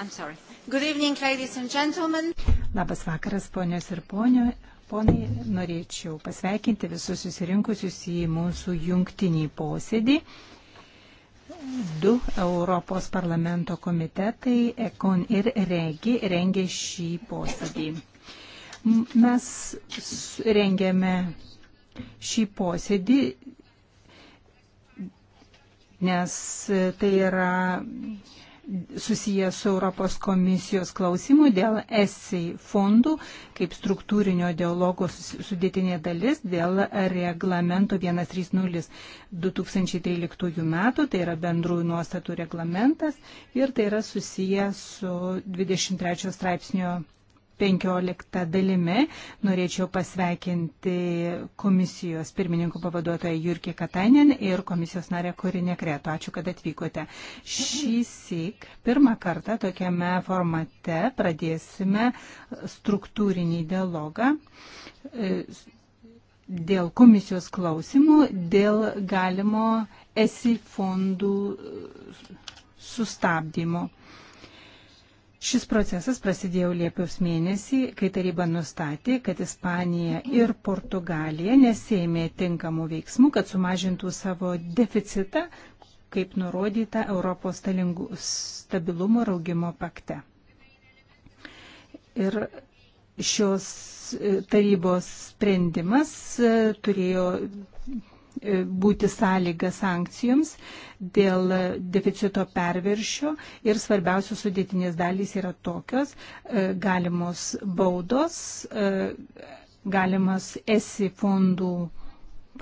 I'm sorry. Good evening, ladies and gentlemen. Labas vakaras, ponios ir ponio. Ponai, norėčiau pasveikinti visus susirinkusius į mūsų jungtinį posėdį. Du Europos parlamento komitetai, Ekon ir Regi, rengė šį posėdį. Mes rengėme šį posėdį, nes tai yra susijęs su Europos komisijos klausimu dėl ESI fondų kaip struktūrinio dialogo sudėtinė dalis dėl reglamento 130-2013 metų, tai yra bendrųjų nuostatų reglamentas ir tai yra susijęs su 23 straipsnio 15 dalimi. Norėčiau pasveikinti komisijos pirmininko pavaduotoją Jurkį Katainen ir komisijos narę Kurinė Kreto. Ačiū, kad atvykote. Šį sik pirmą kartą tokiame formate pradėsime struktūrinį dialogą e, dėl komisijos klausimų, dėl galimo esi fondų sustabdymo. Šis procesas prasidėjo Liepos mėnesį, kai taryba nustatė, kad Ispanija ir Portugalija nesėmė tinkamų veiksmų, kad sumažintų savo deficitą, kaip nurodyta Europos stabilumo ir augimo pakte. Ir šios e, tarybos sprendimas e, turėjo E, būti sąlyga sankcijoms dėl deficito perviršio ir svarbiausios sudėtinės dalys yra tokios e, galimos baudos, e, galimas esi fondų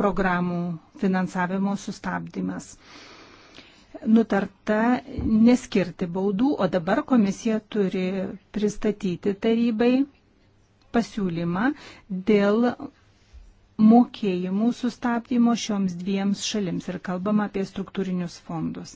programų finansavimo sustabdymas. Nutarta neskirti baudų, o dabar komisija turi pristatyti tarybai pasiūlymą dėl mokėjimų sustabdymo šioms dviems šalims ir kalbama apie struktūrinius fondus.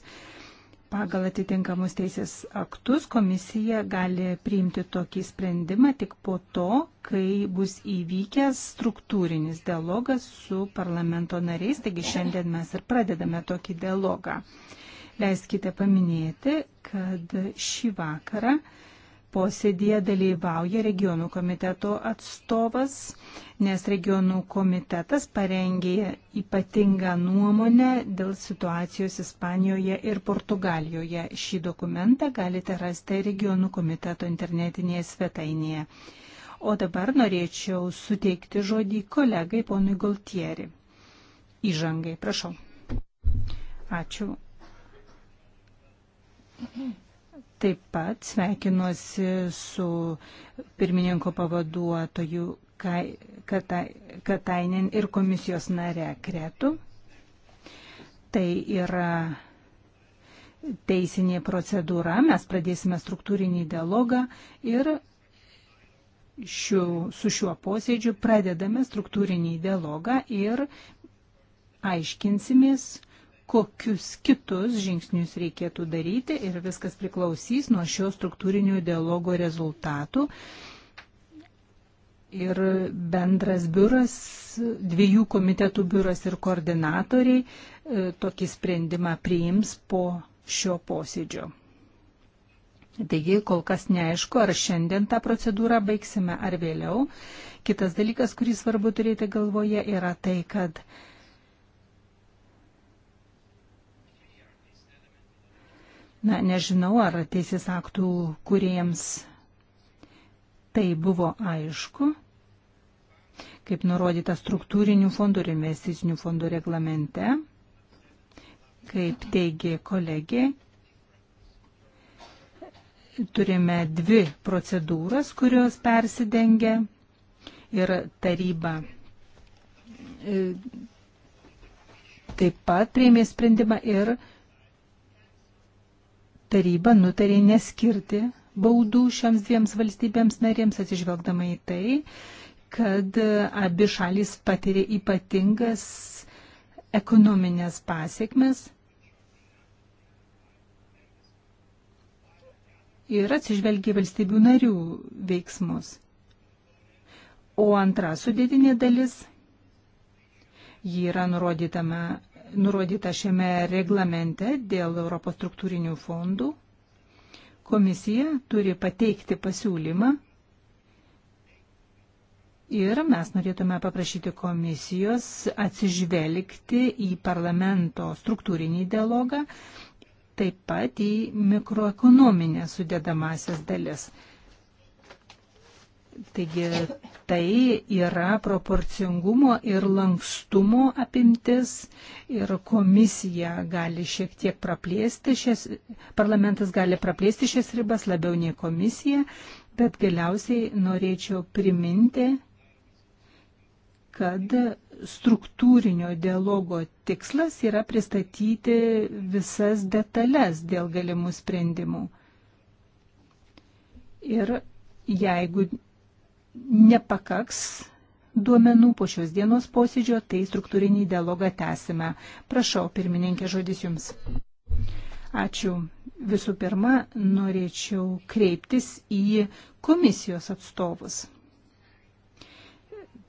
Pagal atitinkamus teisės aktus komisija gali priimti tokį sprendimą tik po to, kai bus įvykęs struktūrinis dialogas su parlamento nariais, taigi šiandien mes ir pradedame tokį dialogą. Leiskite paminėti, kad šį vakarą uh, posėdėje dalyvauja regionų komiteto atstovas, nes regionų komitetas parengė ypatingą nuomonę dėl situacijos Ispanijoje ir Portugalijoje. Šį dokumentą galite rasti regionų komiteto internetinėje svetainėje. O dabar norėčiau suteikti žodį kolegai ponui Galtieri. Įžangai, prašau. Ačiū. Mm-hmm. Taip pat sveikinuosi su pirmininko pavaduotoju Katainin ir komisijos nare Kretu. Tai yra teisinė procedūra, mes pradėsime struktūrinį dialogą ir šiu, su šiuo posėdžiu pradedame struktūrinį dialogą ir aiškinsimės, kokius kitus žingsnius reikėtų daryti ir viskas priklausys nuo šio struktūrinio dialogo rezultatų. Ir bendras biuras, dviejų komitetų biuras ir koordinatoriai e, tokį sprendimą priims po šio posėdžio. Taigi kol kas neaišku, ar šiandien tą procedūrą baigsime ar vėliau. Kitas dalykas, kurį svarbu turėti galvoje, yra tai, kad uh, Na, nežinau, ar teisės aktų kuriems tai buvo aišku, kaip nurodyta struktūrinių fondų ir investicinių fondų reglamente, kaip teigė kolegė, turime dvi procedūras, kurios persidengia ir taryba e, taip pat priėmė sprendimą ir taryba nutarė neskirti baudų šioms dviems valstybėms narėms, atsižvelgdama į tai, kad abi šalys patiria ypatingas ekonominės pasiekmes ir atsižvelgia valstybių narių veiksmus. O antra sudėtinė dalis, ji yra nurodytame nurodyta šiame reglamente dėl Europos struktūrinių fondų, komisija turi pateikti pasiūlymą ir mes norėtume paprašyti komisijos atsižvelgti į parlamento struktūrinį dialogą, taip pat į mikroekonominę sudėdamasias dalis. Taigi tai yra proporcingumo ir lankstumo apimtis ir komisija gali šiek tiek praplėsti šias, parlamentas gali praplėsti šias ribas labiau nei komisija, bet galiausiai norėčiau priminti, kad struktūrinio dialogo tikslas yra pristatyti visas detalės dėl galimų sprendimų. Ir jeigu nepakaks duomenų po šios dienos posėdžio, tai struktūrinį dialogą tęsime. Prašau, pirmininkė, žodis jums. Ačiū. Visų pirma, norėčiau kreiptis į komisijos atstovus.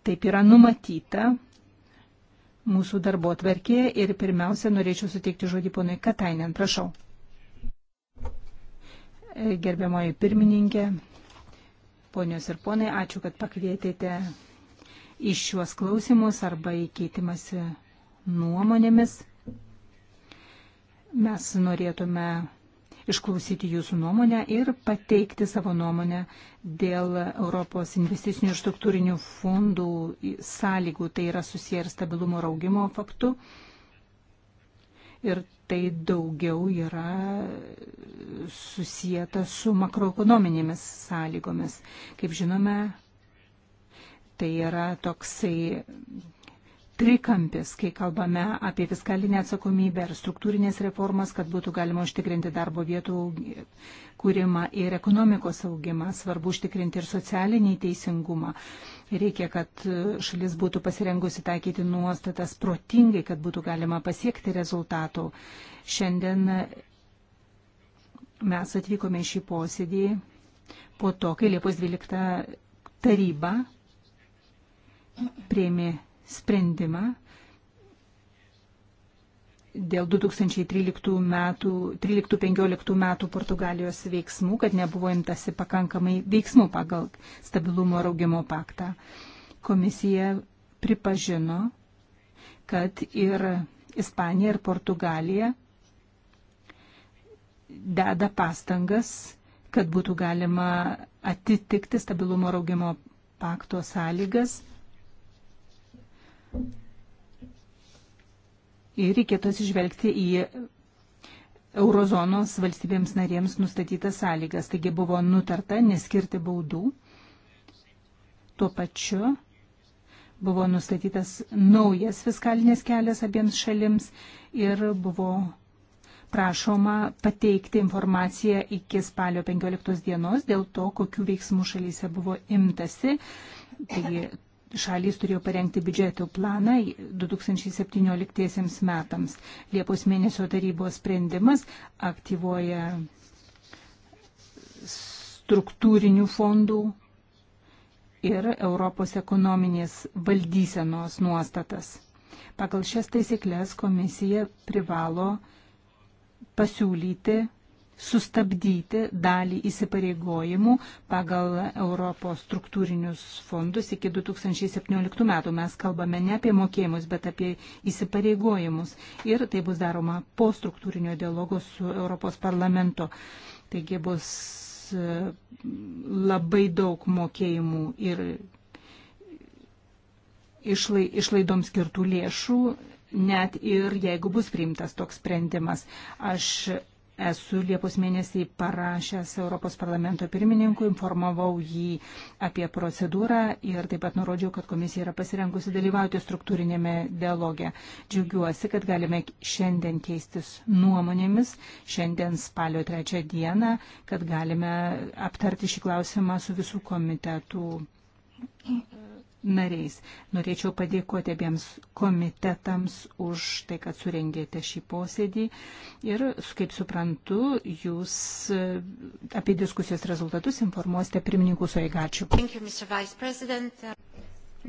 Taip yra numatyta mūsų darbo tvarkėje ir pirmiausia, norėčiau suteikti žodį ponui Katainen. Prašau. Gerbiamoji pirmininkė, Ponios ir ponai, ačiū, kad pakvietėte į šiuos klausimus arba į keitimąsi nuomonėmis. Mes norėtume išklausyti jūsų nuomonę ir pateikti savo nuomonę dėl Europos investicinių ir struktūrinių fondų sąlygų, tai yra susiję ir stabilumo raugimo faktu. Ir tai daugiau yra susijęta su makroekonominėmis sąlygomis. Kaip žinome, tai yra toksai trikampis, kai kalbame apie fiskalinę atsakomybę ir struktūrinės reformas, kad būtų galima užtikrinti darbo vietų kūrimą ir ekonomikos augimą. Svarbu užtikrinti ir socialinį teisingumą. Reikia, kad šalis būtų pasirengusi taikyti nuostatas protingai, kad būtų galima pasiekti rezultatų. Šiandien mes atvykome į šį posėdį po to, kai Liepos 12 taryba prieimė sprendimą dėl 2013-2015 metų Portugalijos veiksmų, kad nebuvo imtasi pakankamai veiksmų pagal stabilumo ir augimo paktą. Komisija pripažino, kad ir Ispanija, ir Portugalija deda pastangas, kad būtų galima atitikti stabilumo ir augimo pakto sąlygas ir reikėtų atsižvelgti į eurozonos valstybėms narėms nustatytas sąlygas. Taigi buvo nutarta neskirti baudų. Tuo pačiu buvo nustatytas naujas fiskalinės kelias abiems šalims ir buvo prašoma pateikti informaciją iki spalio 15 dienos dėl to, kokių veiksmų šalyse buvo imtasi. Taigi šalys turėjo parengti biudžeto planą 2017 metams. Liepos mėnesio tarybos sprendimas aktyvuoja struktūrinių fondų ir Europos ekonominės valdysenos nuostatas. Pagal šias taisyklės komisija privalo pasiūlyti sustabdyti dalį įsipareigojimų pagal Europos struktūrinius fondus iki 2017 metų. Mes kalbame ne apie mokėjimus, bet apie įsipareigojimus. Ir tai bus daroma po struktūrinio dialogo su Europos parlamento. Taigi bus e, labai daug mokėjimų ir išlaidoms skirtų lėšų net ir jeigu bus priimtas toks sprendimas. Aš Esu Liepos mėnesį parašęs Europos parlamento pirmininkui, informavau jį apie procedūrą ir taip pat nurodžiau, kad komisija yra pasirengusi dalyvauti struktūrinėme dialoge. Džiaugiuosi, kad galime šiandien keistis nuomonėmis, šiandien spalio trečią dieną, kad galime aptarti šį klausimą su visų komitetų nariais. Norėčiau padėkoti abiems komitetams už tai, kad surengėte šį posėdį. Ir, kaip suprantu, jūs e, apie diskusijos rezultatus informuosite pirmininkų suėgačių.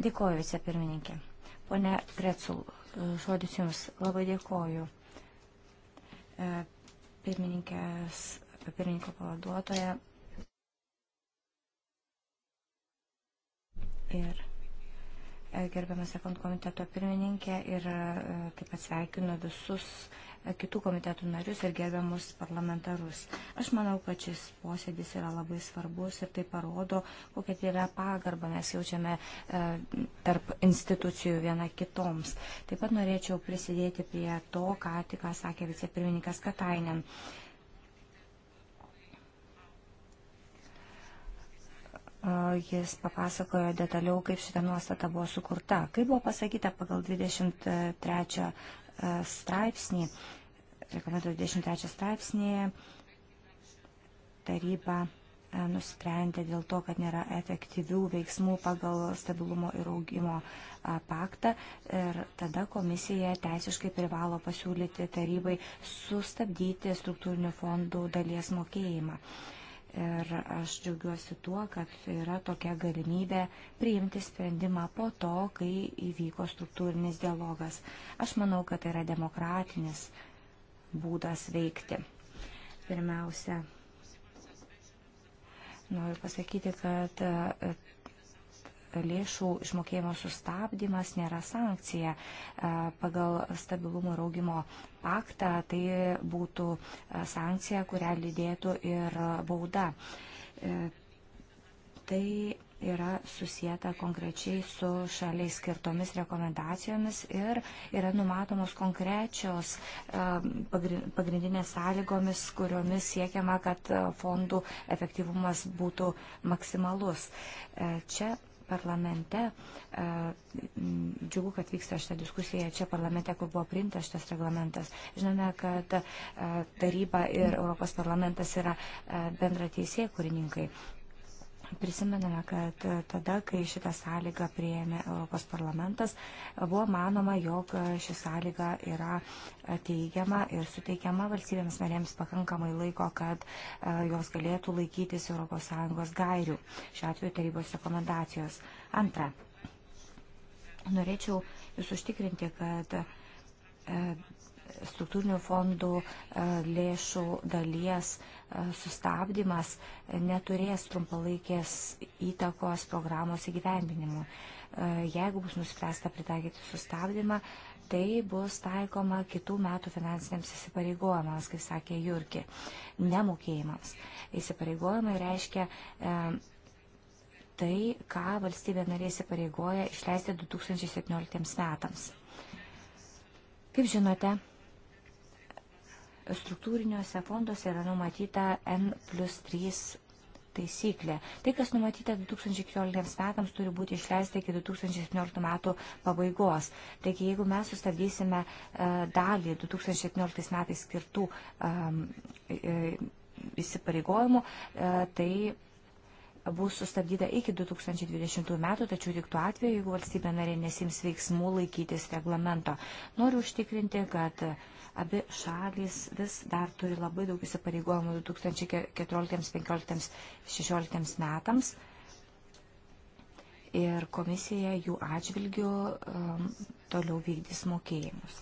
Dėkuoju, vicepirmininkė. Pone Gretsul, e, žodis Jums labai dėkuoju. E, pirmininkės, pirmininko pavaduotoja. Ir gerbiamas sekund komiteto pirmininkė, ir e, taip pat sveikinu visus e, kitų komitetų narius ir gerbiamus parlamentarus. Aš manau, kad šis posėdis yra labai svarbus ir tai parodo, kokia tai yra pagarba mes jaučiame e, tarp institucijų viena kitoms. Taip pat norėčiau prisidėti prie to, ką tik sakė vicepirmininkas Katainen. E, jis papasakojo detaliau, kaip šita nuostata buvo sukurta. Kaip buvo pasakyta pagal 23 e, straipsnį, rekomenduoju 23 straipsnį, taryba e, nusprendė dėl to, kad nėra efektyvių veiksmų pagal stabilumo ir augimo paktą. Ir tada komisija teisiškai privalo pasiūlyti tarybai sustabdyti struktūrinių fondų dalies mokėjimą. Ir aš džiaugiuosi tuo, kad yra tokia galimybė priimti sprendimą po to, kai įvyko struktūrinis dialogas. Aš manau, kad tai yra demokratinis būdas veikti. Pirmiausia, noriu pasakyti, kad lėšų išmokėjimo sustabdymas nėra sankcija. E, pagal stabilumo ir augimo paktą tai būtų e, sankcija, kurią lydėtų ir bauda. E, tai yra susijęta konkrečiai su šaliai skirtomis rekomendacijomis ir yra numatomos konkrečios pagrindinės sąlygomis, kuriomis siekiama, kad fondų efektyvumas būtų maksimalus. Čia parlamente. E, džiugu, kad vyksta šitą diskusiją čia parlamente, kur buvo priimtas šitas reglamentas. Žinome, kad e, taryba ir Europos parlamentas yra e, bendra teisė kūrininkai. Prisimename, kad tada, kai šitą sąlygą prieėmė Europos parlamentas, buvo manoma, jog ši sąlyga yra teigiama ir suteikiama valstybėms narėms pakankamai laiko, kad e, jos galėtų laikytis ES gairių, šiuo atveju tarybos rekomendacijos. Antra, norėčiau jūs užtikrinti, kad e, struktūrinių fondų e, lėšų dalies e, sustabdymas neturės trumpalaikės įtakos programos įgyvendinimu. E, jeigu bus nuspręsta pritaikyti sustabdymą, tai bus taikoma kitų metų finansiniams įsipareigojimams, kaip sakė Jurki, nemokėjimams. Įsipareigojimai reiškia tai, ką valstybė narė įsipareigoja išleisti 2017 metams. Kaip žinote, struktūriniuose fonduose yra numatyta N plus 3 taisyklė. Tai, kas numatyta 2014 metams, turi būti išleista iki 2017 metų pabaigos. Taigi, jeigu mes sustabdysime e, dalį 2017 metais skirtų įsipareigojimų, e, tai bus sustabdyta iki 2020 metų, tačiau tik tuo atveju, jeigu valstybė narė nesims veiksmų laikytis reglamento. Noriu užtikrinti, kad uh, Abi šalis vis dar turi labai daug įsipareigojimų 2014-2015-2016 metams. Ir komisija jų atžvilgių um, toliau vykdys mokėjimus.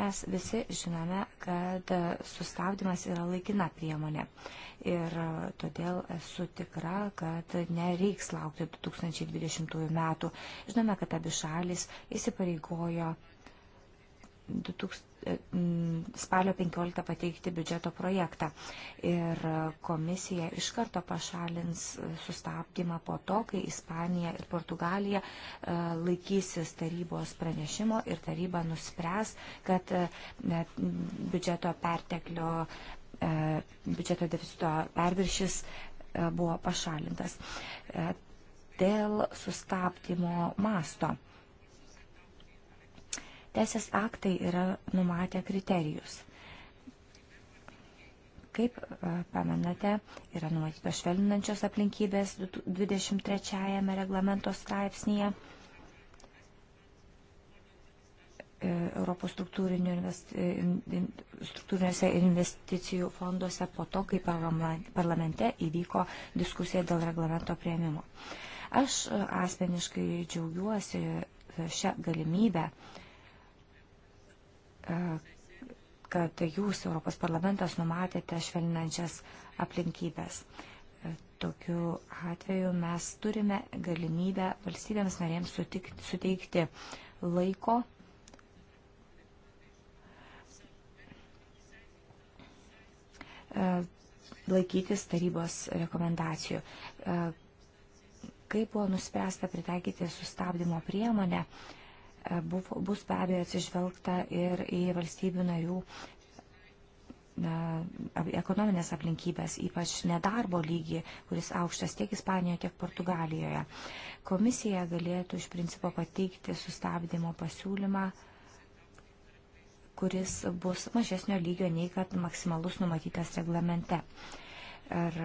Mes visi žinome, kad sustabdymas yra laikina priemonė ir uh, todėl esu tikra, kad nereiks laukti 2020 metų. Žinome, kad abi šalis įsipareigojo E, spalio 15 pateikti biudžeto projektą. Ir komisija iš karto pašalins sustabdymą po to, kai Ispanija ir Portugalija e, laikysis tarybos pranešimo ir taryba nuspręs, kad e, biudžeto perteklio biudžeto deficito perviršis buvo pašalintas dėl sustabdymo masto. Teisės aktai yra numatę kriterijus. Kaip e, pamenate, yra numatytos švelninančios aplinkybės 23 reglamento straipsnėje e, Europos e, struktūriniuose investicijų fonduose po to, kai parlamente įvyko diskusija dėl reglamento prieimimo. Aš asmeniškai džiaugiuosi šią galimybę uh, E, kad jūs, Europos parlamentas, numatėte švelninančias aplinkybės. E, tokiu atveju mes turime galimybę valstybėms narėms sutikti, suteikti laiko e, laikytis tarybos rekomendacijų. Kaip buvo nuspręsta pritaikyti sustabdymo priemonę, E, buvo, bus be abejo atsižvelgta ir į valstybių narių na, e, ekonominės aplinkybės, ypač nedarbo lygį, kuris aukštas tiek Ispanijoje, tiek Portugalijoje. Komisija galėtų iš principo pateikti sustabdymo pasiūlymą kuris bus mažesnio lygio nei kad maksimalus numatytas reglamente. Ir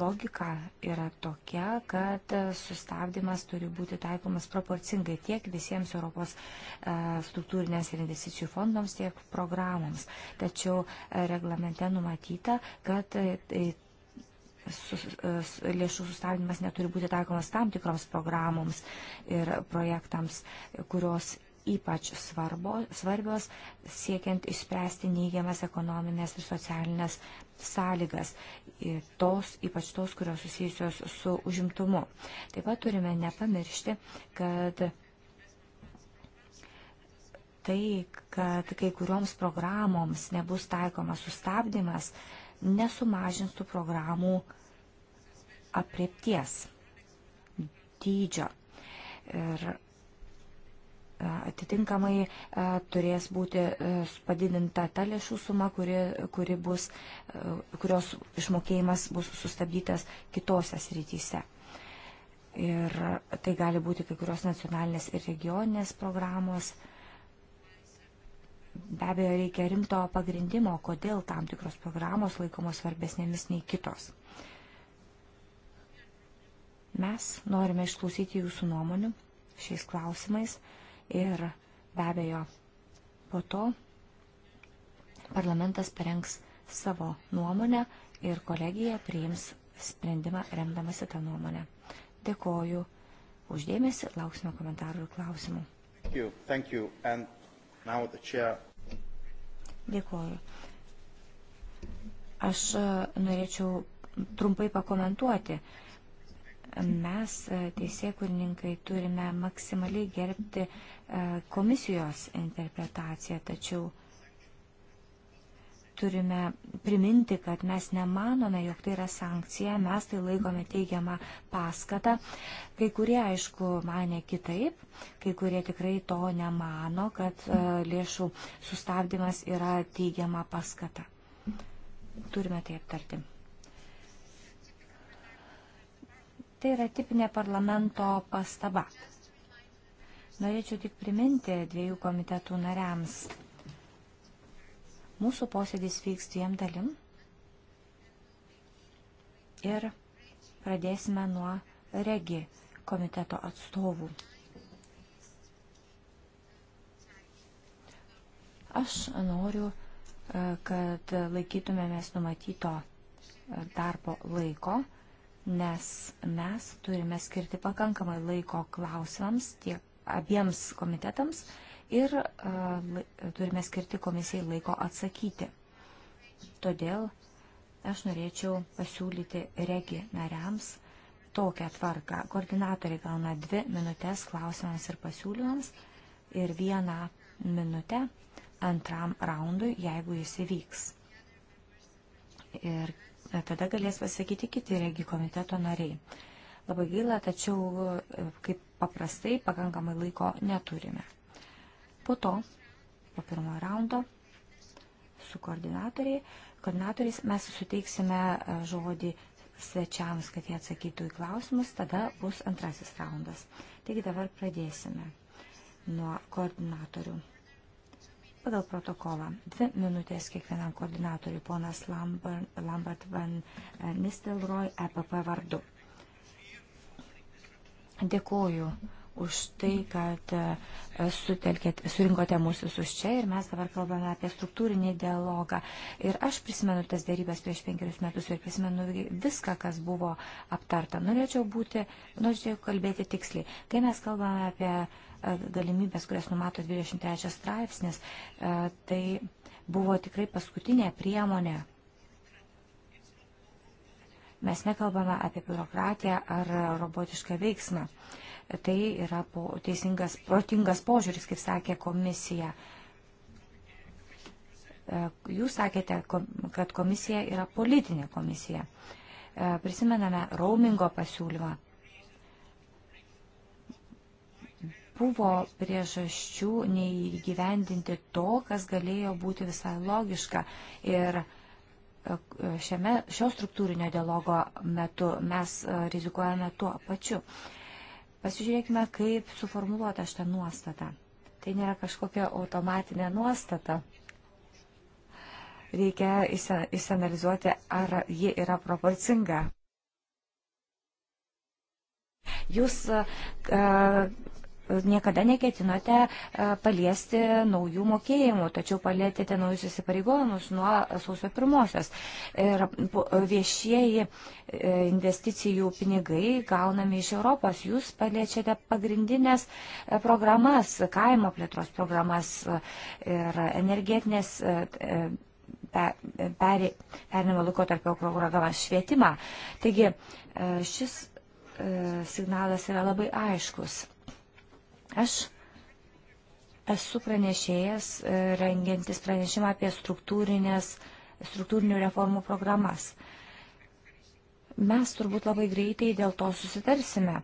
logika yra tokia, kad sustabdymas turi būti taikomas proporcingai tiek visiems Europos e, struktūrinės ir investicijų fondams, tiek programams. Tačiau e, reglamente numatyta, kad e, tai lėšų sustabdymas neturi būti taikomas tam tikroms programoms ir projektams, kurios ypač svarbo, svarbios siekiant išspręsti neigiamas ekonominės ir socialinės sąlygas, tos, ypač tos, kurios susijusios su užimtumu. Taip pat turime nepamiršti, kad tai, kad kai kurioms programoms nebus taikomas sustabdymas, nesumažins tų programų apriepties dydžio. Ir Atitinkamai e, turės būti e, padidinta ta lėšų suma, kuri, kuri bus, e, kurios išmokėjimas bus sustabdytas kitose srityse. Ir tai gali būti kai kurios nacionalinės ir regioninės programos. Be abejo, reikia rimto pagrindimo, kodėl tam tikros programos laikomos svarbesnėmis nei kitos. Mes norime išklausyti jūsų nuomonių šiais klausimais ir be abejo po to parlamentas parengs savo nuomonę ir kolegija priims sprendimą remdamasi tą nuomonę. Dėkoju uždėmesi, lauksime komentarų ir klausimų. Thank you. Thank you. And now the chair. Dėkoju. Aš e, norėčiau trumpai pakomentuoti. Uh, mes, e, teisėkurninkai, turime maksimaliai gerbti e, komisijos interpretaciją, tačiau turime priminti, kad mes nemanome, jog tai yra sankcija, mes tai laikome teigiamą paskatą. Kai kurie, aišku, mane kitaip, kai kurie tikrai to nemano, kad e, lėšų sustabdymas yra teigiama paskata. Turime tai aptarti. Tai yra tipinė parlamento pastaba. Norėčiau tik priminti dviejų komitetų nariams. Mūsų posėdis vyks dviem dalim ir pradėsime nuo regi komiteto atstovų. Aš noriu, e, kad laikytumėmės numatyto darbo laiko nes mes turime skirti pakankamai laiko klausimams tiek abiems komitetams ir uh, turime skirti komisijai laiko atsakyti. Todėl aš norėčiau pasiūlyti regi nariams tokią tvarką. Koordinatoriai gauna dvi minutės klausimams ir pasiūlymams ir vieną minutę antram raundui, jeigu jis įvyks. Ir E, tada galės pasakyti kiti regi komiteto nariai. Labai gaila, tačiau e, kaip paprastai pakankamai laiko neturime. Po to, po pirmojo raundo, su koordinatoriai, koordinatoriais mes suteiksime e, žodį svečiams, kad jie atsakytų į klausimus, tada bus antrasis raundas. Taigi dabar pradėsime nuo koordinatorių pagal protokolą. Dvi minutės kiekvienam koordinatoriui, ponas Lambert van eh, Nistelrooy, EPP vardu. Dėkuoju už tai, kad eh, sutelkėt, surinkote mūsų visus čia ir mes dabar kalbame apie struktūrinį dialogą. Ir aš prisimenu tas dėrybės prieš penkerius metus ir prisimenu viską, kas buvo aptarta. Norėčiau būti, norėčiau kalbėti tiksliai. Kai mes kalbame apie E, galimybės, kurias numato 23 straipsnis, e, tai buvo tikrai paskutinė priemonė. Mes nekalbame apie biurokratiją ar robotišką veiksmą. Tai yra po, teisingas, protingas požiūris, kaip sakė komisija. E, jūs sakėte, kad komisija yra politinė komisija. Prisimename roamingo pasiūlymą nebuvo priežasčių neįgyvendinti to, kas galėjo būti visai logiška. Ir e, šiame, šio struktūrinio dialogo metu mes e, rizikuojame tuo pačiu. Pasižiūrėkime, kaip suformuoluota šitą nuostatą. Tai nėra kažkokia automatinė nuostata. Reikia įsianalizuoti, ar ji yra proporcinga. Jūs e, niekada neketinote e, paliesti naujų mokėjimų, tačiau palėtėte naujus įsipareigojimus nuo sausio pirmosios. Ir viešieji e, investicijų pinigai gaunami iš Europos. Jūs paliečiate pagrindinės e, programas, kaimo plėtros programas ir energetinės perinimo laikotarpio programas švietimą. Taigi šis signalas yra labai aiškus. Aš esu pranešėjas, e, rengiantis pranešimą apie struktūrinių reformų programas. Mes turbūt labai greitai dėl to susitarsime.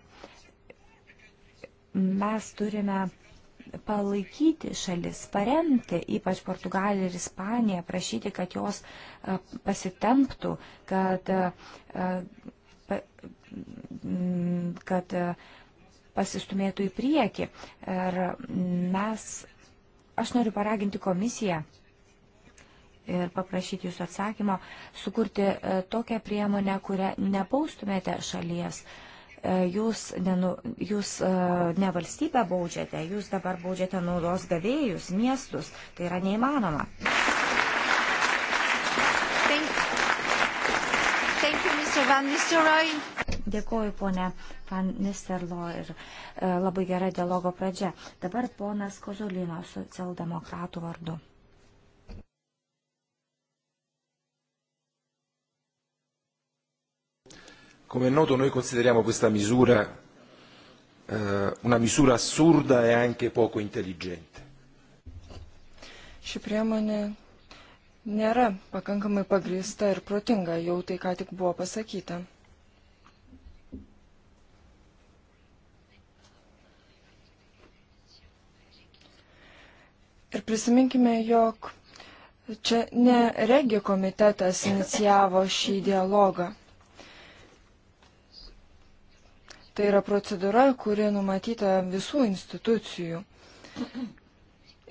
Mes turime palaikyti šalis, paremti, ypač Portugaliją ir Ispaniją, prašyti, kad jos e, pasitemptų, kad, e, kad pasistumėtų į priekį. Ir mes, aš noriu paraginti komisiją ir paprašyti jūsų atsakymo, sukurti e, tokią priemonę, kurią nepaustumėte šalies. E, jūs, nenu, jūs e, ne valstybę baudžiate, jūs dabar baudžiate naudos gavėjus, miestus. Tai yra neįmanoma. Thank you, Mr. Van Nistelrooy. Dėkuoju, ponė Pan Nisterlo, ir e, labai gera dialogo pradžia. Dabar ponas Kozulino, socialdemokratų vardu. Come è noto noi consideriamo questa misura eh, una misura assurda e anche poco intelligente. Ši priemonė nėra pakankamai pagrįsta ir protinga, jau tai ką tik buvo pasakyta. Ir prisiminkime, jog čia ne regi komitetas inicijavo šį dialogą. Tai yra procedūra, kuri numatyta visų institucijų.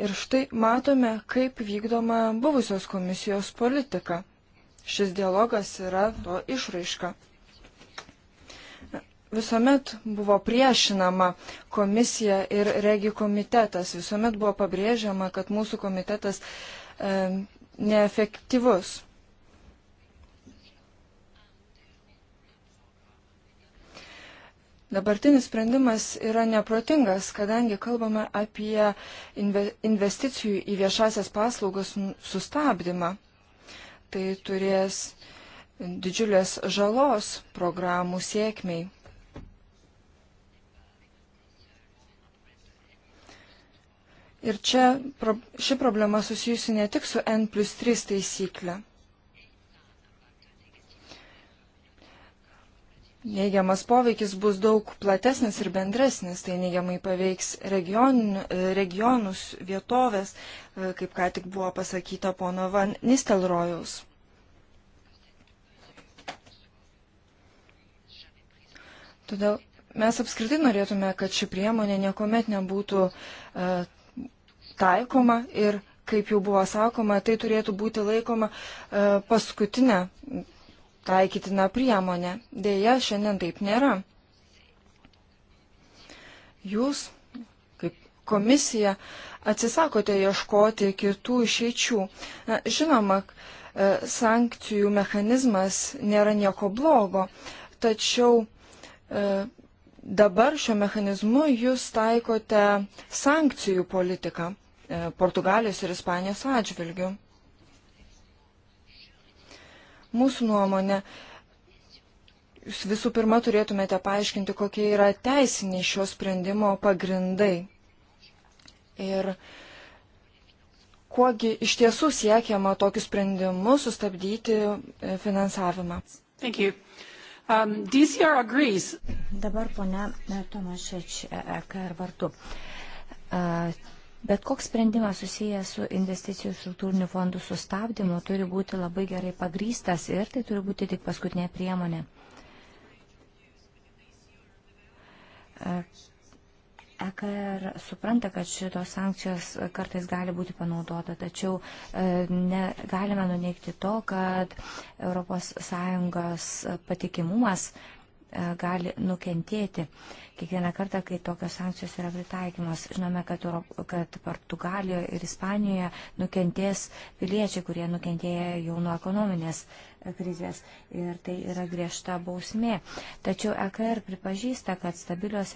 Ir štai matome, kaip vykdoma buvusios komisijos politika. Šis dialogas yra to išraiška visuomet buvo priešinama komisija ir regi komitetas. Visuomet buvo pabrėžiama, kad mūsų komitetas e, neefektyvus. Dabartinis sprendimas yra neprotingas, kadangi kalbame apie investicijų į viešasias paslaugas sustabdymą. Tai turės didžiulės žalos programų sėkmiai. Ir čia pro, ši problema susijusi ne tik su N plus 3 taisyklė. Neigiamas poveikis bus daug platesnis ir bendresnis, tai neigiamai paveiks region, regionus, vietovės, e, kaip ką tik buvo pasakyta pono Van Nistelrojaus. Todėl mes apskritai norėtume, kad ši priemonė niekuomet nebūtų uh, taikoma ir, kaip jau buvo sakoma, tai turėtų būti laikoma e, paskutinė taikytina priemonė. Deja, šiandien taip nėra. Jūs, kaip komisija, atsisakote ieškoti kitų išeičių. Na, žinoma, e, sankcijų mechanizmas nėra nieko blogo, tačiau e, dabar šio mechanizmu jūs taikote sankcijų politiką. E, Portugalijos ir Ispanijos atžvilgių. Mūsų nuomonė, jūs visų pirma turėtumėte paaiškinti, kokie yra teisiniai šio sprendimo pagrindai. Ir kuogi iš tiesų siekiama tokiu sprendimu sustabdyti e, finansavimą. Um, Dabar ponia Tomašeč, EKR e vartu. Uh, Bet koks sprendimas susijęs su investicijų struktūrinių fondų sustabdymu turi būti labai gerai pagrystas ir tai turi būti tik paskutinė priemonė. E, EKR supranta, kad šitos sankcijos kartais gali būti panaudota, tačiau e, negalime nuneikti to, kad ES patikimumas E, gali nukentėti kiekvieną kartą, kai tokios sankcijos yra pritaikymas. Žinome, kad, Euro, kad Portugalijoje ir Ispanijoje nukentės piliečiai, kurie nukentėjo jau nuo ekonominės krizės ir tai yra griežta bausmė. Tačiau EKR pripažįsta, kad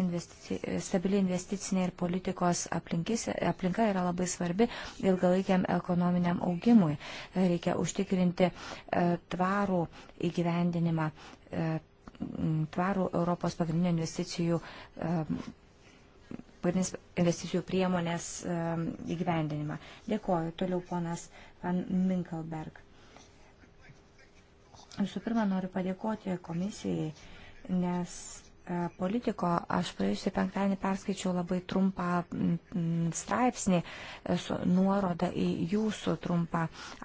investici, stabili investicinė ir politikos aplinkis, aplinka yra labai svarbi ilgalaikiam ekonominiam augimui. Reikia užtikrinti e, tvarų įgyvendinimą e, Mm, tvarų Europos pagrindinių investicijų pagrindinis investicijų priemonės įgyvendinimą. Dėkoju. Toliau ponas Van Minkelberg. Visų pirma, noriu padėkoti komisijai, nes E, politiko, aš praėjusį penktadienį perskaičiau labai trumpą straipsnį e, su nuoroda į jūsų trumpą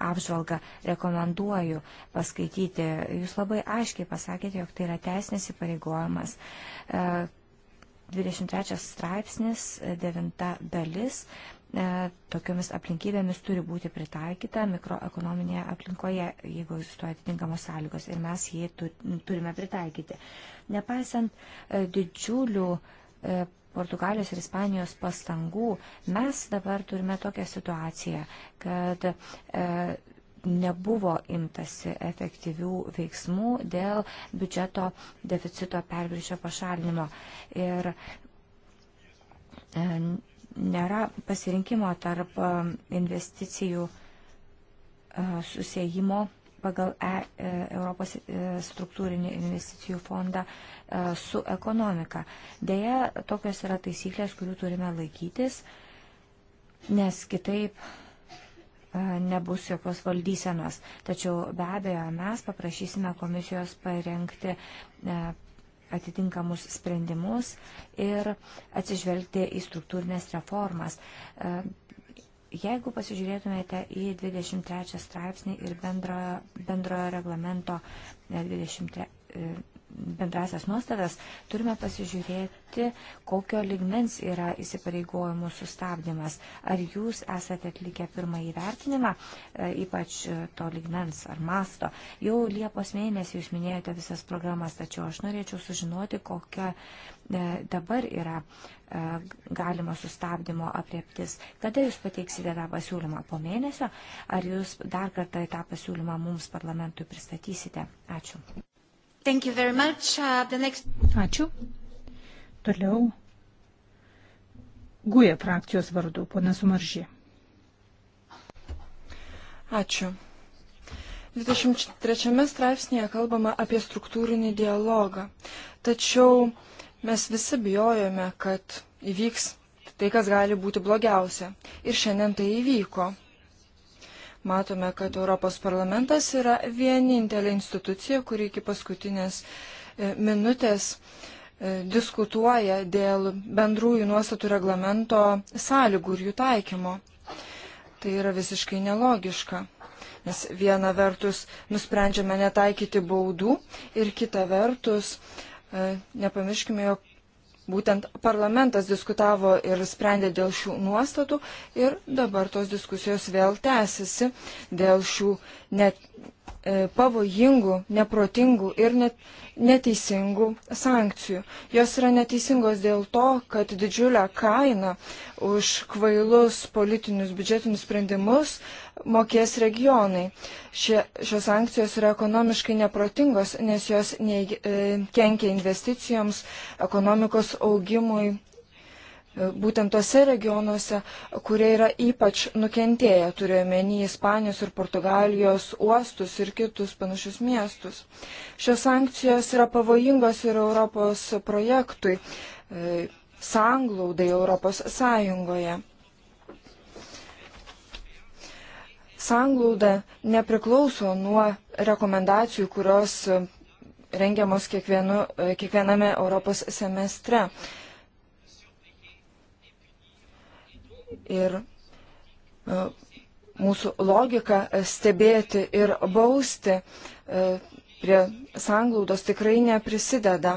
apžvalgą. Rekomenduoju paskaityti. Jūs labai aiškiai pasakėte, jog tai yra teisinės įpareigojimas. 23 e, straipsnis, 9 dalis, E, tokiomis aplinkybėmis turi būti pritaikyta mikroekonominėje aplinkoje, jeigu egzistuoja atitinkamos sąlygos ir mes jį turime pritaikyti. Nepaisant e, didžiulių e, Portugalijos ir Ispanijos pastangų, mes dabar turime tokią situaciją, kad nebuvo imtasi efektyvių veiksmų dėl biudžeto deficito perviršio pašalinimo. Ir nėra pasirinkimo tarp um, investicijų uh, susijimo pagal e, e Europos e, struktūrinį investicijų fondą uh, su ekonomika. Deja, tokios yra taisyklės, kurių turime laikytis, nes kitaip uh, nebus jokios valdysenos. Tačiau be abejo, mes paprašysime komisijos parengti atitinkamus sprendimus ir atsižvelgti į struktūrinės reformas. E, jeigu pasižiūrėtumėte į 23 straipsnį ir bendrojo, bendrojo reglamento 23, e, bendrasias nuostatas, turime pasižiūrėti, kokio ligmens yra įsipareigojimų sustabdymas. Ar jūs esate atlikę pirmąjį vertinimą, e, ypač e, to ligmens ar masto. Jau Liepos mėnesį jūs minėjote visas programas, tačiau aš norėčiau sužinoti, kokia e, dabar yra galima sustabdymo apriektis. Kada jūs pateiksite tą pasiūlymą po mėnesio, ar jūs dar kartą tą pasiūlymą mums parlamentui pristatysite? Ačiū. Thank you very much. Uh, the next... Ačiū. Toliau. Guja frakcijos vardu, ponas Maržė. Ačiū. 23 straipsnėje kalbama apie struktūrinį dialogą. Tačiau mes visi bijojome, kad įvyks tai, kas gali būti blogiausia. Ir šiandien tai įvyko matome, kad Europos parlamentas yra vienintelė institucija, kuri iki paskutinės e, minutės e, diskutuoja dėl bendrųjų nuostatų reglamento sąlygų ir jų taikymo. Tai yra visiškai nelogiška, nes viena vertus nusprendžiame netaikyti baudų ir kita vertus e, nepamirškime, jog Būtent parlamentas diskutavo ir sprendė dėl šių nuostatų ir dabar tos diskusijos vėl tęsiasi dėl šių net e, pavojingų, neprotingų ir net neteisingų sankcijų. Jos yra neteisingos dėl to, kad didžiulę kainą už kvailus politinius biudžetinius sprendimus mokės regionai. Šie, šios sankcijos yra ekonomiškai neprotingos, nes jos nei, e, kenkia investicijoms, ekonomikos augimui E, būtent tose regionuose, kurie yra ypač nukentėję, turiuomenį Ispanijos ir Portugalijos uostus ir kitus panašius miestus. Šios sankcijos yra pavojingos ir Europos projektui, e, sanglaudai Europos Sąjungoje. Sanglauda nepriklauso nuo rekomendacijų, kurios rengiamos kiekvienu, e, kiekviename Europos semestre. Uh, ir e, mūsų logika stebėti ir bausti e, prie sanglaudos tikrai neprisideda.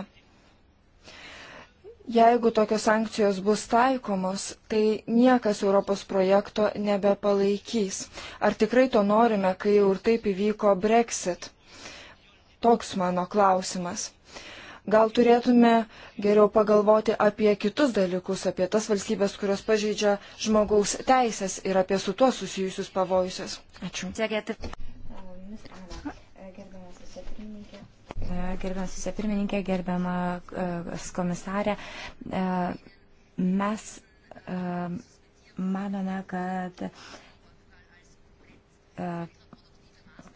Jeigu tokios sankcijos bus taikomos, tai niekas Europos projekto nebepalaikys. Ar tikrai to norime, kai jau ir taip įvyko Brexit? Toks mano klausimas. Gal turėtume geriau pagalvoti apie kitus dalykus, apie tas valstybės, kurios pažeidžia žmogaus teisės ir apie su tuo susijusius pavojusius. Ačiū. Gerbiamas vicepirmininkė, gerbiamas e, komisarė, e, mes e, manome, kad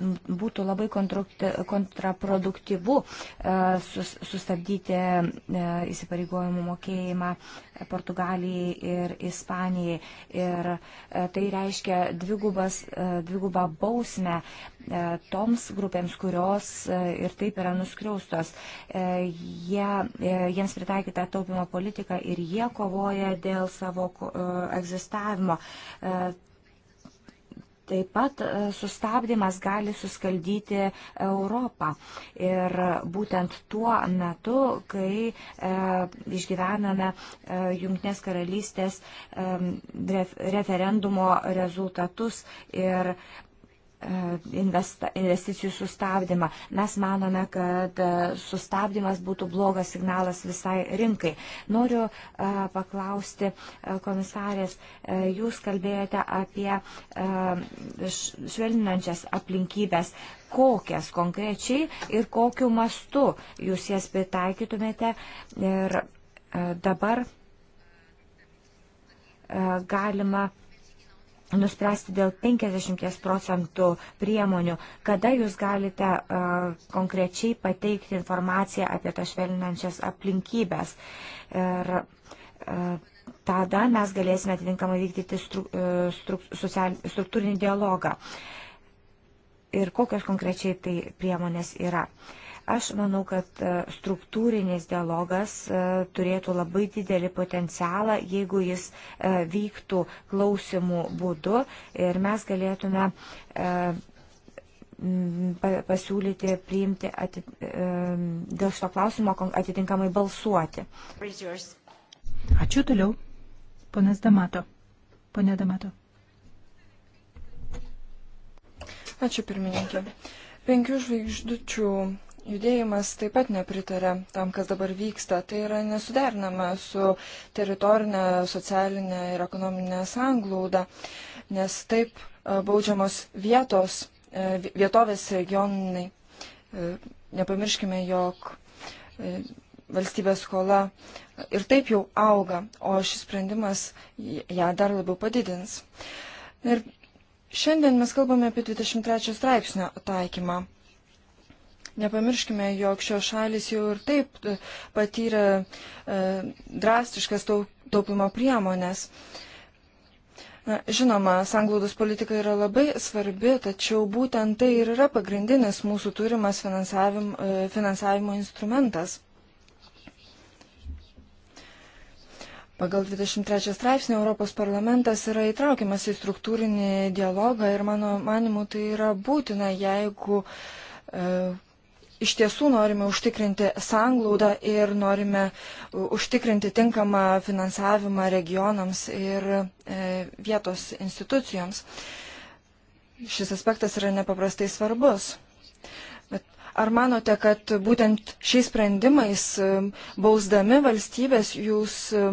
būtų labai kontraproduktyvu e, sustabdyti e, įsipareigojimų mokėjimą Portugalijai ir Ispanijai. Ir e, tai reiškia dvigubas, dvigubą bausmę toms grupėms, kurios ir taip yra nuskriaustos. Jie, jiems pritaikyta taupimo politika ir jie kovoja dėl savo egzistavimo. Taip pat e, sustabdymas gali suskaldyti Europą. Ir būtent tuo metu, kai e, išgyvename e, Junktinės karalystės e, referendumo rezultatus ir e, investicijų sustabdymą. Mes manome, kad e, sustabdymas būtų blogas signalas visai rinkai. Noriu e, paklausti e, komisarės, jūs kalbėjote apie švelninančias aplinkybės kokias konkrečiai ir kokiu mastu jūs jas pritaikytumėte. Ir dabar galima nuspręsti dėl 50 procentų priemonių, kada jūs galite uh, konkrečiai pateikti informaciją apie tas švelninančias aplinkybės. Ir uh, tada mes galėsime atitinkamai vykdyti stru, uh, e, struk, social, struktūrinį dialogą. Ir kokios konkrečiai tai priemonės yra. Uh, Aš manau, kad e, struktūrinis dialogas e, turėtų labai didelį potencialą, jeigu jis e, vyktų klausimų būdu ir mes galėtume pasiūlyti priimti ati, dėl šito klausimo atitinkamai balsuoti. Ačiū toliau. Ponas Damato. Pone Damato. Ačiū pirmininkė. Penkių žvaigždučių judėjimas taip pat nepritarė tam, kas dabar vyksta. Tai yra nesuderinama su teritorinė, socialinė ir ekonominė sanglauda, nes taip e, baudžiamos vietos, e, vietovės regionai. E, nepamirškime, jog valstybės skola ir taip jau auga, o šis sprendimas ją dar labiau padidins. Ir šiandien mes kalbame apie 23 straipsnio taikymą. Nepamirškime, jog šios šalis jau ir taip e, patyrė e, drastiškas taupimo priemonės. Na, žinoma, sanglaudos politika yra labai svarbi, tačiau būtent tai ir yra pagrindinis mūsų turimas finansavim, e, finansavimo instrumentas. Pagal 23 straipsnį Europos parlamentas yra įtraukiamas į struktūrinį dialogą ir mano manimu tai yra būtina, jeigu e, iš tiesų norime užtikrinti sanglaudą ir norime užtikrinti tinkamą finansavimą regionams ir e, vietos institucijoms. Šis aspektas yra nepaprastai svarbus. Bet ar manote, kad būtent šiais sprendimais, e, bausdami valstybės, jūs e,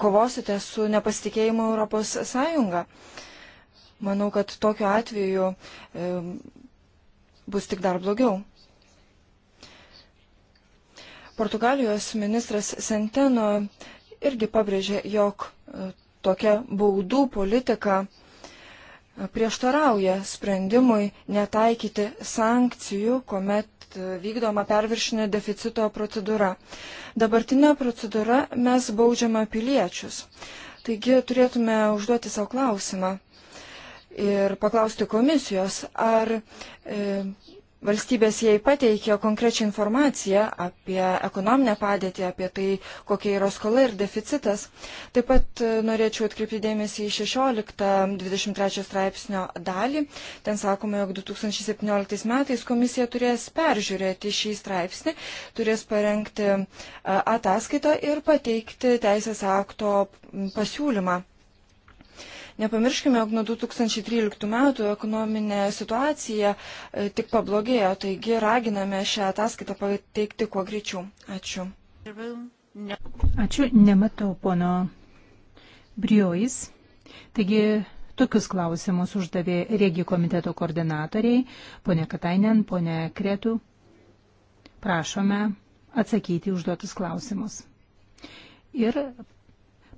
kovosite su nepasitikėjimu Europos Sąjunga? Manau, kad tokiu atveju bus tik dar blogiau. Portugalijos ministras Senteno irgi pabrėžė, jog e, tokia baudų politika e, prieštarauja sprendimui netaikyti sankcijų, kuomet e, vykdoma perviršinio deficito procedūra. Dabartinė procedūra mes baudžiame piliečius. Taigi turėtume užduoti savo klausimą ir paklausti komisijos, ar e, valstybės jai pateikė konkrečią informaciją apie ekonominę padėtį, apie tai, kokia yra skola ir deficitas. Taip pat e, norėčiau atkreipti dėmesį į 16-23 straipsnio dalį. Ten sakoma, jog 2017 metais komisija turės peržiūrėti šį straipsnį, turės parengti e, ataskaitą ir pateikti teisės akto pasiūlymą. Nepamirškime, jog nuo 2013 metų ekonominė situacija e, tik pablogėjo, taigi raginame šią ataskaitą pateikti kuo greičiau. Ačiū. Ačiū, nematau pono Briojais. Taigi Tokius klausimus uždavė regijų komiteto koordinatoriai, ponė Katainen, ponė Kretų. Prašome atsakyti užduotus klausimus. Ir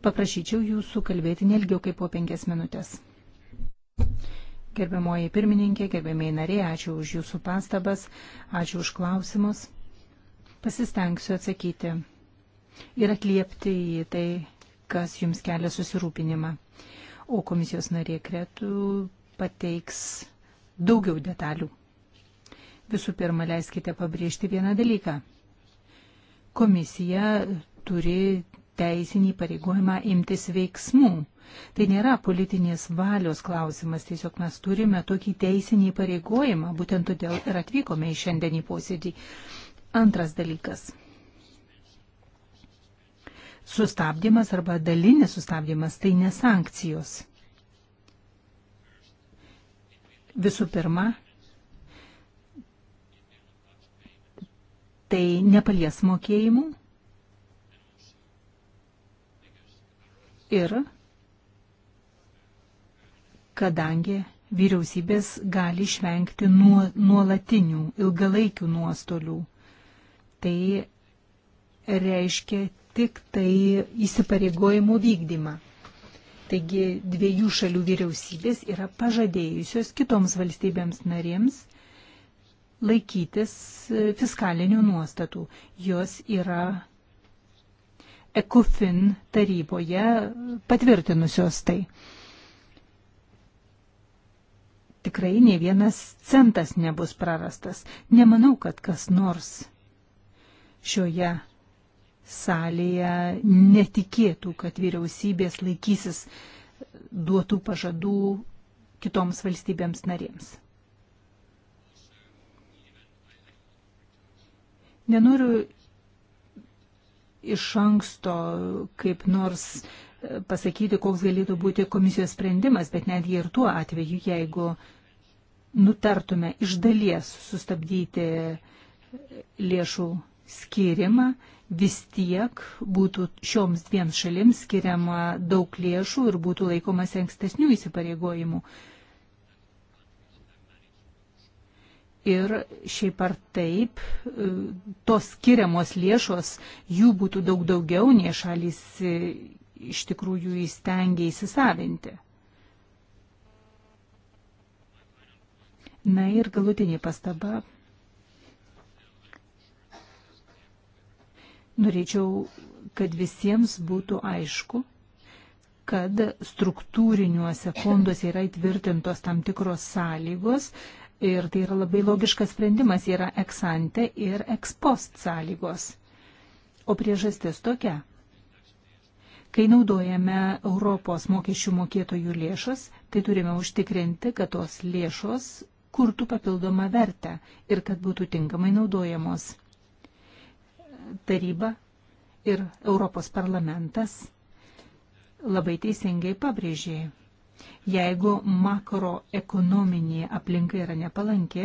Paprašyčiau jūsų kalbėti nelgiau kaip po penkias minutės. Gerbiamoji pirmininkė, gerbiamieji nariai, ačiū už jūsų pastabas, ačiū už klausimus. Pasistengsiu atsakyti ir atliepti į tai, kas jums kelia susirūpinimą. O komisijos narė Kretų pateiks daugiau detalių. Visų pirma, leiskite pabrėžti vieną dalyką. Komisija turi teisinį pareigojimą imtis veiksmų. Tai nėra politinės valios klausimas, tiesiog mes turime tokį teisinį pareigojimą, būtent todėl ir atvykome į šiandienį posėdį. Antras dalykas. Sustabdymas arba dalinis sustabdymas tai ne sankcijos. Visų pirma, tai nepalies mokėjimų ir kadangi vyriausybės gali išvengti nuo, nuolatinių ilgalaikių nuostolių, tai reiškia tik tai įsipareigojimų vykdymą. Taigi dviejų šalių vyriausybės yra pažadėjusios kitoms valstybėms narėms laikytis fiskalinių nuostatų. Jos yra ECOFIN taryboje patvirtinusios tai. Tikrai ne vienas centas nebus prarastas. Nemanau, kad kas nors šioje salėje netikėtų, kad vyriausybės laikysis duotų pažadų kitoms valstybėms narėms. Nenoriu iš anksto kaip nors e, pasakyti, koks galėtų būti komisijos sprendimas, bet netgi ir tuo atveju, jeigu nutartume iš dalies sustabdyti lėšų skirimą, vis tiek būtų šioms dviems šalims skiriama daug lėšų ir būtų laikomas ankstesnių įsipareigojimų. ir šiaip ar taip e, tos skiriamos lėšos, jų būtų daug daugiau, nei šalis e, iš tikrųjų įstengia įsisavinti. Na ir galutinė pastaba. Norėčiau, kad visiems būtų aišku, kad struktūriniuose fonduose yra įtvirtintos tam tikros sąlygos, Ir tai yra labai logiškas sprendimas, yra eksante ir ekspost sąlygos. O priežastis tokia. Kai naudojame Europos mokesčių mokėtojų lėšas, tai turime užtikrinti, kad tos lėšos kurtų papildomą vertę ir kad būtų tinkamai naudojamos. Taryba ir Europos parlamentas labai teisingai pabrėžė Jeigu makroekonominė aplinka yra nepalanki,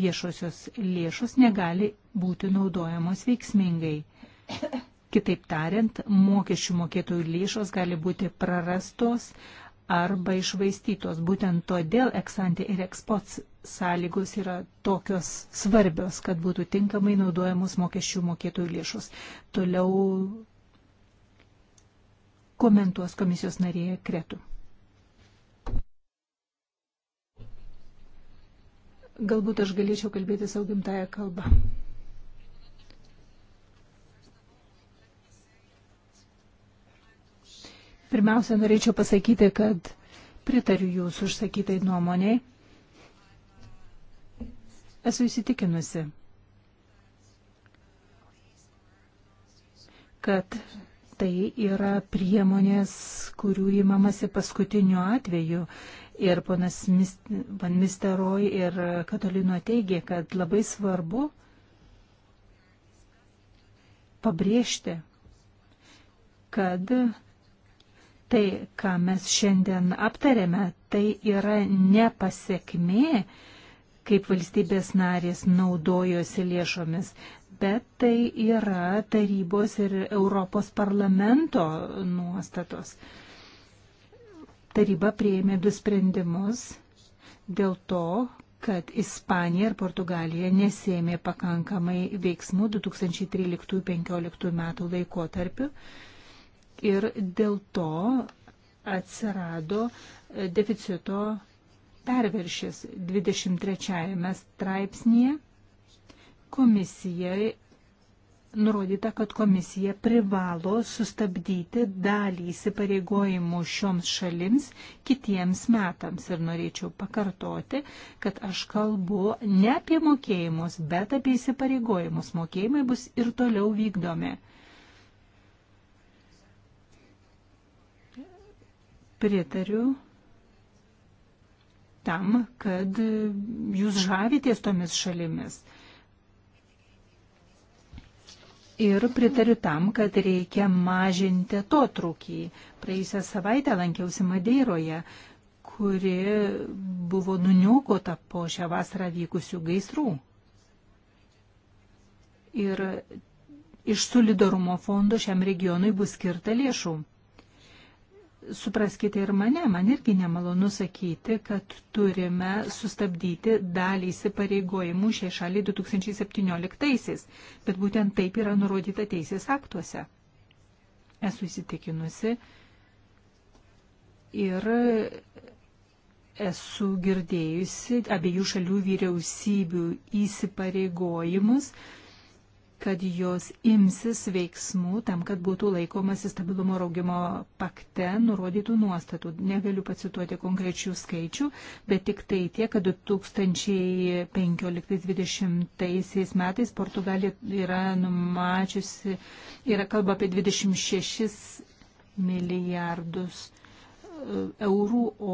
viešosios lėšos negali būti naudojamos veiksmingai. Kitaip tariant, mokesčių mokėtojų lėšos gali būti prarastos arba išvaistytos. Būtent todėl eksantė ir ekspots sąlygos yra tokios svarbios, kad būtų tinkamai naudojamos mokesčių mokėtojų lėšos. Toliau komentuos komisijos narėje Kretų. Galbūt aš galėčiau kalbėti savo gimtają kalbą. Pirmiausia, norėčiau pasakyti, kad pritariu jūsų užsakytai nuomoniai. Esu įsitikinusi, kad tai yra priemonės, kurių įmamasi paskutiniu atveju. Ir ponas Van Misteroj ir Katalino teigė, kad labai svarbu pabrėžti, kad tai, ką mes šiandien aptarėme, tai yra ne pasiekmė, kaip valstybės narės naudojosi lėšomis, bet tai yra tarybos ir Europos parlamento nuostatos. Taryba prieėmė du sprendimus dėl to, kad Ispanija ir Portugalija nesėmė pakankamai veiksmų 2013-2015 metų laikotarpiu ir dėl to atsirado deficito perviršis 23 straipsnėje komisijai nurodyta, kad komisija privalo sustabdyti dalį įsipareigojimų šioms šalims kitiems metams. Ir norėčiau pakartoti, kad aš kalbu ne apie mokėjimus, bet apie įsipareigojimus. Mokėjimai bus ir toliau vykdomi. Pritariu tam, kad jūs žavitės tomis šalimis ir pritariu tam, kad reikia mažinti to trūkį. Praėjusią savaitę lankiausi Madeiroje, kuri buvo nuniokota po šią vasarą vykusių gaisrų. Ir iš solidarumo fondo šiam regionui bus skirta lėšų supraskite ir mane, man irgi nemalonu sakyti, kad turime sustabdyti dalį įsipareigojimų šiai šaliai 2017-aisiais, bet būtent taip yra nurodyta teisės aktuose. Esu įsitikinusi ir esu girdėjusi abiejų šalių vyriausybių įsipareigojimus kad jos imsis veiksmų tam, kad būtų laikomasi stabilumo raugimo pakte nurodytų nuostatų. Negaliu pacituoti konkrečių skaičių, bet tik tai tie, kad 2015-2020 metais Portugalija yra numačiusi, yra kalba apie 26 milijardus e, eurų, o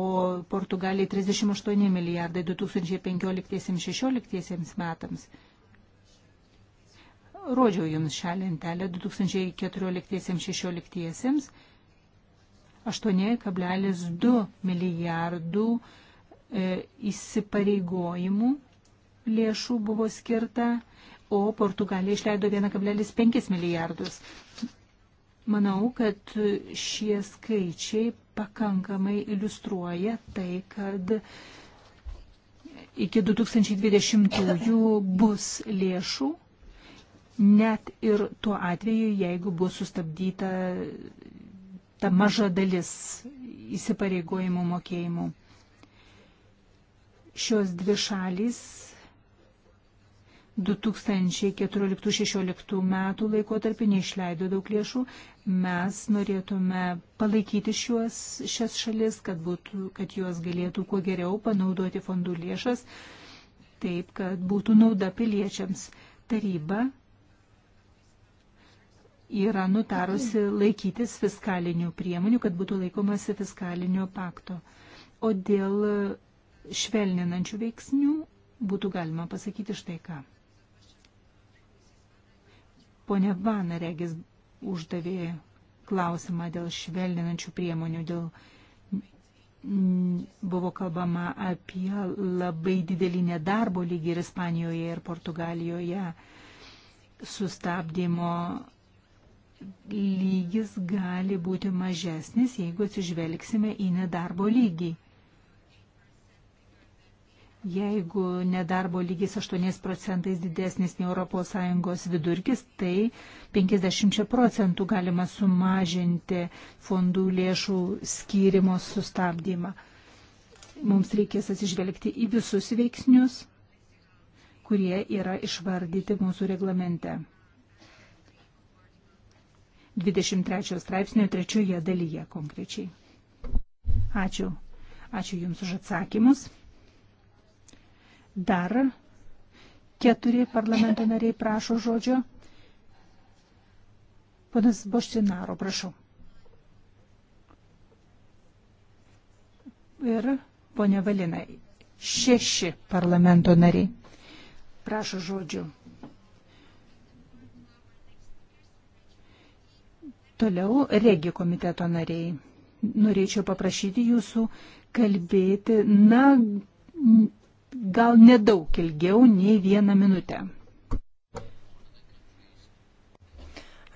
Portugalijai 38 milijardai 2015-2016 metams rodžiau Jums šią lentelę 2014-2016. 8,2 milijardų e, įsipareigojimų lėšų buvo skirta, o Portugalija išleido 1,5 milijardus. Manau, kad šie skaičiai pakankamai iliustruoja tai, kad iki 2020-ųjų bus lėšų net ir tuo atveju, jeigu bus sustabdyta ta maža dalis įsipareigojimų mokėjimų. Šios dvi šalys 2014-2016 metų laikotarpį neišleido daug lėšų. Mes norėtume palaikyti šiuos, šias šalis, kad, būtų, kad juos galėtų kuo geriau panaudoti fondų lėšas, taip, kad būtų nauda piliečiams. Taryba yra nutarusi laikytis fiskalinių priemonių, kad būtų laikomasi fiskalinio pakto. O dėl švelninančių veiksnių būtų galima pasakyti štai ką. Pone Vana Regis uždavė klausimą dėl švelninančių priemonių, dėl buvo kalbama apie labai didelį nedarbo lygį ir Ispanijoje ir Portugalijoje sustabdymo lygis gali būti mažesnis, jeigu atsižvelgsime į nedarbo lygį. Jeigu nedarbo lygis 8 procentais didesnis nei ES vidurkis, tai 50 procentų galima sumažinti fondų lėšų skyrimo sustabdymą. Mums reikės atsižvelgti į visus veiksnius, kurie yra išvardyti mūsų reglamente. 23 straipsnio trečioje dalyje konkrečiai. Ačiū. Ačiū Jums už atsakymus. Dar keturi parlamento nariai prašo žodžio. Ponas Boštinaro, prašau. Ir ponia Valinai, šeši parlamento nariai prašo žodžio. Toliau regi komiteto nariai. Norėčiau paprašyti jūsų kalbėti, na, gal nedaug ilgiau nei vieną minutę.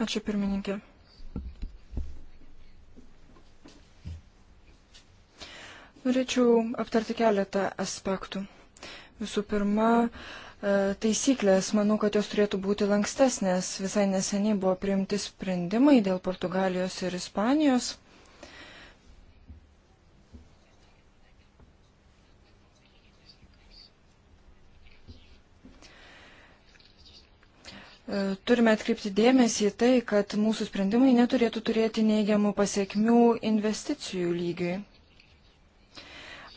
Ačiū pirmininkė. Norėčiau aptarti keletą aspektų. Visų pirma, uh, E, taisyklės, manau, kad jos turėtų būti lankstesnės. Visai neseniai buvo priimti sprendimai dėl Portugalijos ir Ispanijos. E, turime atkreipti dėmesį į tai, kad mūsų sprendimai neturėtų turėti neigiamų pasiekmių investicijų lygiui.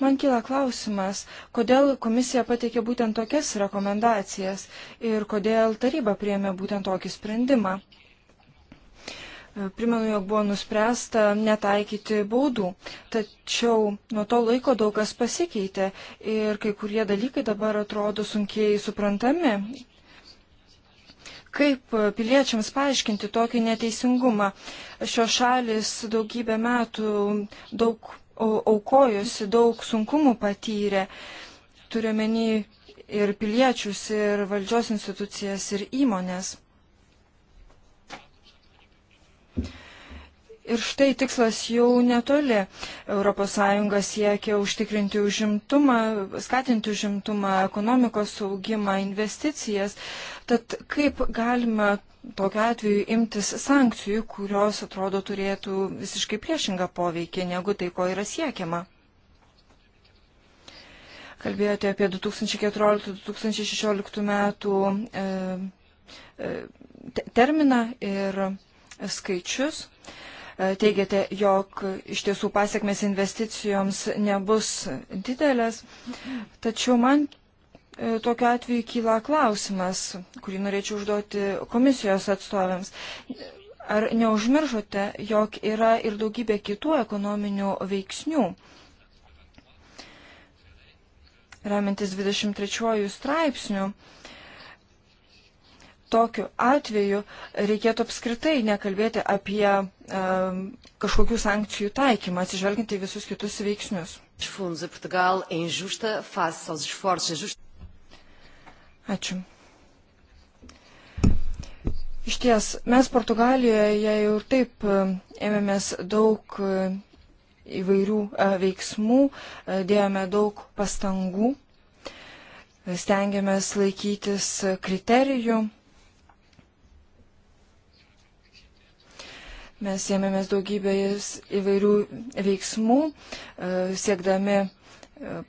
Man kyla klausimas, kodėl komisija pateikė būtent tokias rekomendacijas ir kodėl taryba priėmė būtent tokį sprendimą. Primenu, jog buvo nuspręsta netaikyti baudų, tačiau nuo to laiko daug kas pasikeitė ir kai kurie dalykai dabar atrodo sunkiai suprantami. Kaip piliečiams paaiškinti tokį neteisingumą? Šios šalis daugybę metų daug aukojusi, daug sunkumų patyrė, turiuomenį ir piliečius, ir valdžios institucijas, ir įmonės. Ir štai tikslas jau netoli. ES siekia užtikrinti užimtumą, skatinti užimtumą, ekonomikos saugimą, investicijas. Tad kaip galima tokiu atveju imtis sankcijų, kurios atrodo turėtų visiškai priešingą poveikį negu tai, ko yra siekiama. Kalbėjote apie 2014-2016 metų e, e, terminą ir skaičius. E, teigiate, jog iš tiesų pasiekmes investicijoms nebus didelės, tačiau man E, tokiu atveju kyla klausimas, kurį norėčiau užduoti komisijos atstovėms. Ar neužmiršote, jog yra ir daugybė kitų ekonominių veiksnių? Remiantis 23 straipsnių, tokiu atveju reikėtų apskritai nekalbėti apie um, kažkokių sankcijų taikymą, atsižvelginti į visus kitus veiksnius. Os fundos a Portugal é injusta face aos esforços injustos. Ačiū. Iš ties, mes Portugalijoje jau ir taip e, ėmėmės daug e, įvairių e, veiksmų, dėjome daug pastangų, stengiamės laikytis kriterijų. Mes ėmėmės daugybės įvairių veiksmų, siekdami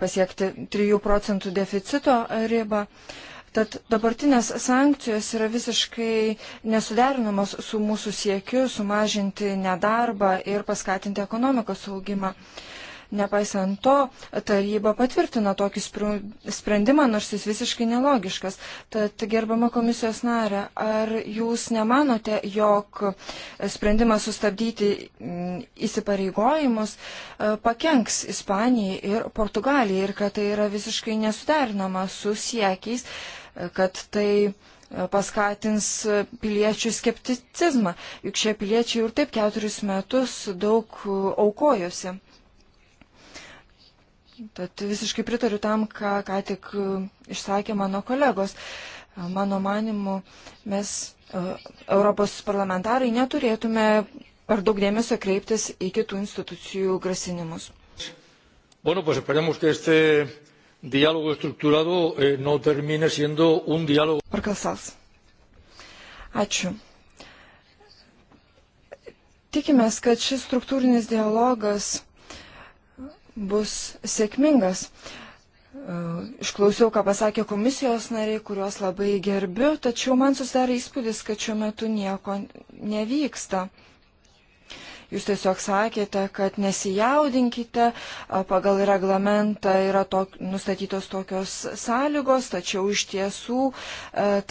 pasiekti 3 procentų deficito ribą. Tad dabartinės sankcijos yra visiškai nesuderinamos su mūsų siekiu sumažinti nedarbą ir paskatinti ekonomikos augimą. Nepaisant to, taryba patvirtina tokį sprendimą, nors jis visiškai nelogiškas. Tad, gerbama komisijos narė, ar jūs nemanote, jog sprendimas sustabdyti mm, įsipareigojimus e, pakenks Ispanijai ir Portugalijai ir kad tai yra visiškai nesuderinama su siekiais kad tai e, paskatins e, piliečių skepticizmą, juk šie piliečiai jau ir taip keturis metus daug e, aukojosi. Tad visiškai pritariu tam, ką, ką tik išsakė mano kolegos. Mano manimu, mes, Europos parlamentarai, neturėtume per daug dėmesio kreiptis į kitų institucijų grasinimus. Bueno, pues esperemos que este diálogo estructurado eh, no termine siendo un diálogo. Ačiū. Tikimės, kad šis struktūrinis dialogas bus sėkmingas. Eh, išklausiau, ką pasakė komisijos nariai, kuriuos labai gerbiu, tačiau man susidarė įspūdis, kad šiuo metu nieko nevyksta. Jūs tiesiog sakėte, kad nesijaudinkite, pagal reglamentą yra to, nustatytos tokios sąlygos, tačiau iš tiesų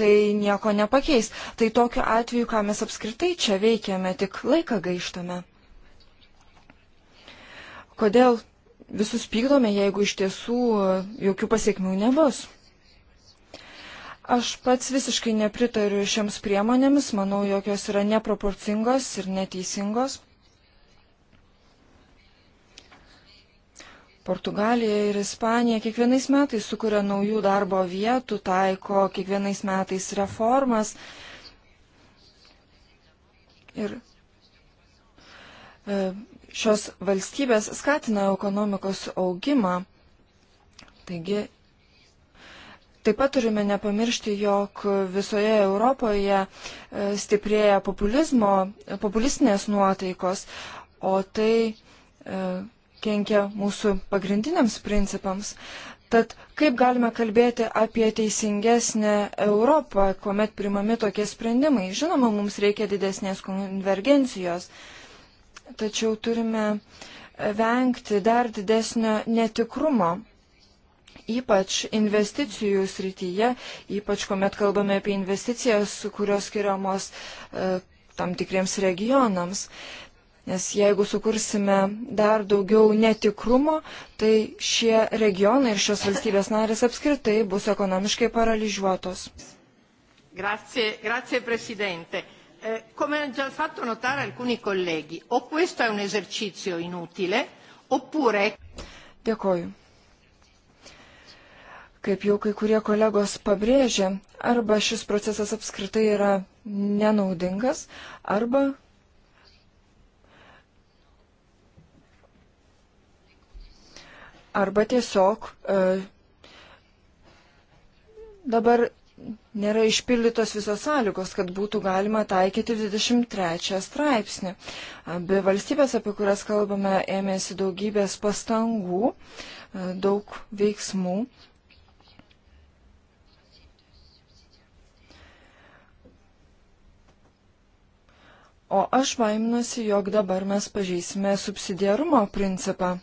tai nieko nepakeis. Tai tokiu atveju, ką mes apskritai čia veikiame, tik laiką gaištame. Kodėl visus pykdome, jeigu iš tiesų jokių pasiekmių nebus? Aš pats visiškai nepritariu šiems priemonėms, manau, jog jos yra neproporcingos ir neteisingos. Portugalija ir Ispanija kiekvienais metais sukuria naujų darbo vietų, taiko kiekvienais metais reformas. Ir e, šios valstybės skatina ekonomikos augimą. Taigi, taip pat turime nepamiršti, jog visoje Europoje e, stiprėja populizmo, populistinės nuotaikos, o tai e, kenkia mūsų pagrindiniams principams. Tad kaip galime kalbėti apie teisingesnę Europą, kuomet primami tokie sprendimai? Žinoma, mums reikia didesnės konvergencijos, tačiau turime vengti dar didesnio netikrumo ypač investicijų srityje, ypač kuomet kalbame apie investicijas, kurios skiriamos e, tam tikriems regionams. Nes jeigu sukursime dar daugiau netikrumo, tai šie regionai ir šios valstybės narės apskritai bus ekonomiškai paralyžiuotos. Grazie, grazie Presidente. Eh, come hanno già fatto notare alcuni colleghi, o questo è un esercizio inutile, oppure. Dėkoju. Kaip jau kai kurie kolegos pabrėžė, arba šis procesas apskritai yra nenaudingas, arba arba tiesiog e, dabar nėra išpildytos visos sąlygos, kad būtų galima taikyti 23 straipsnį. Abi valstybės, apie kurias kalbame, ėmėsi daugybės pastangų, e, daug veiksmų. O aš baiminuosi, jog dabar mes pažeisime subsidiarumo principą.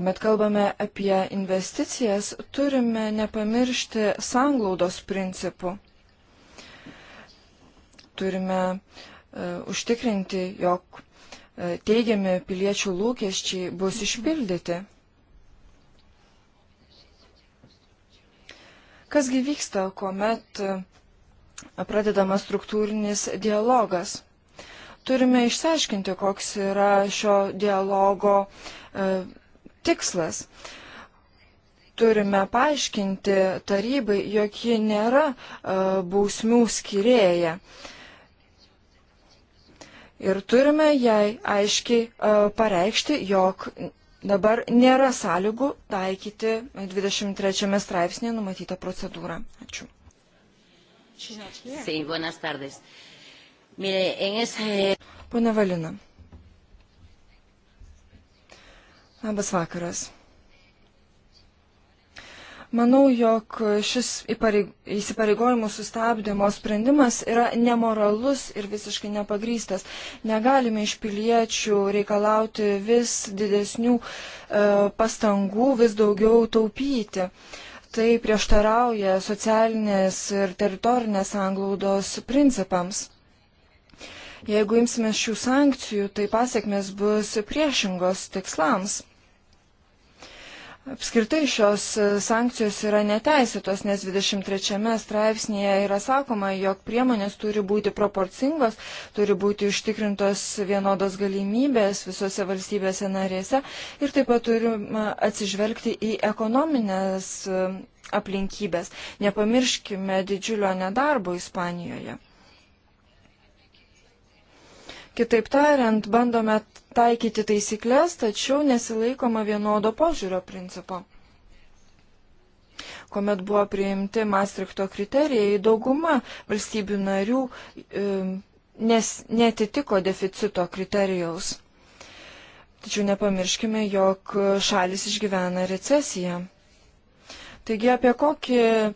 Kuomet kalbame apie investicijas, turime nepamiršti sanglaudos principų. Turime uh, užtikrinti, jog uh, teigiami piliečių lūkesčiai bus išpildyti. Kasgi vyksta, kuomet uh, pradedamas struktūrinis dialogas? Turime išsiaiškinti, koks yra šio dialogo uh, tikslas. Turime paaiškinti tarybai, jog ji nėra e, bausmių skirėja. Ir turime jai aiškiai e, pareikšti, jog dabar nėra sąlygų taikyti 23 straipsnėje numatytą procedūrą. Ačiū. Sí, buenas tardes. Mire, en ese... Pone Valina. Labas vakaras. Manau, jog šis įsipareigojimų sustabdymo sprendimas yra nemoralus ir visiškai nepagrystas. Negalime iš piliečių reikalauti vis didesnių e, pastangų, vis daugiau taupyti. Tai prieštarauja socialinės ir teritorinės anglaudos principams. Jeigu imsime šių sankcijų, tai pasiekmes bus priešingos tikslams Apskritai šios e, sankcijos yra neteisėtos, nes 23 straipsnėje yra sakoma, jog priemonės turi būti proporcingos, turi būti užtikrintos vienodos galimybės visose valstybėse narėse ir taip pat turime atsižvelgti į ekonominės e, aplinkybės. Nepamirškime didžiulio nedarbo Ispanijoje. Kitaip tariant, bandome taikyti taisyklės, tačiau nesilaikoma vienodo požiūrio principo. Komet buvo priimti Maastrichto kriterijai, dauguma valstybių narių e, nes, netitiko deficito kriterijaus. Tačiau nepamirškime, jog šalis išgyvena recesiją. Taigi apie kokį e,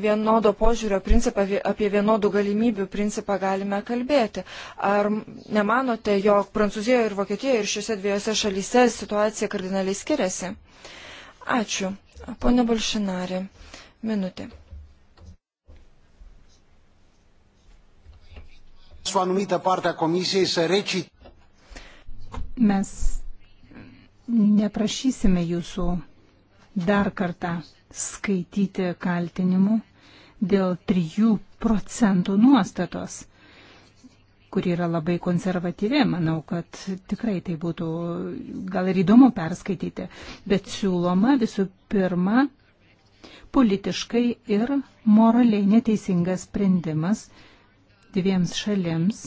vienodo požiūrio principą, apie vienodų galimybių principą galime kalbėti. Ar nemanote, jog Prancūzijoje ir Vokietijoje ir šiuose dviejose šalyse situacija kardinaliai skiriasi? Ačiū. Pone Balšinarė, minutė. o anumită parte a Comisiei să recite. Mes neprašysime jūsų dar kartą skaityti kaltinimų dėl 3 procentų nuostatos, kuri yra labai konservatyvi. Manau, kad tikrai tai būtų gal ir įdomu perskaityti, bet siūloma visų pirma politiškai ir moraliai neteisingas sprendimas dviems šalims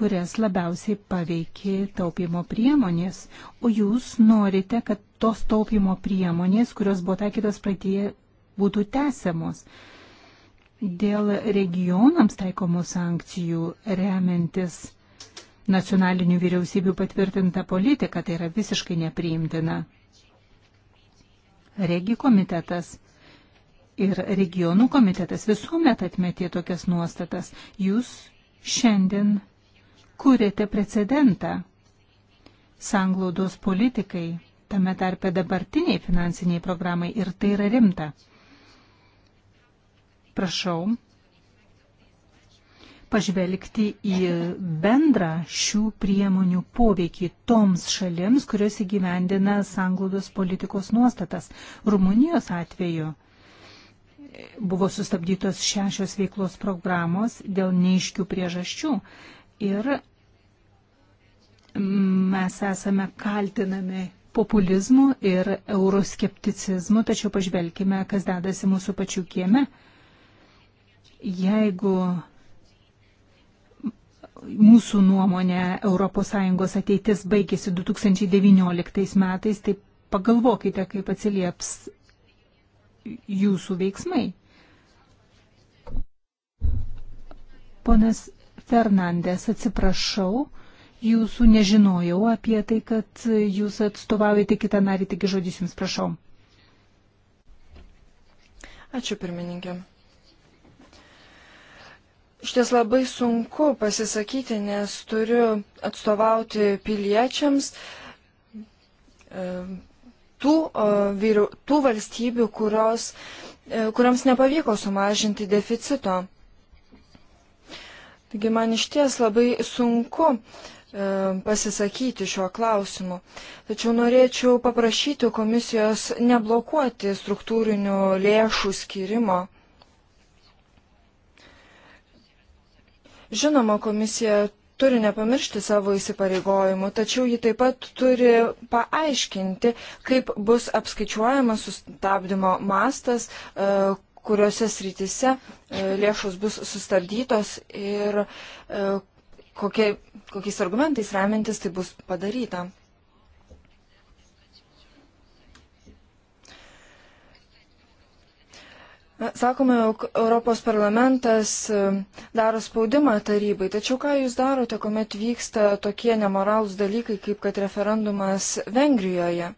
kurias labiausiai paveikė taupimo priemonės, o jūs norite, kad tos taupimo priemonės, kurios buvo taikytos praeitie, būtų tęsiamos. Dėl regionams taikomų sankcijų remiantis nacionalinių vyriausybių patvirtinta politika, tai yra visiškai nepriimtina. Regi komitetas ir regionų komitetas visuomet atmetė tokias nuostatas. Jūs šiandien kūrėte precedentą. Sanglaudos politikai, tame tarpe dabartiniai finansiniai programai ir tai yra rimta. Prašau pažvelgti į bendrą šių priemonių poveikį toms šalims, kurios įgyvendina sanglaudos politikos nuostatas. Rumunijos atveju buvo sustabdytos šešios veiklos programos dėl neiškių priežasčių ir mes esame kaltinami populizmu ir euroskepticizmu, tačiau pažvelkime, kas dedasi mūsų pačių kieme. Jeigu mūsų nuomonė ES ateitis baigėsi 2019 metais, tai pagalvokite, kaip atsilieps jūsų veiksmai. Ponas Fernandės, atsiprašau, jūsų nežinojau apie tai, kad jūs atstovaujate kitą narį, taigi žodis jums prašau. Ačiū pirmininkė. Šties labai sunku pasisakyti, nes turiu atstovauti piliečiams e, tų, tų valstybių, kurios, e, kuriams nepavyko sumažinti deficito. Taigi man iš ties labai sunku e, pasisakyti šiuo klausimu. Tačiau norėčiau paprašyti komisijos neblokuoti struktūrinių lėšų skirimo. Žinoma, komisija turi nepamiršti savo įsipareigojimų, tačiau ji taip pat turi paaiškinti, kaip bus apskaičiuojamas sustabdymo mastas, e, kuriuose srityse e, lėšos bus sustabdytos ir e, kokie, kokiais argumentais remiantis tai bus padaryta. Sakome, jog Europos parlamentas e, daro spaudimą tarybai, tačiau ką jūs darote, kuomet vyksta tokie nemoralūs dalykai, kaip kad referendumas Vengrijoje?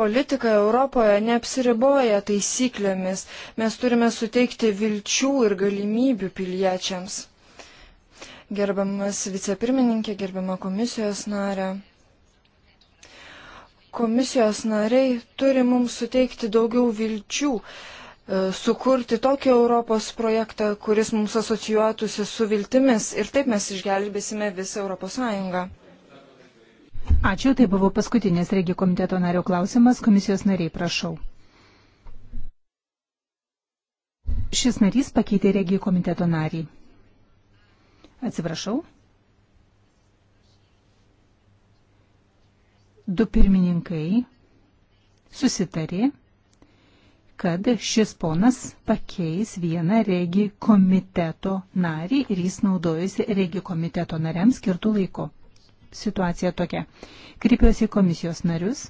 politika Europoje neapsiriboja taisyklėmis. Mes turime suteikti vilčių ir galimybių piliečiams. Gerbiamas vicepirmininkė, gerbiama komisijos narė. Komisijos nariai turi mums suteikti daugiau vilčių e, sukurti tokį Europos projektą, kuris mums asocijuotųsi su viltimis ir taip mes išgelbėsime visą Europos Sąjungą. Ačiū, tai buvo paskutinis regijų komiteto nario klausimas. Komisijos nariai, prašau. Šis narys pakeitė regijų komiteto narį. Atsiprašau. Du pirmininkai susitarė, kad šis ponas pakeis vieną regi komiteto narį ir jis naudojasi regi komiteto nariams skirtų laiko situacija tokia. Kreipiuosi į komisijos narius.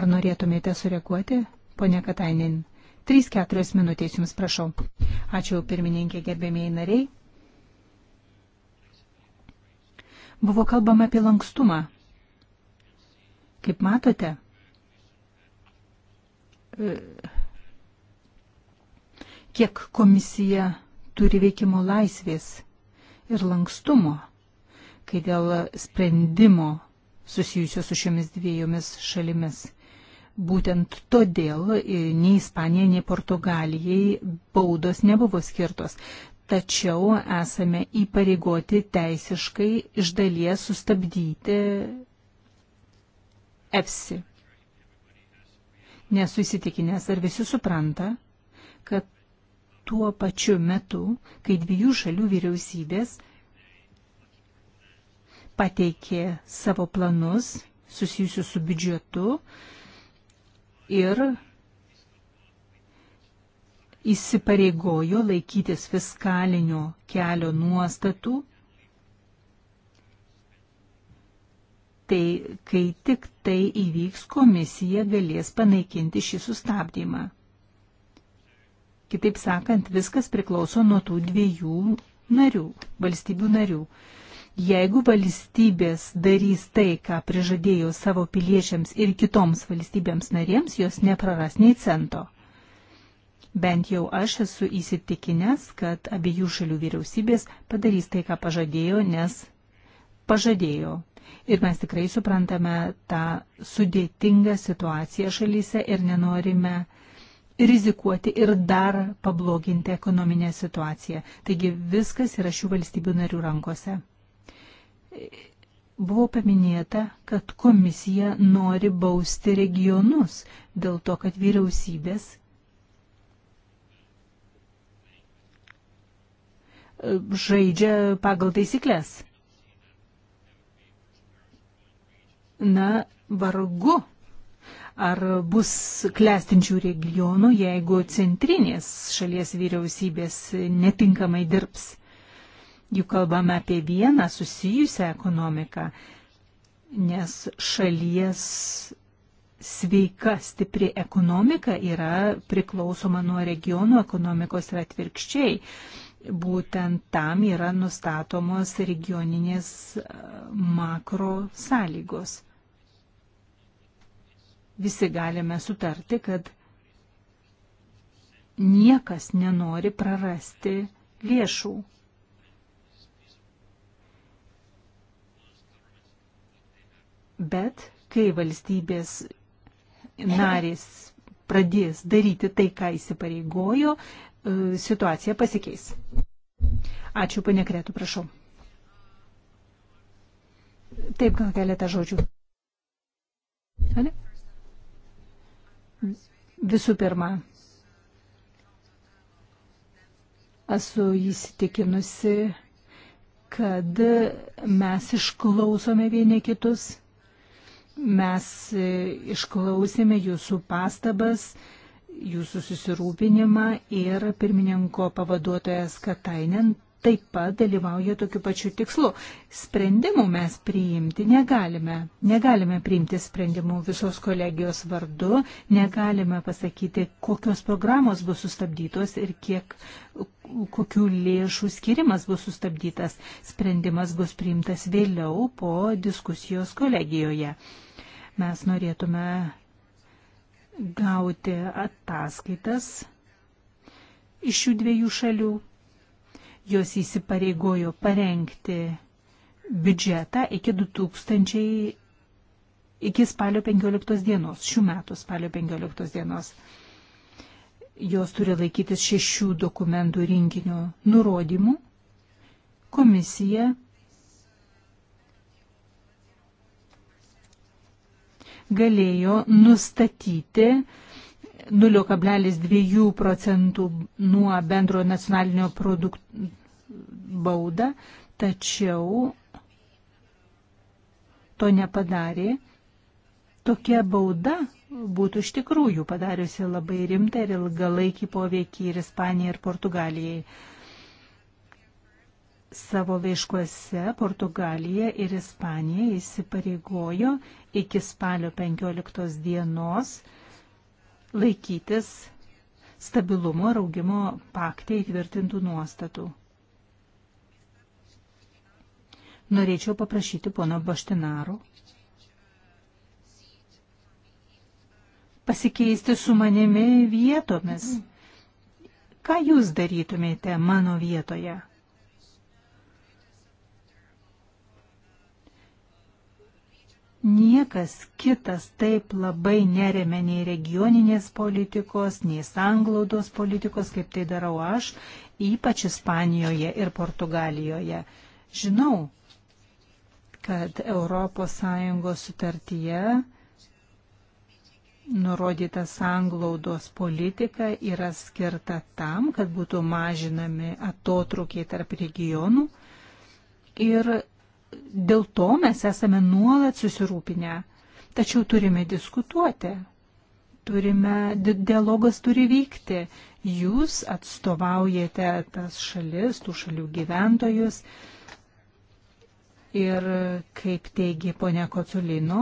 Ar norėtumėte sureaguoti, ponė Katainin? 3-4 minutės jums prašau. Ačiū pirmininkė gerbėmiai nariai. Buvo kalbama apie lankstumą. Kaip matote, e, kiek komisija turi veikimo laisvės ir lankstumo kai dėl sprendimo susijusio su šiomis dviejomis šalimis. Būtent todėl nei Ispanijai, nei Portugalijai baudos nebuvo skirtos. Tačiau esame įpareigoti teisiškai iš dalies sustabdyti EFSI. Nesu įsitikinęs, ar visi supranta, kad tuo pačiu metu, kai dviejų šalių vyriausybės pateikė savo planus susijusius su biudžetu ir įsipareigojo laikytis fiskalinio kelio nuostatų. Tai kai tik tai įvyks, komisija galės panaikinti šį sustabdymą. Kitaip sakant, viskas priklauso nuo tų dviejų narių, valstybių narių. Jeigu valstybės darys tai, ką prižadėjau savo piliečiams ir kitoms valstybėms narėms, jos nepraras nei cento. Bent jau aš esu įsitikinęs, kad abiejų šalių vyriausybės padarys tai, ką pažadėjo, nes pažadėjo. Ir mes tikrai suprantame tą sudėtingą situaciją šalyse ir nenorime rizikuoti ir dar pabloginti ekonominę situaciją. Taigi viskas yra šių valstybių narių rankose. Buvo paminėta, kad komisija nori bausti regionus dėl to, kad vyriausybės e, žaidžia pagal taisyklės. Na, vargu, ar bus klestinčių regionų, jeigu centrinės šalies vyriausybės netinkamai dirbs. Juk kalbame apie vieną susijusią ekonomiką, nes šalies sveika, stipri ekonomika yra priklausoma nuo regionų ekonomikos ir atvirkščiai. Būtent tam yra nustatomos regioninės e, makro sąlygos. Visi galime sutarti, kad niekas nenori prarasti lėšų Bet kai valstybės narės pradės daryti tai, ką įsipareigojo, e, situacija pasikeis. Ačiū, ponė Kretų, prašau. Taip, gal keletą žodžių. Ane? Visų pirma, esu įsitikinusi, kad mes išklausome vieni kitus Mes e, išklausėme jūsų pastabas, jūsų susirūpinimą ir pirmininko pavaduotojas Katainen taip pat dalyvauja tokiu pačiu tikslu. Sprendimų mes priimti negalime. Negalime priimti sprendimų visos kolegijos vardu, negalime pasakyti, kokios programos bus sustabdytos ir kiek, kokių lėšų skirimas bus sustabdytas. Sprendimas bus priimtas vėliau po diskusijos kolegijoje. Mes norėtume gauti ataskaitas iš šių dviejų šalių. Jos įsipareigojo parengti biudžetą iki 2000 iki spalio 15 dienos, šių metų spalio 15 dienos. Jos turi laikytis šešių dokumentų rinkinio nurodymų. Komisija galėjo nustatyti 0,2 procentų nuo bendro nacionalinio produktų baudą, tačiau to nepadarė. Tokia bauda būtų iš tikrųjų padariusi labai rimtą ir ilgalaikį poveikį ir Ispanijai, ir Portugalijai. Savo laiškuose Portugalija ir Ispanija įsipareigojo iki spalio 15 dienos laikytis stabilumo ir augimo pakte įtvirtintų nuostatų. Norėčiau paprašyti pono Baštinaro pasikeisti su manimi vietomis. Ką jūs darytumėte mano vietoje? Niekas kitas taip labai neremia nei regioninės politikos, nei sanglaudos politikos, kaip tai darau aš, ypač Ispanijoje ir Portugalijoje. Žinau, kad ES sutartyje nurodyta sanglaudos politika yra skirta tam, kad būtų mažinami atotrukiai tarp regionų ir dėl to mes esame nuolat susirūpinę. Tačiau turime diskutuoti. Turime, dialogas turi vykti. Jūs atstovaujate tas šalis, tų šalių gyventojus. Ir kaip teigia ponia Koculino,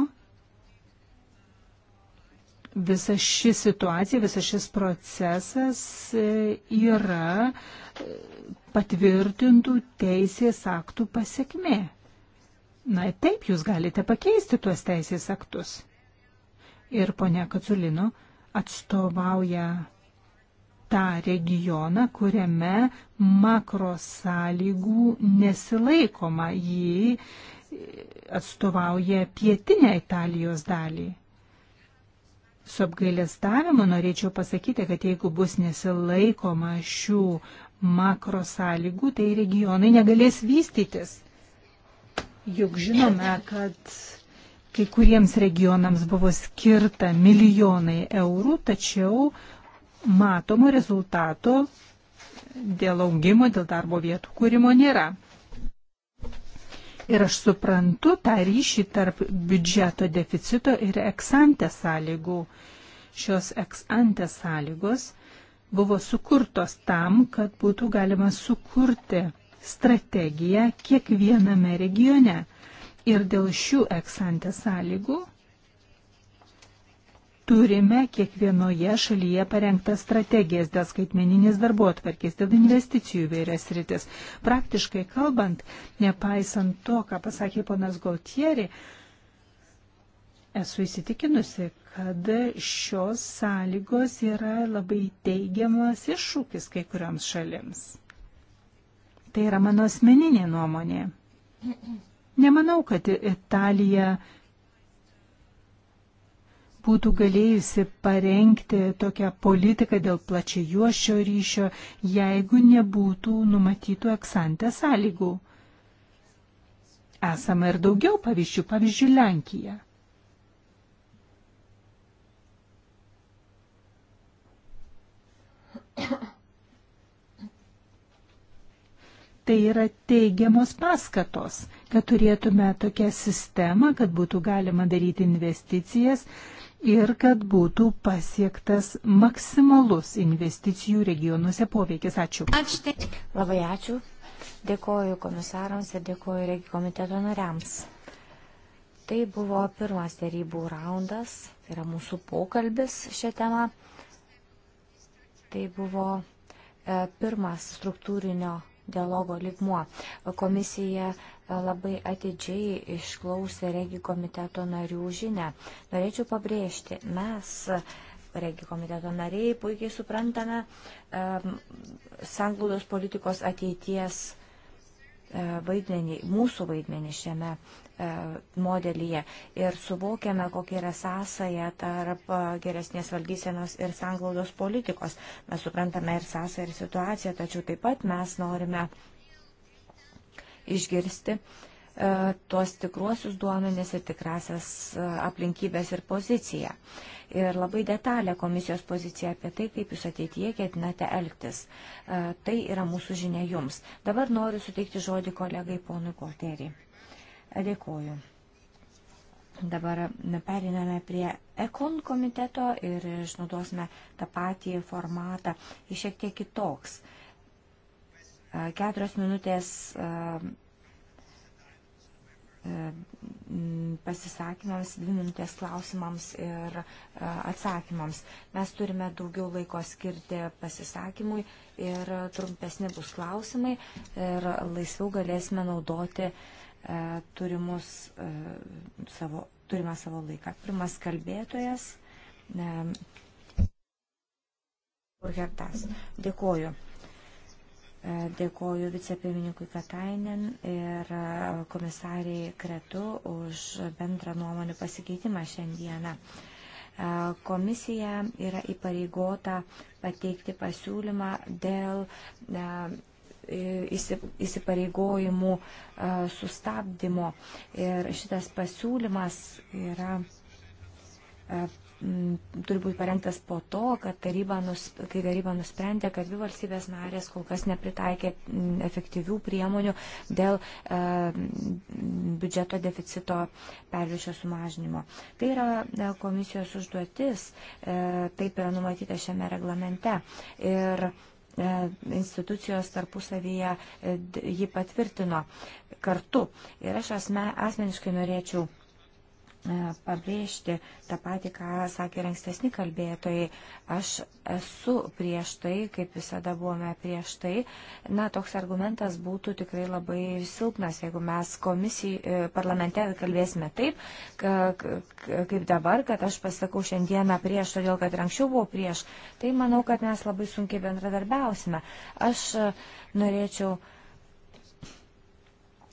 visa ši situacija, visas šis procesas e, yra e, patvirtintų teisės aktų pasiekmė. Na taip, jūs galite pakeisti tuos teisės aktus. Ir ponia Kaculino atstovauja tą regioną, kuriame makrosąlygų nesilaikoma. Ji atstovauja pietinę Italijos dalį. Su apgailestavimu norėčiau pasakyti, kad jeigu bus nesilaikoma šių makrosąlygų, tai regionai negalės vystytis. Juk žinome, kad kai kuriems regionams buvo skirta milijonai eurų, tačiau matomo rezultato dėl augimo, dėl darbo vietų kūrimo nėra. Ir aš suprantu tą ryšį tarp biudžeto deficito ir eksantė sąlygų. Šios eksantė sąlygos buvo sukurtos tam, kad būtų galima sukurti strategiją kiekviename regione. Ir dėl šių eksantės sąlygų turime kiekvienoje šalyje parengtas strategijas dėl skaitmeninės darbo atvarkės, dėl investicijų vairias rytis. Praktiškai kalbant, nepaisant to, ką pasakė ponas Gautieri, esu įsitikinusi, kad šios sąlygos yra labai teigiamas iššūkis kai kuriams šalims. Tai yra mano asmeninė nuomonė. Nemanau, kad Italija būtų galėjusi parengti tokią politiką dėl plačiai juošio ryšio, jeigu nebūtų numatytų eksantę sąlygų. Esama ir daugiau pavyzdžių, pavyzdžiui, Lenkija. Yeah. tai yra teigiamos paskatos, kad turėtume tokią sistemą, kad būtų galima daryti investicijas ir kad būtų pasiektas maksimalus investicijų regionuose poveikis. Ačiū. Ačiū. Labai ačiū. Dėkoju komisarams ir dėkoju reikia komiteto nariams. Tai buvo pirmas dėrybų raundas, tai yra mūsų pokalbis šią temą. Tai buvo e, pirmas struktūrinio dialogo lygmuo. Komisija e, labai atidžiai išklausė regi komiteto narių žinę. Norėčiau pabrėžti, mes regi komiteto nariai puikiai suprantame um, sanglaudos politikos ateities e, vaidmenį, mūsų vaidmenį šiame E, modelyje ir suvokiame, kokia yra sąsaja tarp e, geresnės valdysenos ir sanglaudos politikos. Mes suprantame ir sąsają, ir situaciją, tačiau taip pat mes norime išgirsti e, tuos tikruosius duomenis ir tikrasias aplinkybės ir poziciją. Ir labai detalę komisijos poziciją apie tai, kaip jūs ateityje ketinate elgtis. Tai yra mūsų žinia jums. Dabar noriu suteikti žodį kolegai ponui Kolterijai. Dėkuoju. Dabar periname prie ekon komiteto ir išnaudosime tą patį formatą. Jis šiek tiek kitoks. Keturios minutės pasisakymams, dvi minutės klausimams ir atsakymams. Mes turime daugiau laiko skirti pasisakymui ir trumpesni bus klausimai ir laisviau galėsime naudoti uh, E, turimus, e, savo, turimą savo laiką. Pirmas kalbėtojas. Burhertas. E, Dėkuoju. Dėkoju vicepirmininkui Katainen ir komisariai Kretu už bendrą nuomonių pasikeitimą šiandieną. Komisija yra įpareigota pateikti pasiūlymą dėl E, įsipareigojimų e, sustabdymo. Ir šitas pasiūlymas yra e, turi būti parengtas po to, kad taryba nus, kai taryba nusprendė, kad dvi valstybės narės kol kas nepritaikė efektyvių priemonių dėl e, biudžeto deficito pervišio sumažinimo. Tai yra e, komisijos užduotis, e, taip yra numatyta šiame reglamente. Ir e, E, institucijos tarpusavyje e, jį patvirtino kartu. Ir aš asme, asmeniškai norėčiau E, pabrėžti tą patį, ką sakė ir ankstesni kalbėtojai. Aš esu prieš tai, kaip visada buvome prieš tai. Na, toks argumentas būtų tikrai labai silpnas, jeigu mes komisijai, e, parlamente kalbėsime taip, kaip dabar, kad aš pasakau šiandieną prieš, todėl kad ir anksčiau buvau prieš. Tai manau, kad mes labai sunkiai bendradarbiausime. Aš e, norėčiau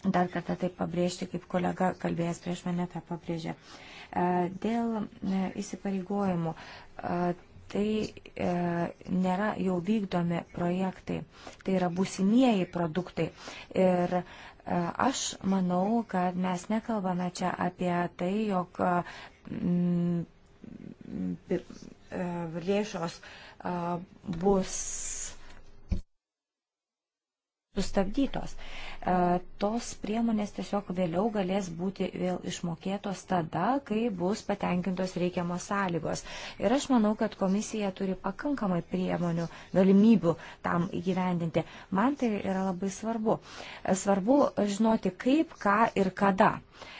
dar kartą tai pabrėžti, kaip kolega kalbėjęs prieš mane tą pabrėžė. E, dėl e, įsipareigojimų. E, tai e, nėra jau vykdomi projektai, tai yra būsimieji produktai. Ir e, aš manau, kad mes nekalbame čia apie tai, jog mm, lėšos bus sustabdytos. E, tos priemonės tiesiog vėliau galės būti vėl išmokėtos tada, kai bus patenkintos reikiamos sąlygos. Ir aš manau, kad komisija turi pakankamai priemonių, galimybių tam įgyvendinti. Man tai yra labai svarbu. E, svarbu žinoti kaip, ką ir kada. Uh,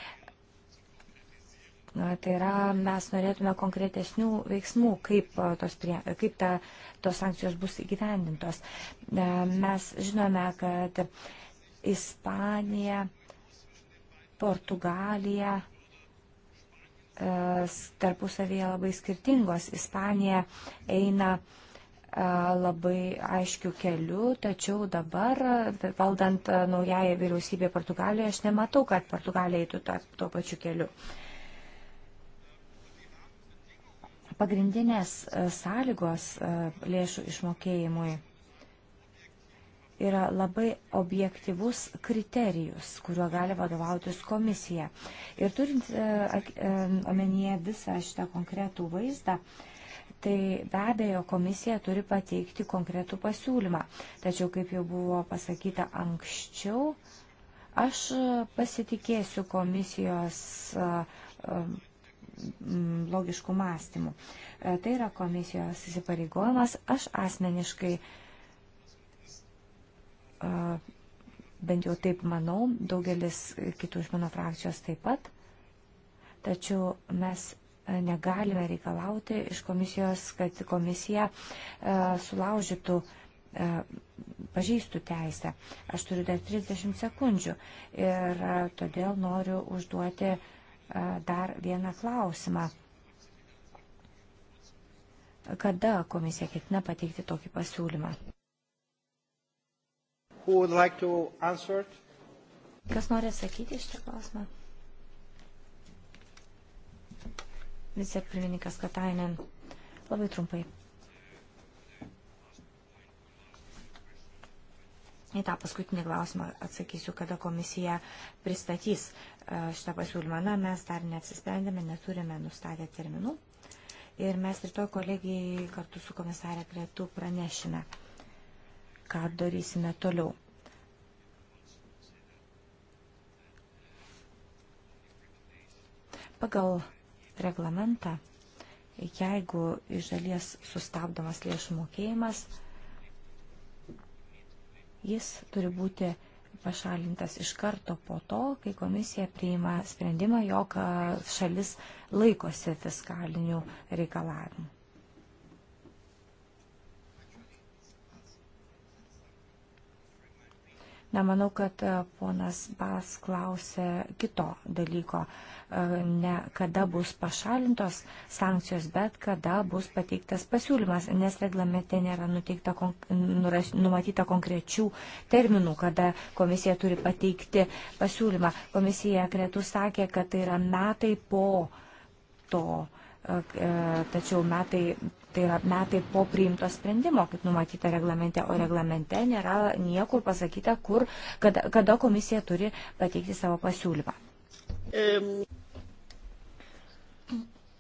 Tai yra, mes norėtume konkretesnių veiksmų, kaip, tos prie, kaip ta, tos sankcijos bus įgyvendintos. E, mes žinome, kad Ispanija, Portugalija e, tarpusavėje labai skirtingos. Ispanija eina e, labai aiškių kelių, tačiau dabar, valdant naujai vyriausybė Portugalijoje, aš nematau, kad Portugalija eitų tuo pačiu keliu. Uh, pagrindinės e, sąlygos e, lėšų išmokėjimui yra labai objektivus kriterijus, kuriuo gali vadovautis komisija. Ir turint e, omenyje visą šitą konkretų vaizdą, tai be abejo komisija turi pateikti konkretų pasiūlymą. Tačiau, kaip jau buvo pasakyta anksčiau, aš pasitikėsiu komisijos Mm, logiškų mąstymų. E, tai yra komisijos įsipareigojimas. Aš asmeniškai, e, bent jau taip manau, daugelis kitų iš mano frakcijos taip pat. Tačiau mes e, negalime reikalauti iš komisijos, kad komisija sulaužytų pažįstų teisę. Aš turiu dar 30 sekundžių ir todėl noriu užduoti uh, dar vieną klausimą. Kada komisija ketina pateikti tokį pasiūlymą? Like Kas nori atsakyti iš šitą klausimą? Vicepirmininkas Katainen. Labai trumpai. Į tą paskutinį klausimą atsakysiu, kada komisija pristatys e, šitą pasiūlymą. Na, mes dar neapsisprendėme, neturime nustatę terminų. Ir mes rytoj kolegijai kartu su komisarė Kretu pranešime, ką darysime toliau. Pagal reglamentą, jeigu iš dalies sustabdomas lėšų mokėjimas, Jis turi būti pašalintas iš karto po to, kai komisija priima sprendimą, jog šalis laikosi fiskalinių reikalavimų. Nemanau, kad e, ponas Bas klausė kito dalyko, e, ne kada bus pašalintos sankcijos, bet kada bus pateiktas pasiūlymas, nes reglamente nėra nuteikta, numatyta konkrečių terminų, kada komisija turi pateikti pasiūlymą. Komisija kretų sakė, kad tai yra metai po to e, tačiau metai Tai yra metai po priimto sprendimo, kaip numatyta reglamente, o reglamente nėra niekur pasakyta, kur, kada, kada komisija turi pateikti savo pasiūlymą.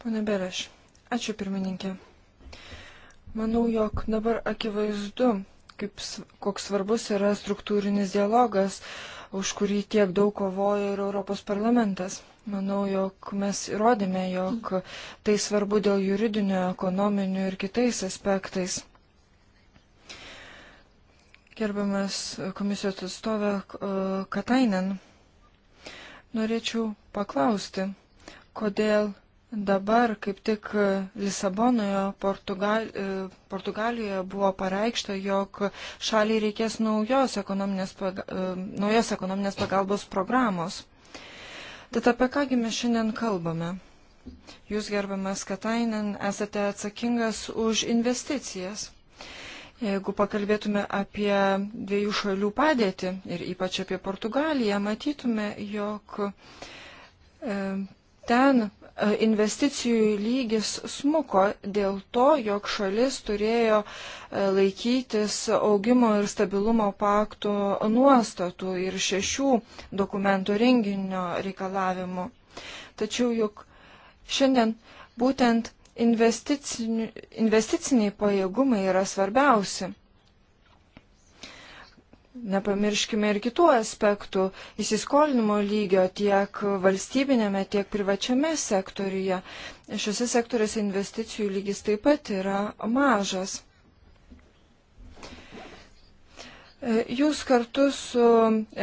Pone Bereš, ačiū pirmininkė. Manau, jog dabar akivaizdu, kaip, koks svarbus yra struktūrinis dialogas už kurį tiek daug kovojo ir Europos parlamentas. Manau, jog mes įrodėme, jog tai svarbu dėl juridinio, ekonominio ir kitais aspektais. Gerbiamas komisijos atstovė Katainen, norėčiau paklausti, kodėl Dabar kaip tik Lisabonoje, Portugal, e, Portugalijoje buvo pareikšta, jog šaliai reikės naujos ekonominės, e, naujos ekonominės pagalbos programos. Tad apie kągi mes šiandien kalbame? Jūs, gerbiamas Katainen, esate atsakingas už investicijas. Jeigu pakalbėtume apie dviejų šalių padėtį ir ypač apie Portugaliją, matytume, jog e, ten investicijų lygis smuko dėl to, jog šalis turėjo e, laikytis augimo ir stabilumo pakto nuostatų ir šešių dokumentų renginio reikalavimų. Tačiau juk šiandien būtent investiciniai pajėgumai yra svarbiausi. Nepamirškime ir kitų aspektų - įsiskolinimo lygio tiek valstybinėme, tiek privačiame sektoriuje. Šiuose sektoriuose investicijų lygis taip pat yra mažas. Jūs kartu su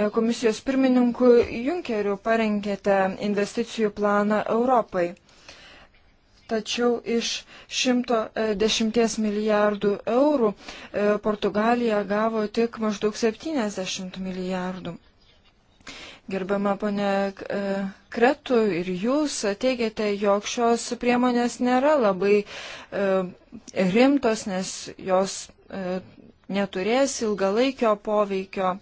e, komisijos pirmininku Junkeriu parengėte investicijų planą Europai. Tačiau iš 110 e, milijardų eurų e, Portugalija gavo tik maždaug 70 milijardų. Gerbama ponė e, Kretų ir jūs teigiate, jog šios priemonės nėra labai rimtos, nes jos neturės ilgalaikio poveikio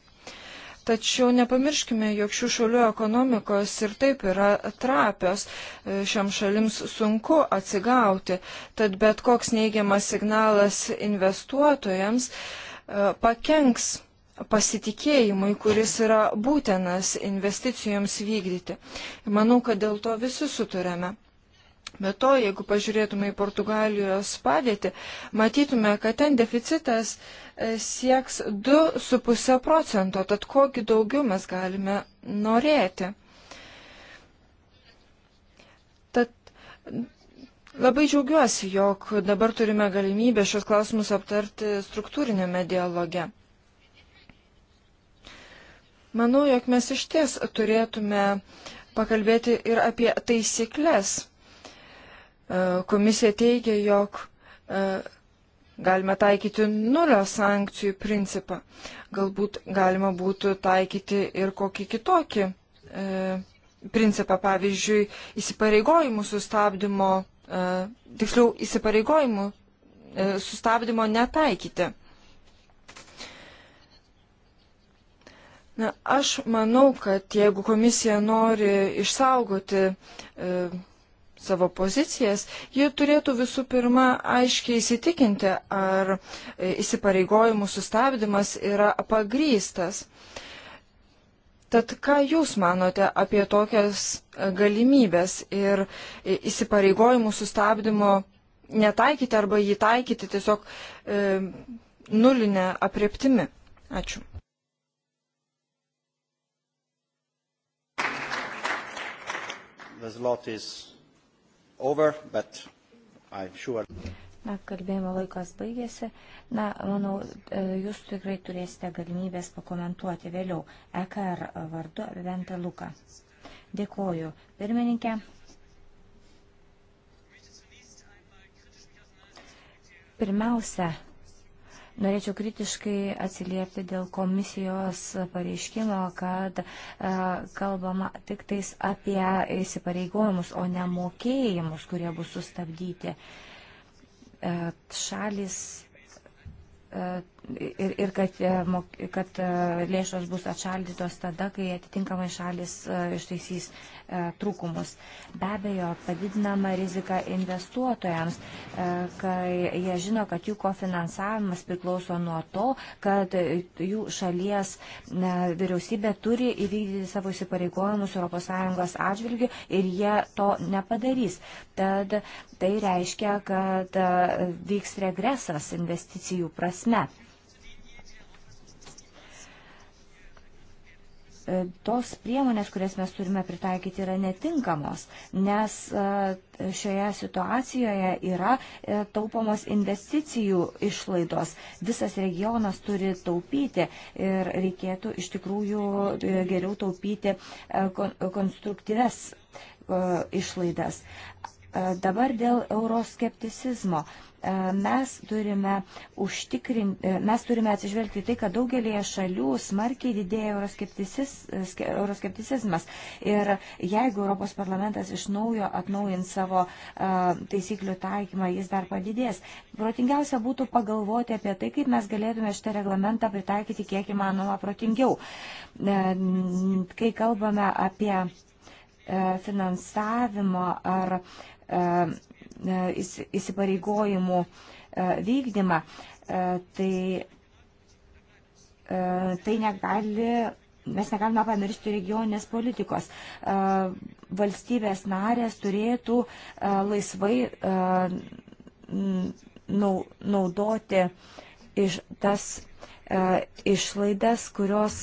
Tačiau nepamirškime, jog šių šalių ekonomikos ir taip yra trapios, e, šiam šalims sunku atsigauti, tad bet koks neigiamas signalas investuotojams e, pakenks pasitikėjimui, kuris yra būtinas investicijoms vykdyti. Manau, kad dėl to visi suturėme. Bet to, jeigu pažiūrėtume į Portugalijos padėtį, matytume, kad ten deficitas e, sieks 2,5 procento, tad kokį daugiau mes galime norėti. Tad labai džiaugiuosi, jog dabar turime galimybę šios klausimus aptarti struktūrinėme dialoge. Manau, jog mes iš ties turėtume pakalbėti ir apie taisyklės E, komisija teigia, jog e, galime taikyti nulio sankcijų principą. Galbūt galima būtų taikyti ir kokį kitokį e, principą, pavyzdžiui, įsipareigojimų sustabdymo, tiksliau įsipareigojimų sustabdymo netaikyti. Na, aš manau, kad jeigu komisija nori išsaugoti e, savo pozicijas, ji turėtų visų pirma aiškiai įsitikinti, ar e, įsipareigojimų sustabdymas yra pagrystas. Tad ką Jūs manote apie tokias e, galimybės ir e, įsipareigojimų sustabdymo netaikyti arba jį taikyti tiesiog e, nulinę apreptimi? Ačiū. There's a lot is over, but I'm sure. Na, kalbėjimo laikas baigėsi. Na, manau, e, jūs tikrai turėsite galimybės pakomentuoti vėliau. EKR er vardu Venta Luka. Dėkoju. Pirmininkė. Pirmiausia, Norėčiau kritiškai atsiliepti dėl komisijos pareiškimo, kad e, kalbama tik tais apie įsipareigojimus, o ne mokėjimus, kurie bus sustabdyti. E, šalis e, ir, ir kad, e, kad e, lėšos bus atšaldytos tada, kai atitinkamai šalis e, ištaisys trūkumus. Be abejo, padidinama rizika investuotojams, kai jie žino, kad jų kofinansavimas priklauso nuo to, kad jų šalies vyriausybė turi įvykdyti savo įsipareigojimus ES atžvilgių ir jie to nepadarys. Tad tai reiškia, kad vyks regresas investicijų prasme. E, tos priemonės, kurias mes turime pritaikyti, yra netinkamos, nes e, šioje situacijoje yra e, taupomos investicijų išlaidos. Visas regionas turi taupyti ir reikėtų iš tikrųjų geriau taupyti konstruktyves išlaidas. Dabar dėl euroskepticizmo. E, mes turime, e, mes turime atsižvelgti tai, kad daugelėje šalių smarkiai didėja e, euroskepticizmas. Ir jeigu Europos parlamentas iš naujo atnaujins savo taisyklių taikymą, jis dar padidės. Protingiausia būtų pagalvoti apie tai, kaip mes galėtume šitą reglamentą pritaikyti kiek įmanoma protingiau. Kai kalbame apie finansavimo ar E, įsipareigojimų e, vykdymą, e, tai, tai negali, mes negalime pamiršti regioninės politikos. Valstybės narės turėtų laisvai naudoti iš tas išlaidas, kurios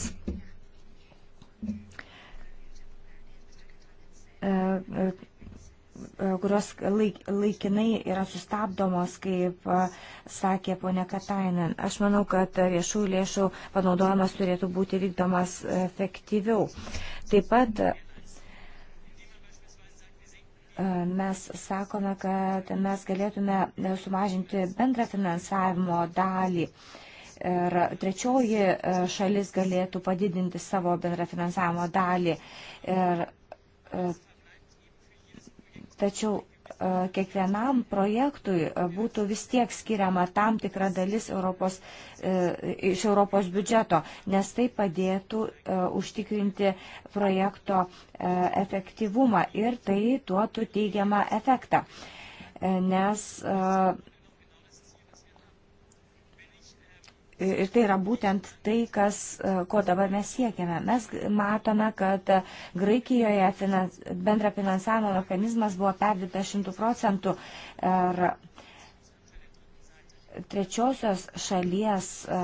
E, kurios laik, laikinai yra sustabdomos, kaip e, sakė ponė Katainen. Aš manau, kad viešų lėšų panaudojimas turėtų būti vykdomas efektyviau. Taip pat e, mes sakome, kad mes galėtume sumažinti bendrą finansavimo dalį. Ir trečioji šalis galėtų padidinti savo bendrą finansavimo dalį. Ir Tačiau e, kiekvienam projektui e, būtų vis tiek skiriama tam tikra dalis Europos, e, iš Europos biudžeto, nes tai padėtų užtikrinti projekto efektyvumą ir tai duotų teigiamą efektą. Nes Ir tai yra būtent tai, kas, e, ko dabar mes siekiame. Mes matome, kad e, Graikijoje finans, bendra finansavimo mechanizmas buvo perdirbtas 100 procentų. Ir trečiosios šalies e,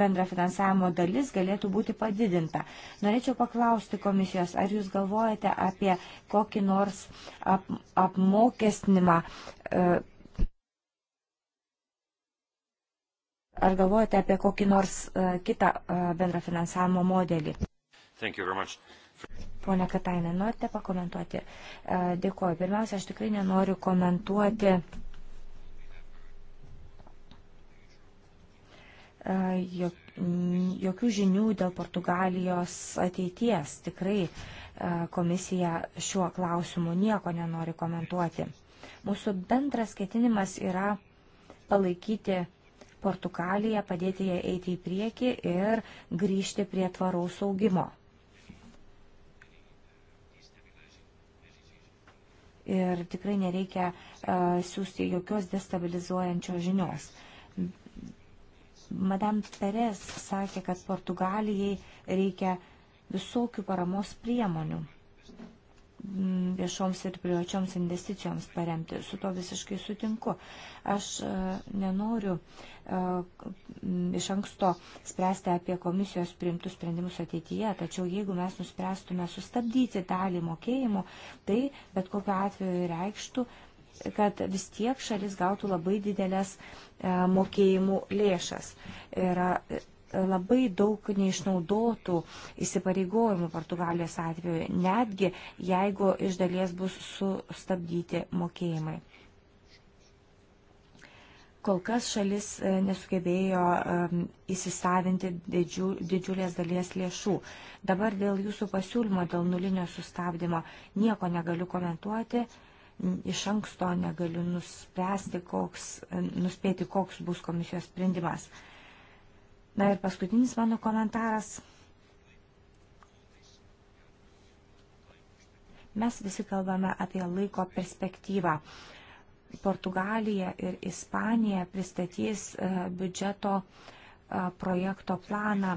bendra finansavimo dalis galėtų būti padidinta. Norėčiau paklausti komisijos, ar jūs galvojate apie kokį nors ap apmokestinimą Ar galvojate apie kokį nors uh, kitą uh, bendrą finansavimo modelį? Pone Katainė, norite pakomentuoti? Uh, dėkuoju. Pirmiausia, aš tikrai nenoriu komentuoti uh, jokių žinių dėl Portugalijos ateities. Tikrai uh, komisija šiuo klausimu nieko nenori komentuoti. Mūsų bendras ketinimas yra palaikyti Portugaliją, padėti ją eiti į priekį ir grįžti prie tvaraus augimo. Ir tikrai nereikia uh, siūsti jokios destabilizuojančios žinios. Madame Perez sakė, kad Portugalijai reikia visokių paramos priemonių viešoms ir privačioms investicijoms paremti. Su to visiškai sutinku. Aš e, nenoriu e, iš anksto spręsti apie komisijos priimtus sprendimus ateityje, tačiau jeigu mes nuspręstume sustabdyti dalį mokėjimų, tai bet kokiu atveju reikštų, kad vis tiek šalis gautų labai didelės e, mokėjimų lėšas. Ir labai daug neišnaudotų įsipareigojimų Portugalijos atveju, netgi jeigu iš dalies bus sustabdyti mokėjimai. Kol kas šalis e, nesugebėjo įsisavinti didžiu, didžiulės dalies lėšų. Dabar dėl jūsų pasiūlymo, dėl nulinio sustabdymo nieko negaliu komentuoti iš anksto negaliu nuspręsti, koks, e, nuspėti, koks bus komisijos sprendimas. Na ir paskutinis mano komentaras. Mes visi kalbame apie laiko perspektyvą. Portugalija ir Ispanija pristatys e, biudžeto e, projekto planą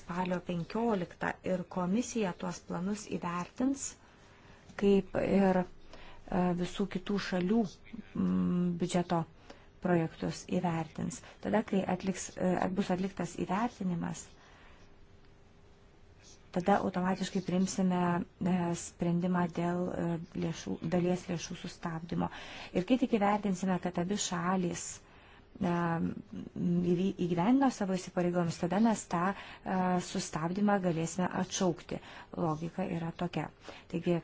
spalio 15 ir komisija tuos planus įvertins, kaip ir e, visų kitų šalių biudžeto projektus įvertins. Tada, kai atliks, e, bus atliktas įvertinimas, tada automatiškai primsime e, sprendimą dėl e, lėšų, dalies lėšų sustabdymo. Ir kai tik įvertinsime, kad abi šalis įgyvendino savo įsipareigojimus, tada mes tą sustabdymą galėsime atšaukti. Logika yra tokia. Taigi,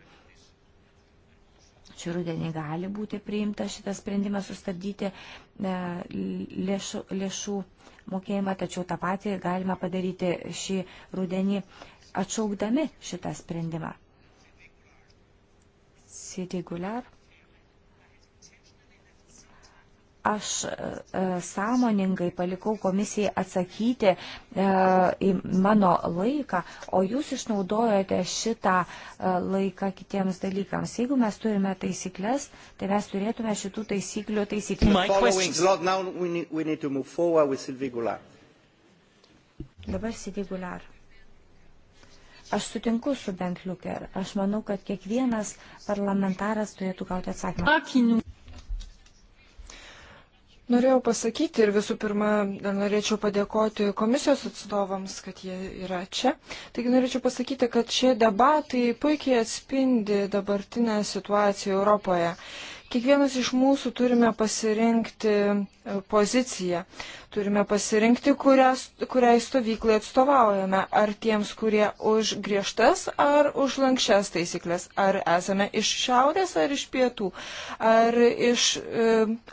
šį rudenį gali būti priimtas šitas sprendimas sustabdyti e, lėšų, lėšų mokėjimą, tačiau tą patį galima padaryti šį rudenį atšaukdami šitą sprendimą. Sėdė guliar aš e, e, sąmoningai palikau komisijai atsakyti e, į mano laiką, o jūs išnaudojate šitą laiką kitiems dalykams. Jeigu mes turime taisyklės, tai mes turėtume šitų taisyklių taisyti. Dabar Sidigular. Aš sutinku su Bentliuker. Aš manau, kad kiekvienas parlamentaras turėtų gauti atsakymą. Akinių norėjau pasakyti ir visų pirma norėčiau padėkoti komisijos atstovams, kad jie yra čia. Taigi norėčiau pasakyti, kad šie debatai puikiai atspindi dabartinę situaciją Europoje. Kiekvienas iš mūsų turime pasirinkti e, poziciją, turime pasirinkti, kurias, kuriai stovyklai atstovaujame, ar tiems, kurie už griežtas ar už lankščias taisyklės, ar esame iš šiaurės ar iš pietų, ar, iš, e,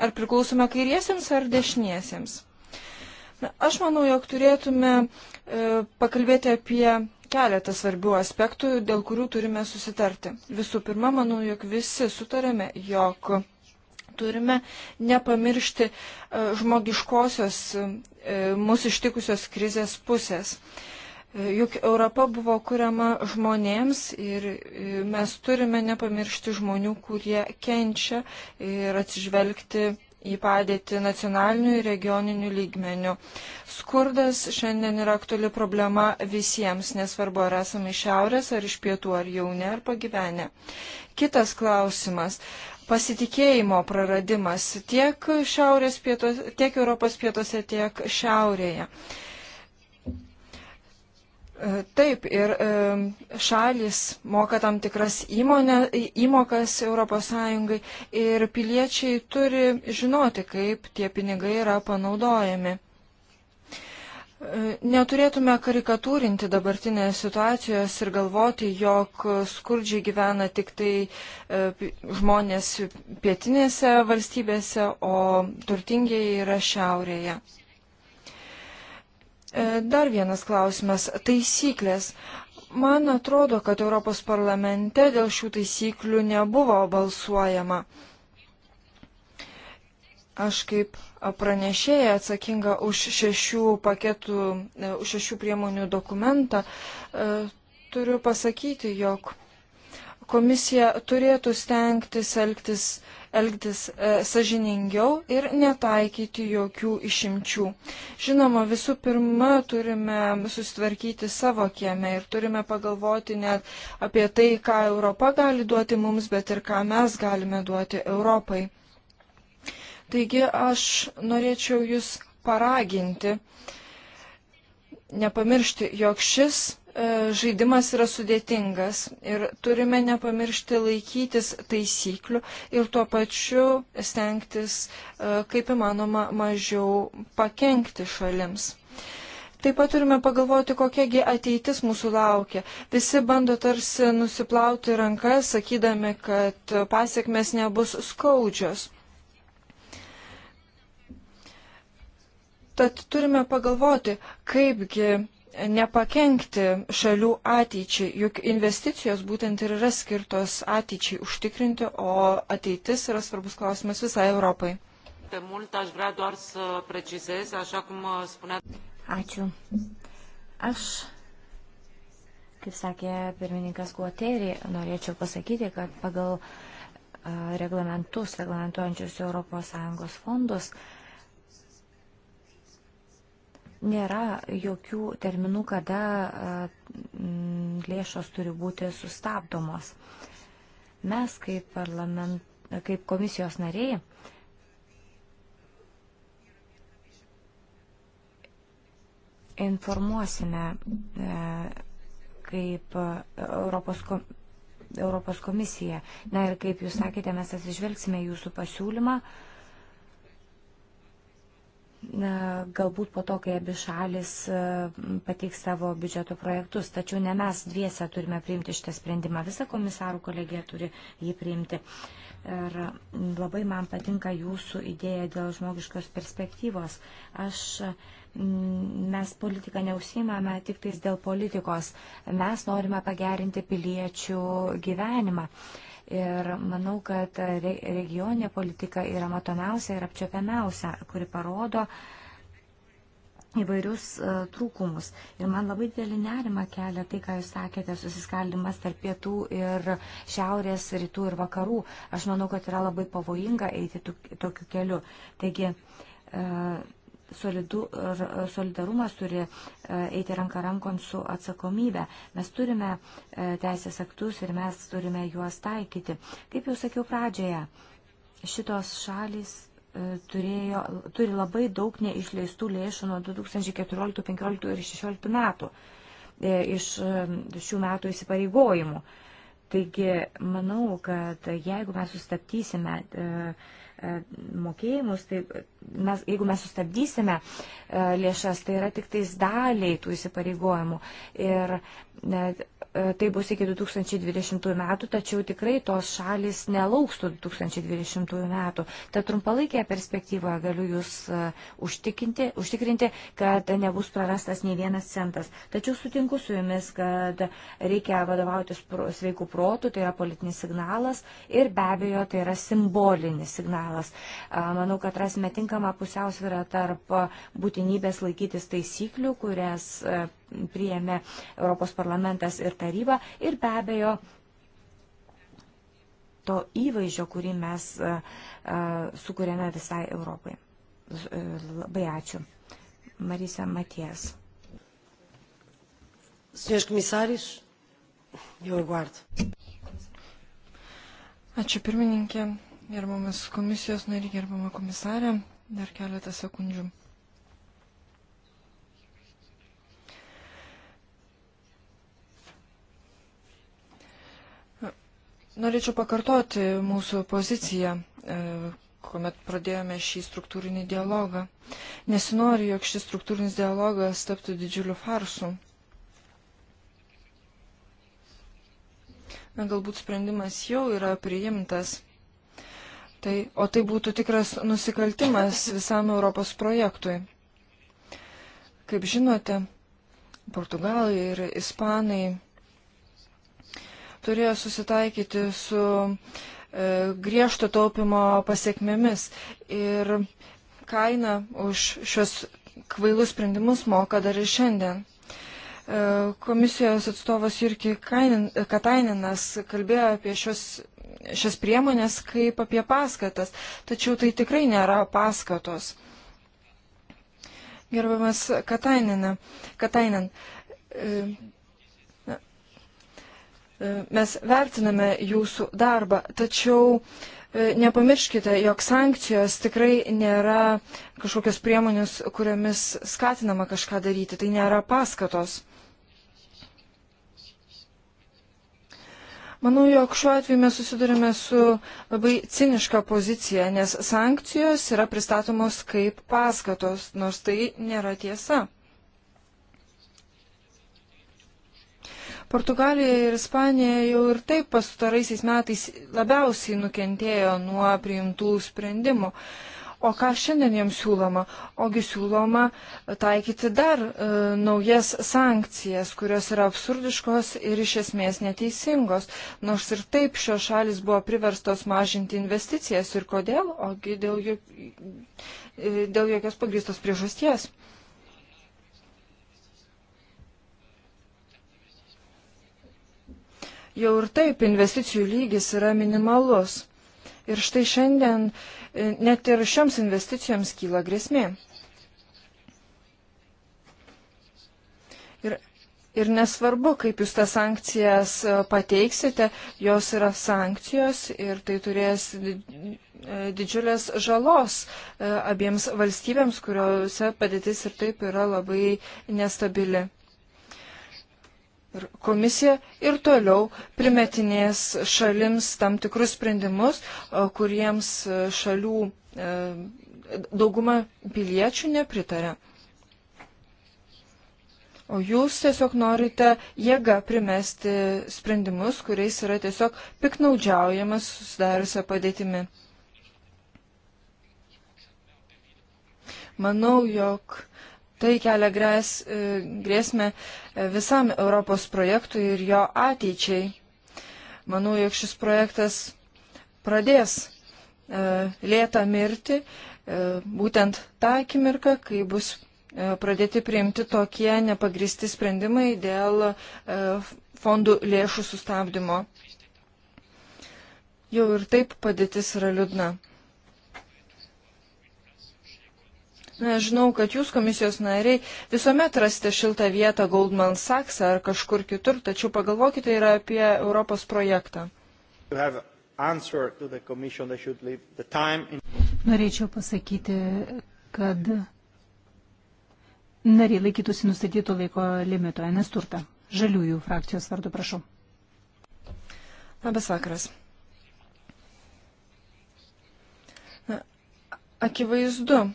ar priklausome kairiesiems ar dešiniesiems. Na, aš manau, jog turėtume e, pakalbėti apie keletą svarbių aspektų, dėl kurių turime susitarti. Visų pirma, manau, jog visi sutarėme, jog turime nepamiršti e, žmogiškosios e, mūsų ištikusios krizės pusės. E, juk Europa buvo kuriama žmonėms ir mes turime nepamiršti žmonių, kurie kenčia ir atsižvelgti į padėtį nacionalinių ir regioninių lygmenių. Skurdas šiandien yra aktuali problema visiems, nesvarbu ar esame iš šiaurės, ar iš pietų, ar jauni, ar pagyvenę. Kitas klausimas pasitikėjimo praradimas tiek, šiaurės pietos, tiek Europos pietuose, tiek šiaurėje. E, taip, ir e, šalis moka tam tikras įmonė, įmokas ES ir piliečiai turi žinoti, kaip tie pinigai yra panaudojami. E, neturėtume karikatūrinti dabartinės situacijos ir galvoti, jog skurdžiai gyvena tik tai žmonės pietinėse valstybėse, o turtingieji yra šiaurėje. E, dar vienas klausimas - taisyklės. Man atrodo, kad Europos parlamente dėl šių taisyklių nebuvo balsuojama. Aš kaip pranešėja atsakinga už šešių paketų, e, už šešių priemonių dokumentą, e, turiu pasakyti, jog komisija turėtų stengtis elgtis, elgtis e, sažiningiau ir netaikyti jokių išimčių. Žinoma, visų pirma, turime sustvarkyti savo kieme ir turime pagalvoti net apie tai, ką Europa gali duoti mums, bet ir ką mes galime duoti Europai. Taigi aš norėčiau Jūs paraginti, nepamiršti, jog šis E, žaidimas yra sudėtingas ir turime nepamiršti laikytis taisyklių ir tuo pačiu stengtis e, kaip įmanoma mažiau pakengti šalims. Taip pat turime pagalvoti, kokiagi ateitis mūsų laukia. Visi bando tarsi nusiplauti rankas, sakydami, kad pasiekmes nebus skaudžios. Tad turime pagalvoti, kaipgi nepakenkti šalių ateičiai, juk investicijos būtent ir yra skirtos ateičiai užtikrinti, o ateitis yra svarbus klausimas visai Europai. Uh, Ačiū. Aš, kaip sakė pirmininkas Guoterį, norėčiau pasakyti, kad pagal uh, reglamentus, reglamentuojančius ES fondus, nėra jokių terminų, kada lėšos turi būti sustabdomos. Mes kaip, parlament, kaip komisijos nariai informuosime e, kaip e, Europos, Europos komisija. Na ir kaip jūs sakėte, mes atsižvelgsime jūsų pasiūlymą. Uh, galbūt po to, kai abi šalis e, pateiks savo biudžeto projektus. Tačiau ne mes dviese turime priimti šitą sprendimą, visa komisarų kolegija turi jį priimti. Ir labai man patinka jūsų idėja dėl žmogiškos perspektyvos. Aš, mes politiką neusimame tik tais dėl politikos. Mes norime pagerinti piliečių gyvenimą. Uh, Ir manau, kad regioninė politika yra matomiausia ir apčiopiamiausia, kuri parodo įvairius e, trūkumus. Ir man labai didelį nerimą kelia tai, ką jūs sakėte, susiskaldimas tarp pietų ir šiaurės, rytų ir vakarų. Aš manau, kad yra labai pavojinga eiti tokiu keliu. Taigi, uh, solidu, solidarumas turi e, eiti ranka rankon su atsakomybė. Mes turime e, teisės aktus ir mes turime juos taikyti. Kaip jau sakiau pradžioje, šitos šalis e, turėjo, turi labai daug neišleistų lėšų nuo 2014, 2015 ir 2016 metų iš šių metų įsipareigojimų. Taigi, manau, kad jeigu mes sustabdysime E, mokėjimus, tai mes, jeigu mes sustabdysime e, lėšas, tai yra tik tais daliai tų įsipareigojimų. Ir e, E, tai bus iki 2020 metų, tačiau tikrai tos šalis nelaukstų 2020 metų. Ta trumpalaikėje perspektyvoje galiu Jūs e, užtikrinti, užtikrinti, kad nebus prarastas nei vienas centas. Tačiau sutinku su Jumis, kad reikia vadovautis sveikų protų, tai yra politinis signalas ir be abejo tai yra simbolinis signalas. E, manau, kad rasime tinkamą pusiausvyrą tarp būtinybės laikytis taisyklių, kurias priėmė Europos parlamentas ir taryba ir be abejo to įvaizdžio, kurį mes e, e, sukūrėme visai Europai. E, labai ačiū. Marisa Matijas. Senhores Comissários, eu aguardo. Ačiū pirmininkė, gerbamas komisijos nariai, gerbama komisarė, dar keletą sekundžių. Norėčiau pakartoti mūsų poziciją, e, kuomet pradėjome šį struktūrinį dialogą. Nesinori, jog šis struktūrinis dialogas taptų didžiuliu farsu. Na, galbūt sprendimas jau yra priimtas. Tai, o tai būtų tikras nusikaltimas visam Europos projektui. Kaip žinote, portugalai ir ispanai turėjo susitaikyti su e, griežto taupimo pasiekmėmis. Ir kaina už šios kvailus sprendimus moka dar ir šiandien. E, komisijos atstovas Jurki Katainenas kalbėjo apie šios šias priemonės kaip apie paskatas, tačiau tai tikrai nėra paskatos. Gerbiamas Katainen, Katainen, Mes vertiname jūsų darbą, tačiau e, nepamirškite, jog sankcijos tikrai nėra kažkokios priemonės, kuriomis skatinama kažką daryti, tai nėra paskatos. Manau, jog šiuo atveju mes susidurime su labai ciniška pozicija, nes sankcijos yra pristatomos kaip paskatos, nors tai nėra tiesa. Portugalija ir Ispanija jau ir taip pastaraisiais metais labiausiai nukentėjo nuo priimtų sprendimų. O ką šiandien jiems siūloma? Ogi siūloma taikyti dar e, naujas sankcijas, kurios yra absurdiškos ir iš esmės neteisingos. Nors ir taip šios šalis buvo priverstos mažinti investicijas. Ir kodėl? Ogi dėl, jo, e, dėl jokios pagristos priežasties. E, jau ir taip investicijų lygis yra minimalus. Ir štai šiandien e, net ir šioms investicijoms kyla grėsmė. Ir, ir nesvarbu, kaip jūs tas sankcijas e, pateiksite, jos yra sankcijos ir tai turės e, didžiulės žalos abiems valstybėms, kuriuose padėtis ir taip yra labai nestabili ir komisija ir toliau primetinės šalims tam tikrus sprendimus, e, kuriems e, šalių e, dauguma piliečių nepritarė. O jūs tiesiog norite jėga primesti sprendimus, kuriais yra tiesiog piknaudžiaujamas susidariusią padėtimi. Manau, jog Tai kelia grės, e, grėsmę e, visam Europos projektui ir jo ateičiai. Manau, jog šis projektas pradės e, lėtą mirti būtent tą akimirką, kai bus pradėti priimti tokie nepagristi sprendimai dėl fondų lėšų sustabdymo. Jau ir taip padėtis yra liūdna. Žinau, kad jūs komisijos nariai visuomet rasite šiltą vietą Goldman Sachs ar kažkur kitur, tačiau pagalvokite ir apie Europos projektą. Norėčiau pasakyti, kad nariai laikytųsi nustatyto laiko limito, nes turta. Žaliųjų frakcijos vardu prašau. Labas vakaras. Na, akivaizdu,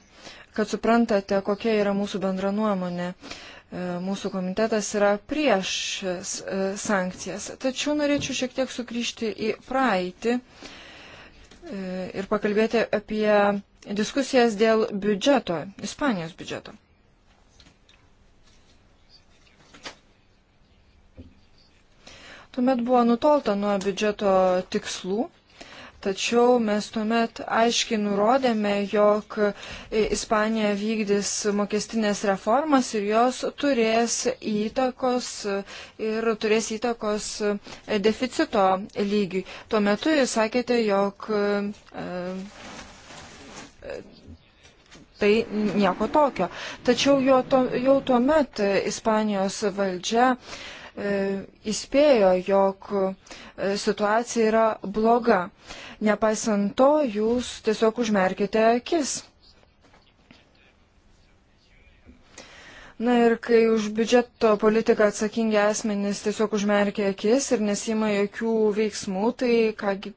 kad suprantate, kokia yra mūsų bendra nuomonė. E, mūsų komitetas yra prieš e, sankcijas. Tačiau norėčiau šiek tiek sugrįžti į praeitį e, ir pakalbėti apie diskusijas dėl biudžeto, Ispanijos biudžeto. Tuomet buvo nutolta nuo biudžeto tikslų Tačiau mes tuomet aiškiai nurodėme, jog Ispanija vykdys mokestinės reformas ir jos turės įtakos ir turės įtakos deficito lygiui. Tuo metu jūs sakėte, jog e, e, tai nieko tokio. Tačiau jau tuo metu Ispanijos valdžia E, įspėjo, jog e, situacija yra bloga. Nepaisant to, jūs tiesiog užmerkite akis. Na ir kai už biudžeto politiką atsakingi asmenys tiesiog užmerkia akis ir nesima jokių veiksmų, tai kągi,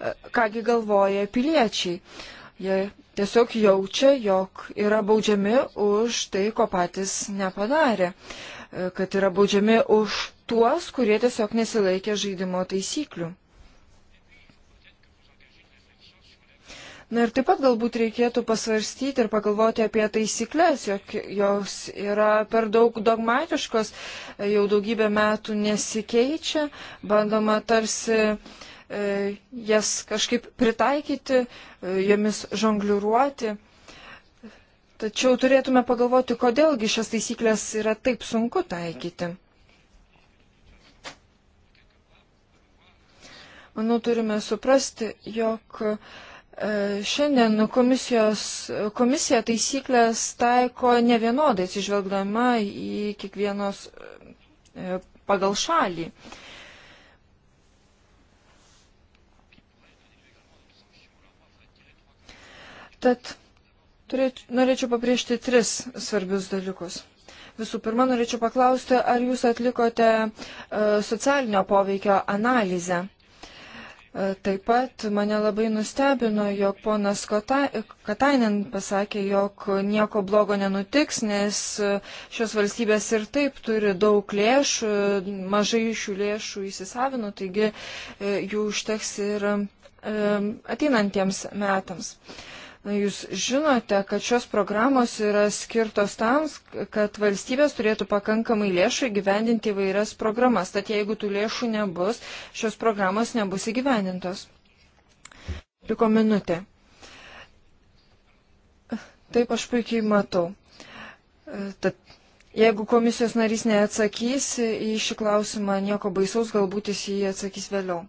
e, kągi galvoja piliečiai. Jie tiesiog jaučia, jog yra baudžiami už tai, ko patys nepadarė kad yra baudžiami už tuos, kurie tiesiog nesilaikė žaidimo taisyklių. Na ir taip pat galbūt reikėtų pasvarstyti ir pagalvoti apie taisyklės, jog jos yra per daug dogmatiškos, jau daugybę metų nesikeičia, bandoma tarsi e, jas kažkaip pritaikyti, e, jomis žongliuoti. E, Tačiau turėtume pagalvoti, kodėlgi šias taisyklės yra taip sunku taikyti. Manau, turime suprasti, jog e, šiandien komisija taisyklės taiko ne vienodai, atsižvelgdama į kiekvienos e, pagal šalį. Tad Turėč, norėčiau pabrėžti tris svarbius dalykus. Visų pirma, norėčiau paklausti, ar jūs atlikote e, socialinio poveikio analizę. E, taip pat mane labai nustebino, jog ponas Katainen pasakė, jog nieko blogo nenutiks, nes e, šios valstybės ir taip turi daug lėšų, mažai šių lėšų įsisavino, taigi jų užteks ir ateinantiems metams. Uh, Na, jūs žinote, kad šios programos yra skirtos tam, kad valstybės turėtų pakankamai lėšų įgyvendinti įvairias programas. Tad jeigu tų lėšų nebus, šios programos nebus įgyvendintos. Liko minutė. Taip aš puikiai matau. Tad jeigu komisijos narys neatsakys į šį klausimą, nieko baisaus, galbūt jis jį atsakys vėliau.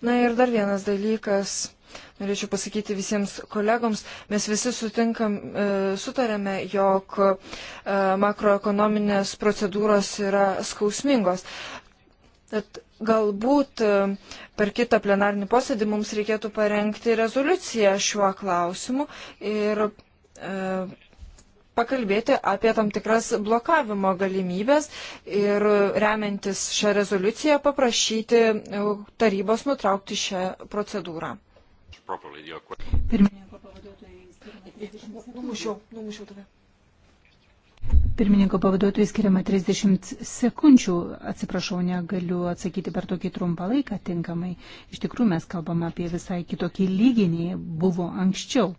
Na ir dar vienas dalykas norėčiau pasakyti visiems kolegoms, mes visi sutinkam, e, sutarėme, jog e, makroekonominės procedūros yra skausmingos. Tad galbūt e, per kitą plenarnį posėdį mums reikėtų parengti rezoliuciją šiuo klausimu ir pakalbėti apie tam tikras blokavimo galimybės ir remiantis šią rezoliuciją paprašyti tarybos nutraukti šią procedūrą. Pirmininko pavaduotojai skiriama 30 sekundžių. Numušiau tave. Pirmininko pavaduotojai skiriama 30 sekundžių. Atsiprašau, negaliu atsakyti per tokį trumpą laiką tinkamai. Iš tikrųjų, mes kalbam apie visai kitokį lyginį. Buvo anksčiau.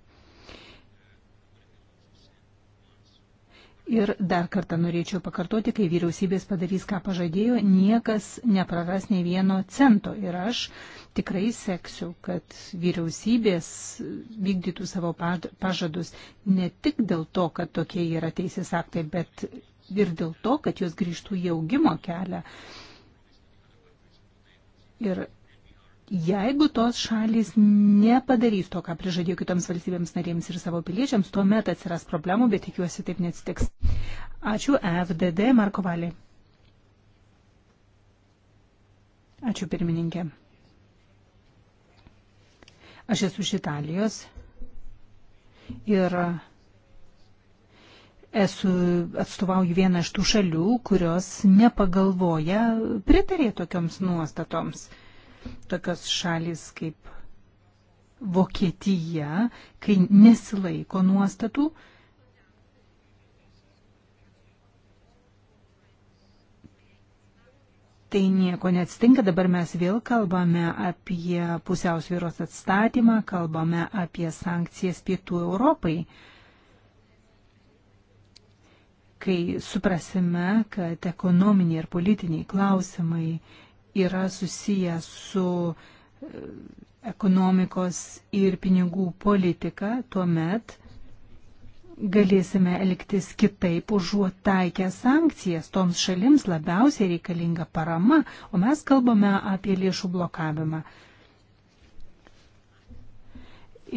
Ir dar kartą norėčiau pakartoti, kai vyriausybės padarys, ką pažadėjo, niekas nepraras nei vieno cento. Ir aš tikrai seksiu, kad vyriausybės vykdytų savo pažadus ne tik dėl to, kad tokie yra teisės aktai, bet ir dėl to, kad jos grįžtų į augimo kelią. Ir Jeigu tos šalys nepadarys to, ką prižadėjo kitoms valstybėms narėms ir savo piliečiams, tuomet atsiras problemų, bet tikiuosi taip neatsitiks. Ačiū FDD Marko Valiai. Ačiū pirmininkė. Aš esu iš Italijos ir esu atstovauju vieną iš tų šalių, kurios nepagalvoja pritarė tokioms nuostatoms tokios šalis kaip Vokietija, kai nesilaiko nuostatų, tai nieko neatsitinka. Dabar mes vėl kalbame apie pusiausvyros atstatymą, kalbame apie sankcijas pietų Europai. Kai suprasime, kad ekonominiai ir politiniai klausimai yra susiję su e, ekonomikos ir pinigų politika, tuomet galėsime elgtis kitaip, užuot taikę sankcijas. Toms šalims labiausiai reikalinga parama, o mes kalbame apie lėšų blokavimą.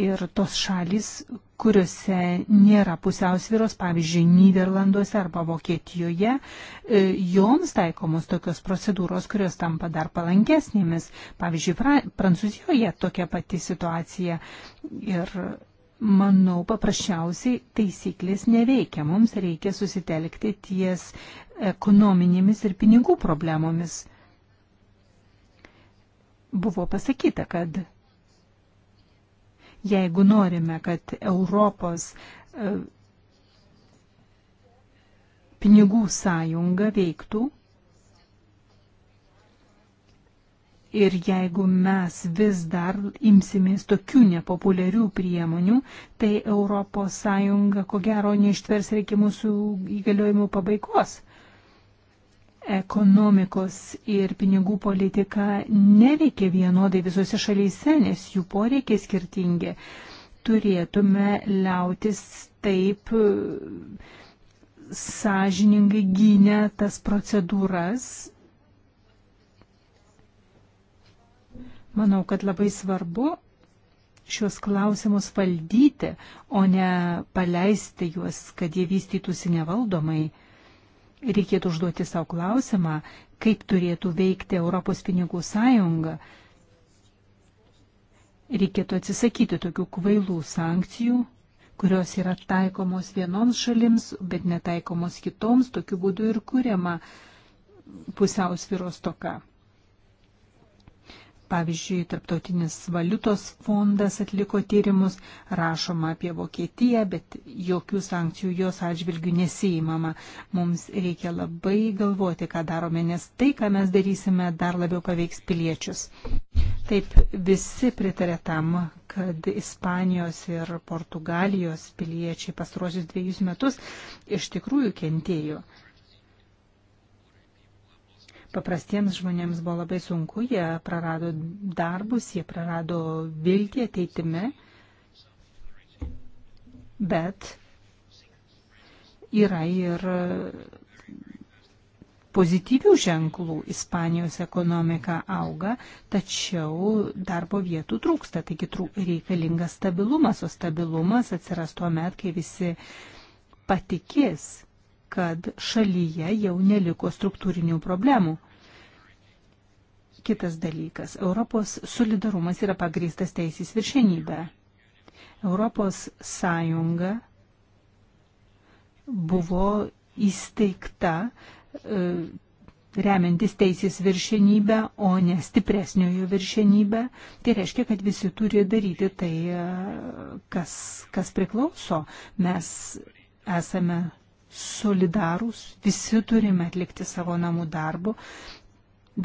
Ir tos šalis, kuriuose nėra pusiausviros, pavyzdžiui, Niderlanduose arba Vokietijoje, e, joms taikomos tokios procedūros, kurios tampa dar palankesnėmis. Pavyzdžiui, pra, Prancūzijoje tokia pati situacija. Ir manau, paprasčiausiai taisyklės neveikia. Mums reikia susitelkti ties ekonominėmis ir pinigų problemomis. Buvo pasakyta, kad Jeigu norime, kad Europos e, pinigų sąjunga veiktų ir jeigu mes vis dar imsimės tokių nepopuliarių priemonių, tai ES ko gero neištvers reikimų su įgaliojimu pabaigos ekonomikos ir pinigų politika neveikia vienodai visose šalyse, nes jų poreikiai skirtingi. Turėtume liautis taip sąžiningai gynę tas procedūras. Manau, kad labai svarbu šios klausimus valdyti, o ne paleisti juos, kad jie vystytųsi nevaldomai reikėtų užduoti savo klausimą, kaip turėtų veikti Europos pinigų sąjunga. Reikėtų atsisakyti tokių kvailų sankcijų, kurios yra taikomos vienoms šalims, bet netaikomos kitoms, tokiu būdu ir kuriama pusiausvyros toka. Pavyzdžiui, Tarptautinis valiutos fondas atliko tyrimus, rašoma apie Vokietiją, bet jokių sankcijų jos atžvilgių nesijimama. Mums reikia labai galvoti, ką darome, nes tai, ką mes darysime, dar labiau paveiks piliečius. Taip, visi pritarė tam, kad Ispanijos ir Portugalijos piliečiai pastruosius dviejus metus iš tikrųjų kentėjo paprastiems žmonėms buvo labai sunku, jie prarado darbus, jie prarado viltį ateitimi, bet yra ir pozityvių ženklų. Ispanijos ekonomika auga, tačiau darbo vietų trūksta, taigi trūk, reikalingas stabilumas, o stabilumas atsiras tuo met, kai visi patikės kad šalyje jau neliko struktūrinių problemų. Kitas dalykas - Europos solidarumas yra pagrįstas teisės viršenybė. Europos sąjunga buvo įsteigta e, remiantis teisės viršenybę, o ne stipresniojo viršenybę. Tai reiškia, kad visi turi daryti tai, e, kas, kas priklauso. Mes esame solidarūs, visi turime atlikti savo namų darbų.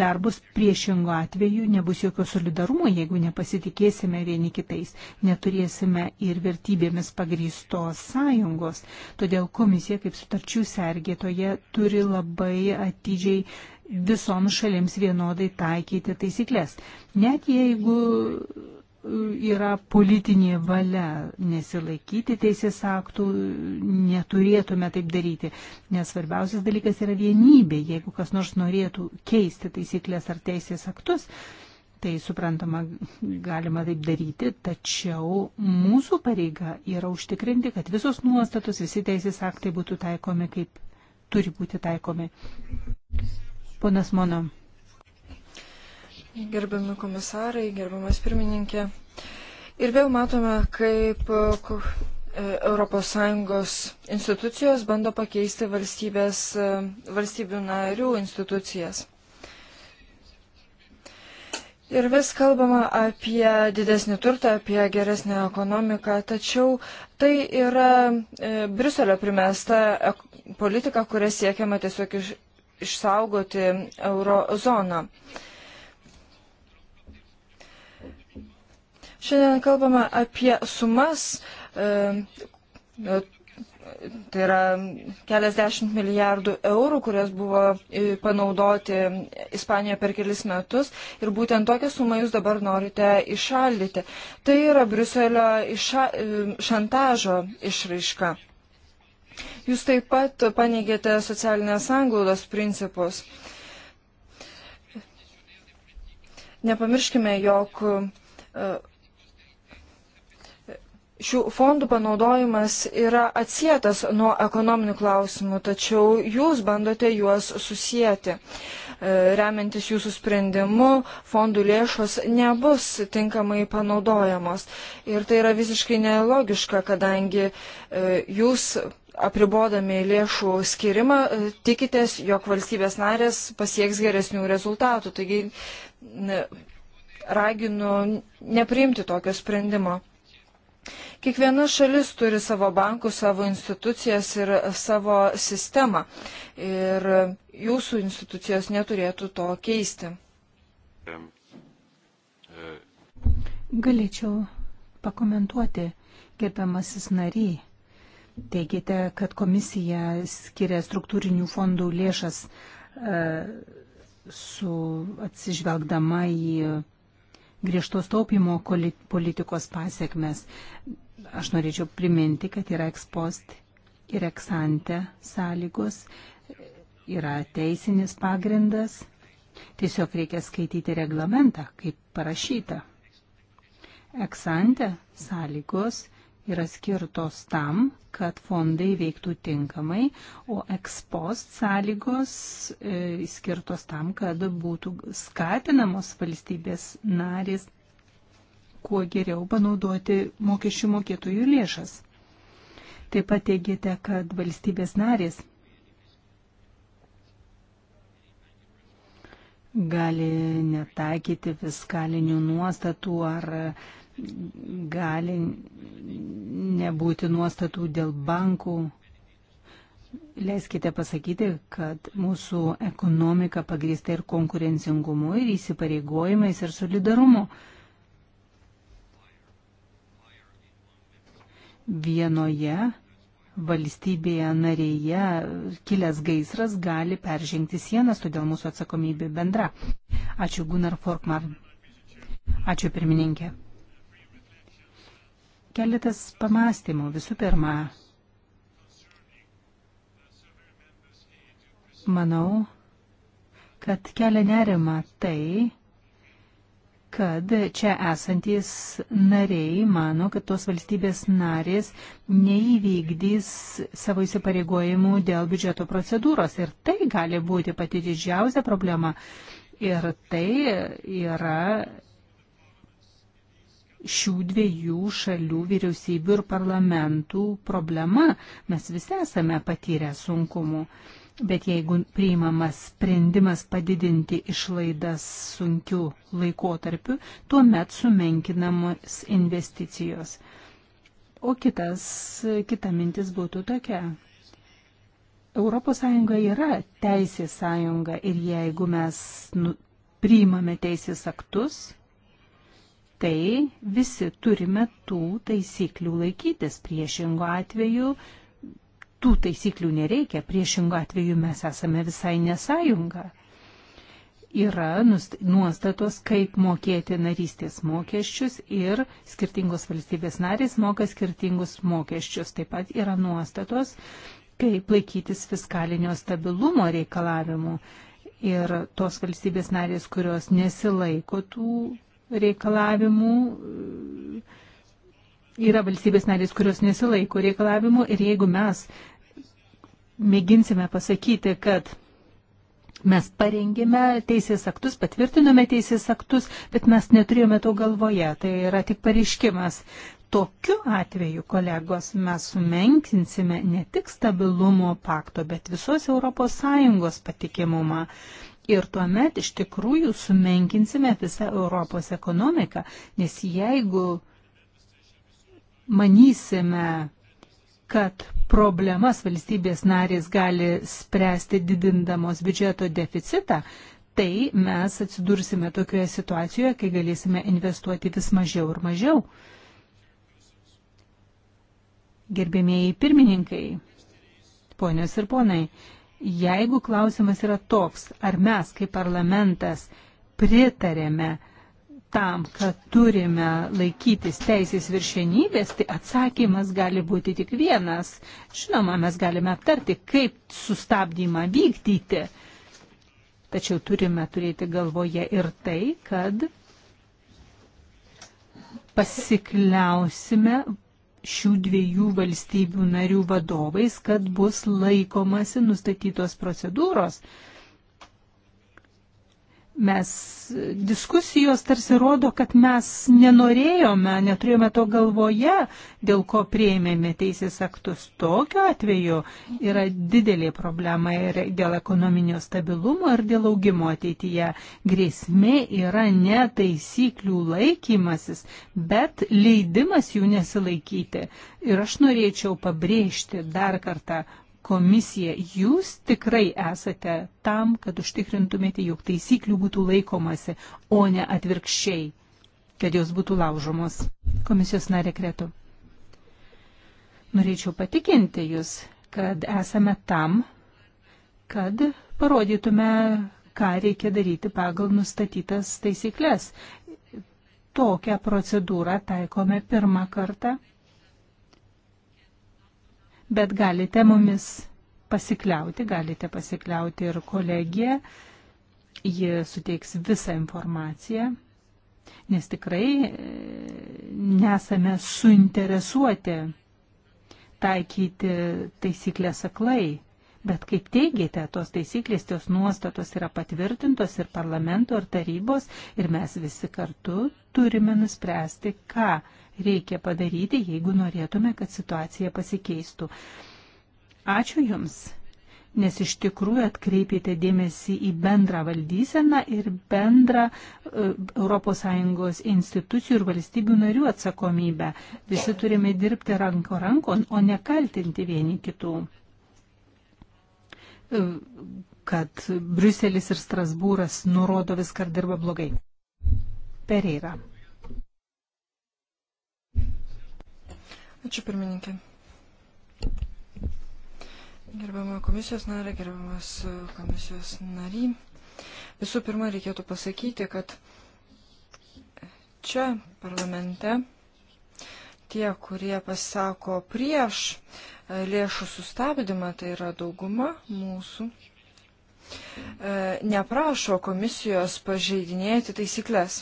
Darbus priešingo atveju nebus jokio solidarumo, jeigu nepasitikėsime vieni kitais, neturėsime ir vertybėmis pagrįstos sąjungos. Todėl komisija kaip sutarčių sergėtoje turi labai atidžiai visoms šalims vienodai taikyti taisyklės. Net jeigu yra politinė valia nesilaikyti teisės aktų, neturėtume taip daryti. Nes svarbiausias dalykas yra vienybė. Jeigu kas nors norėtų keisti taisyklės ar teisės aktus, tai suprantama, galima taip daryti, tačiau mūsų pareiga yra užtikrinti, kad visos nuostatos, visi teisės aktai būtų taikomi, kaip turi būti taikomi. Ponas Mono gerbiami komisarai, gerbiamas pirmininkė. Ir vėl matome, kaip ES e, institucijos bando pakeisti valstybės, e, valstybių narių institucijas. Ir vis kalbama apie didesnį turtą, apie geresnę ekonomiką, tačiau tai yra e, Briuselio primesta politika, kuria siekiama tiesiog iš, išsaugoti eurozoną. E, Šiandien kalbame apie sumas, e, e, tai yra keliasdešimt milijardų eurų, kurias buvo e, panaudoti Ispanijoje per kelis metus ir būtent tokią sumą jūs dabar norite išaldyti. Tai yra Briuselio iša, šantažo išraiška. Jūs taip pat paneigėte socialinės sanglaudos principus. Nepamirškime, jog šių fondų panaudojimas yra atsietas nuo ekonominių klausimų, tačiau jūs bandote juos susijęti. E, remiantis jūsų sprendimu, fondų lėšos nebus tinkamai panaudojamos. Ir tai yra visiškai nelogiška, kadangi e, jūs apribodami lėšų skirimą e, tikitės, jog valstybės narės pasieks geresnių rezultatų. Taigi raginu nepriimti tokio sprendimo. Kiekviena šalis turi savo bankus, savo institucijas ir savo sistemą. Ir jūsų institucijos neturėtų to keisti. Galėčiau pakomentuoti, gerbiamasis nariai. Teigite, kad komisija skiria struktūrinių fondų lėšas e, su atsižvelgdama į griežtos taupimo politikos pasiekmes aš norėčiau priminti, kad yra ekspost ir eksante sąlygos, yra teisinis pagrindas, tiesiog reikia skaityti reglamentą, kaip parašyta. Eksante sąlygos yra skirtos tam, kad fondai veiktų tinkamai, o ekspost sąlygos e, skirtos tam, kad būtų skatinamos valstybės narės kuo geriau panaudoti mokesčių mokėtojų lėšas. Taip pat teigiate, kad valstybės narės gali netaikyti fiskalinių nuostatų ar gali nebūti nuostatų dėl bankų. Leiskite pasakyti, kad mūsų ekonomika pagrįsta ir konkurencingumu, ir įsipareigojimais, ir solidarumu. vienoje valstybėje narėje kilęs gaisras gali peržengti sienas, todėl mūsų atsakomybė bendra. Ačiū Gunnar Forkmar. Ačiū pirmininkė. Keletas pamastymų. Visų pirma, manau, kad kelia nerima tai, kad čia esantis nariai mano, kad tos valstybės narės neįvykdys savo įsipareigojimų dėl biudžeto procedūros. Ir tai gali būti pati didžiausia problema. Ir tai yra šių dviejų šalių vyriausybių ir parlamentų problema. Mes visi esame patyrę sunkumų. Bet jeigu priimamas sprendimas padidinti išlaidas sunkiu laikotarpiu, tuomet sumenkinamos investicijos. O kitas, kita mintis būtų tokia. ES yra teisės sąjunga ir jeigu mes nu, priimame teisės aktus, tai visi turime tų taisyklių laikytis. Priešingo atveju tų taisyklių nereikia, priešingų atveju mes esame visai nesąjunga. Yra nuostatos, kaip mokėti narystės mokesčius ir skirtingos valstybės narės moka skirtingus mokesčius. Taip pat yra nuostatos, kaip laikytis fiskalinio stabilumo reikalavimų. Ir tos valstybės narės, kurios nesilaiko tų reikalavimų, yra valstybės narės, kurios nesilaiko reikalavimų ir jeigu mes mėginsime pasakyti, kad mes parengėme teisės aktus, patvirtinome teisės aktus, bet mes neturėjome to galvoje. Tai yra tik pareiškimas. Tokiu atveju, kolegos, mes sumenkinsime ne tik stabilumo pakto, bet visos ES patikimumą. Ir tuomet iš tikrųjų sumenkinsime visą Europos ekonomiką, nes jeigu manysime, kad problemas valstybės narės gali spręsti didindamos biudžeto deficitą, tai mes atsidursime tokioje situacijoje, kai galėsime investuoti vis mažiau ir mažiau. Gerbėmėjai pirmininkai, ponios ir ponai, jeigu klausimas yra toks, ar mes kaip parlamentas pritarėme, tam, kad turime laikytis teisės viršenybės, tai atsakymas gali būti tik vienas. Žinoma, mes galime aptarti, kaip sustabdymą vykdyti. Tačiau turime turėti galvoje ir tai, kad pasikliausime šių dviejų valstybių narių vadovais, kad bus laikomasi nustatytos procedūros. Mes diskusijos tarsi rodo, kad mes nenorėjome, neturėjome to galvoje, dėl ko prieimėme teisės aktus. Tokiu atveju yra didelė problema ir dėl ekonominio stabilumo ir dėl augimo ateityje. Grėsmė yra ne taisyklių laikymasis, bet leidimas jų nesilaikyti. Ir aš norėčiau pabrėžti dar kartą, komisija, jūs tikrai esate tam, kad užtikrintumėte, jog taisyklių būtų laikomasi, o ne atvirkščiai, kad jos būtų laužomos. Komisijos narė kretų. Norėčiau patikinti jūs, kad esame tam, kad parodytume, ką reikia daryti pagal nustatytas taisyklės. Tokią procedūrą taikome pirmą kartą bet galite mumis pasikliauti, galite pasikliauti ir kolegiją, ji suteiks visą informaciją, nes tikrai e, nesame suinteresuoti taikyti taisyklės aklai. Bet kaip teigiate, tos taisyklės, tos nuostatos yra patvirtintos ir parlamento, ir tarybos, ir mes visi kartu turime nuspręsti, ką reikia padaryti, jeigu norėtume, kad situacija pasikeistų. Ačiū Jums, nes iš tikrųjų atkreipėte dėmesį į bendrą valdyseną ir bendrą ES institucijų ir valstybių narių atsakomybę. Visi turime dirbti ranko rankon, o ne kaltinti vieni kitų e, kad Briuselis ir Strasbūras nurodo viską ir dirba blogai. Pereira. Ačiū pirmininkė. Gerbiamo komisijos narė, gerbiamas e, komisijos nary. Visų pirma, reikėtų pasakyti, kad čia parlamente tie, kurie pasako prieš e, lėšų sustabdymą, tai yra dauguma mūsų, e, neprašo komisijos pažeidinėti taisyklės.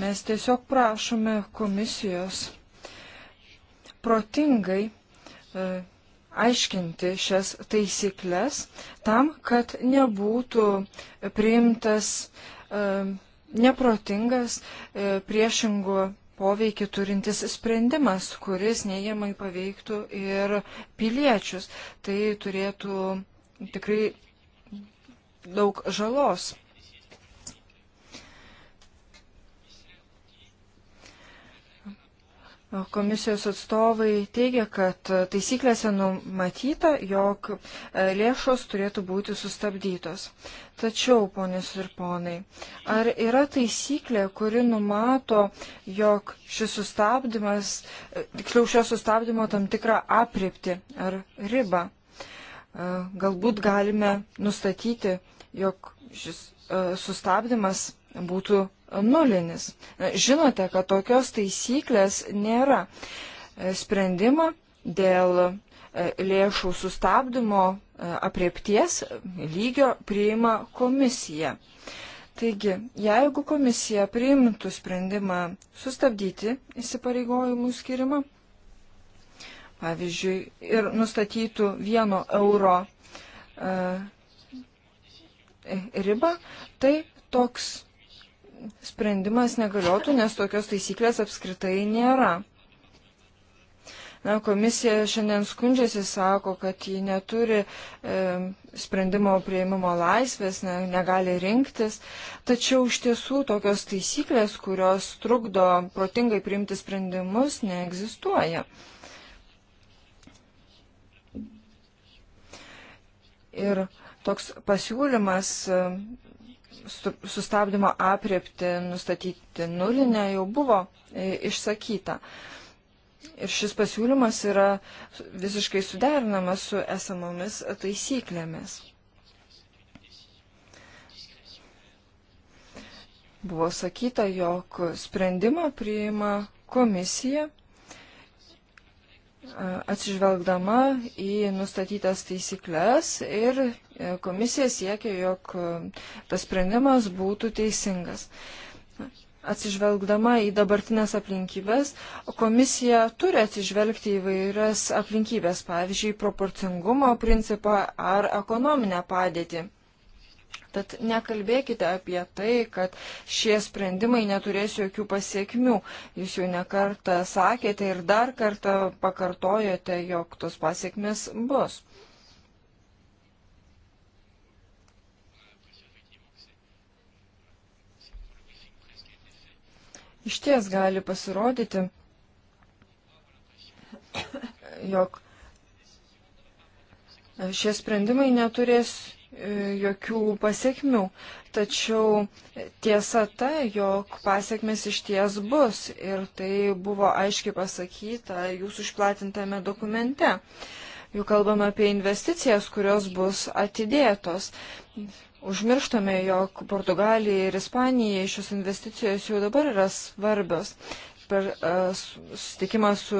Mes tiesiog prašome komisijos protingai e, aiškinti šias taisyklės tam, kad nebūtų priimtas e, neprotingas e, priešingų poveikį turintis sprendimas, kuris neigiamai paveiktų ir piliečius. Tai turėtų tikrai daug žalos Komisijos atstovai teigia, kad taisyklėse numatyta, jog e, lėšos turėtų būti sustabdytos. Tačiau, ponės ir ponai, ar yra taisyklė, kuri numato, jog šis sustabdymas, e, tiksliau šio sustabdymo tam tikrą apriepti ar ribą? E, galbūt galime nustatyti, jog šis sustabdymas būtų nulinis. Žinote, kad tokios taisyklės nėra. Sprendimą dėl e, lėšų sustabdymo e, apriepties lygio priima komisija. Taigi, jeigu komisija priimtų sprendimą sustabdyti įsipareigojimų skirimą, pavyzdžiui, ir nustatytų vieno euro e, ribą, tai toks sprendimas negaliotų, nes tokios taisyklės apskritai nėra. Na, komisija šiandien skundžiasi, sako, kad ji neturi e, sprendimo prieimimo laisvės, ne, negali rinktis. Tačiau iš tiesų tokios taisyklės, kurios trukdo protingai priimti sprendimus, neegzistuoja. Ir toks pasiūlymas sustabdymo apriepti nustatyti nulinę jau buvo e, išsakyta. Ir šis pasiūlymas yra visiškai suderinamas su esamomis taisyklėmis. Buvo sakyta, jog sprendimą priima komisija e, atsižvelgdama į nustatytas taisyklės ir Komisija siekia, jog e, tas sprendimas būtų teisingas. Atsižvelgdama į dabartinės aplinkybės, komisija turi atsižvelgti į vairias aplinkybės, pavyzdžiui, proporcingumo principą ar ekonominę padėtį. Tad nekalbėkite apie tai, kad šie sprendimai neturės jokių pasiekmių. Jūs jau nekartą sakėte ir dar kartą pakartojote, jog tos pasiekmes bus. Iš ties gali pasirodyti, jog šie sprendimai neturės e, jokių pasiekmių. Tačiau tiesa ta, jog pasiekmes iš ties bus ir tai buvo aiškiai pasakyta jūsų išplatintame dokumente. Juk kalbame apie investicijas, kurios bus atidėtos. Užmirštame, jog Portugalija ir Ispanija šios investicijos jau dabar yra svarbios per e, susitikimą su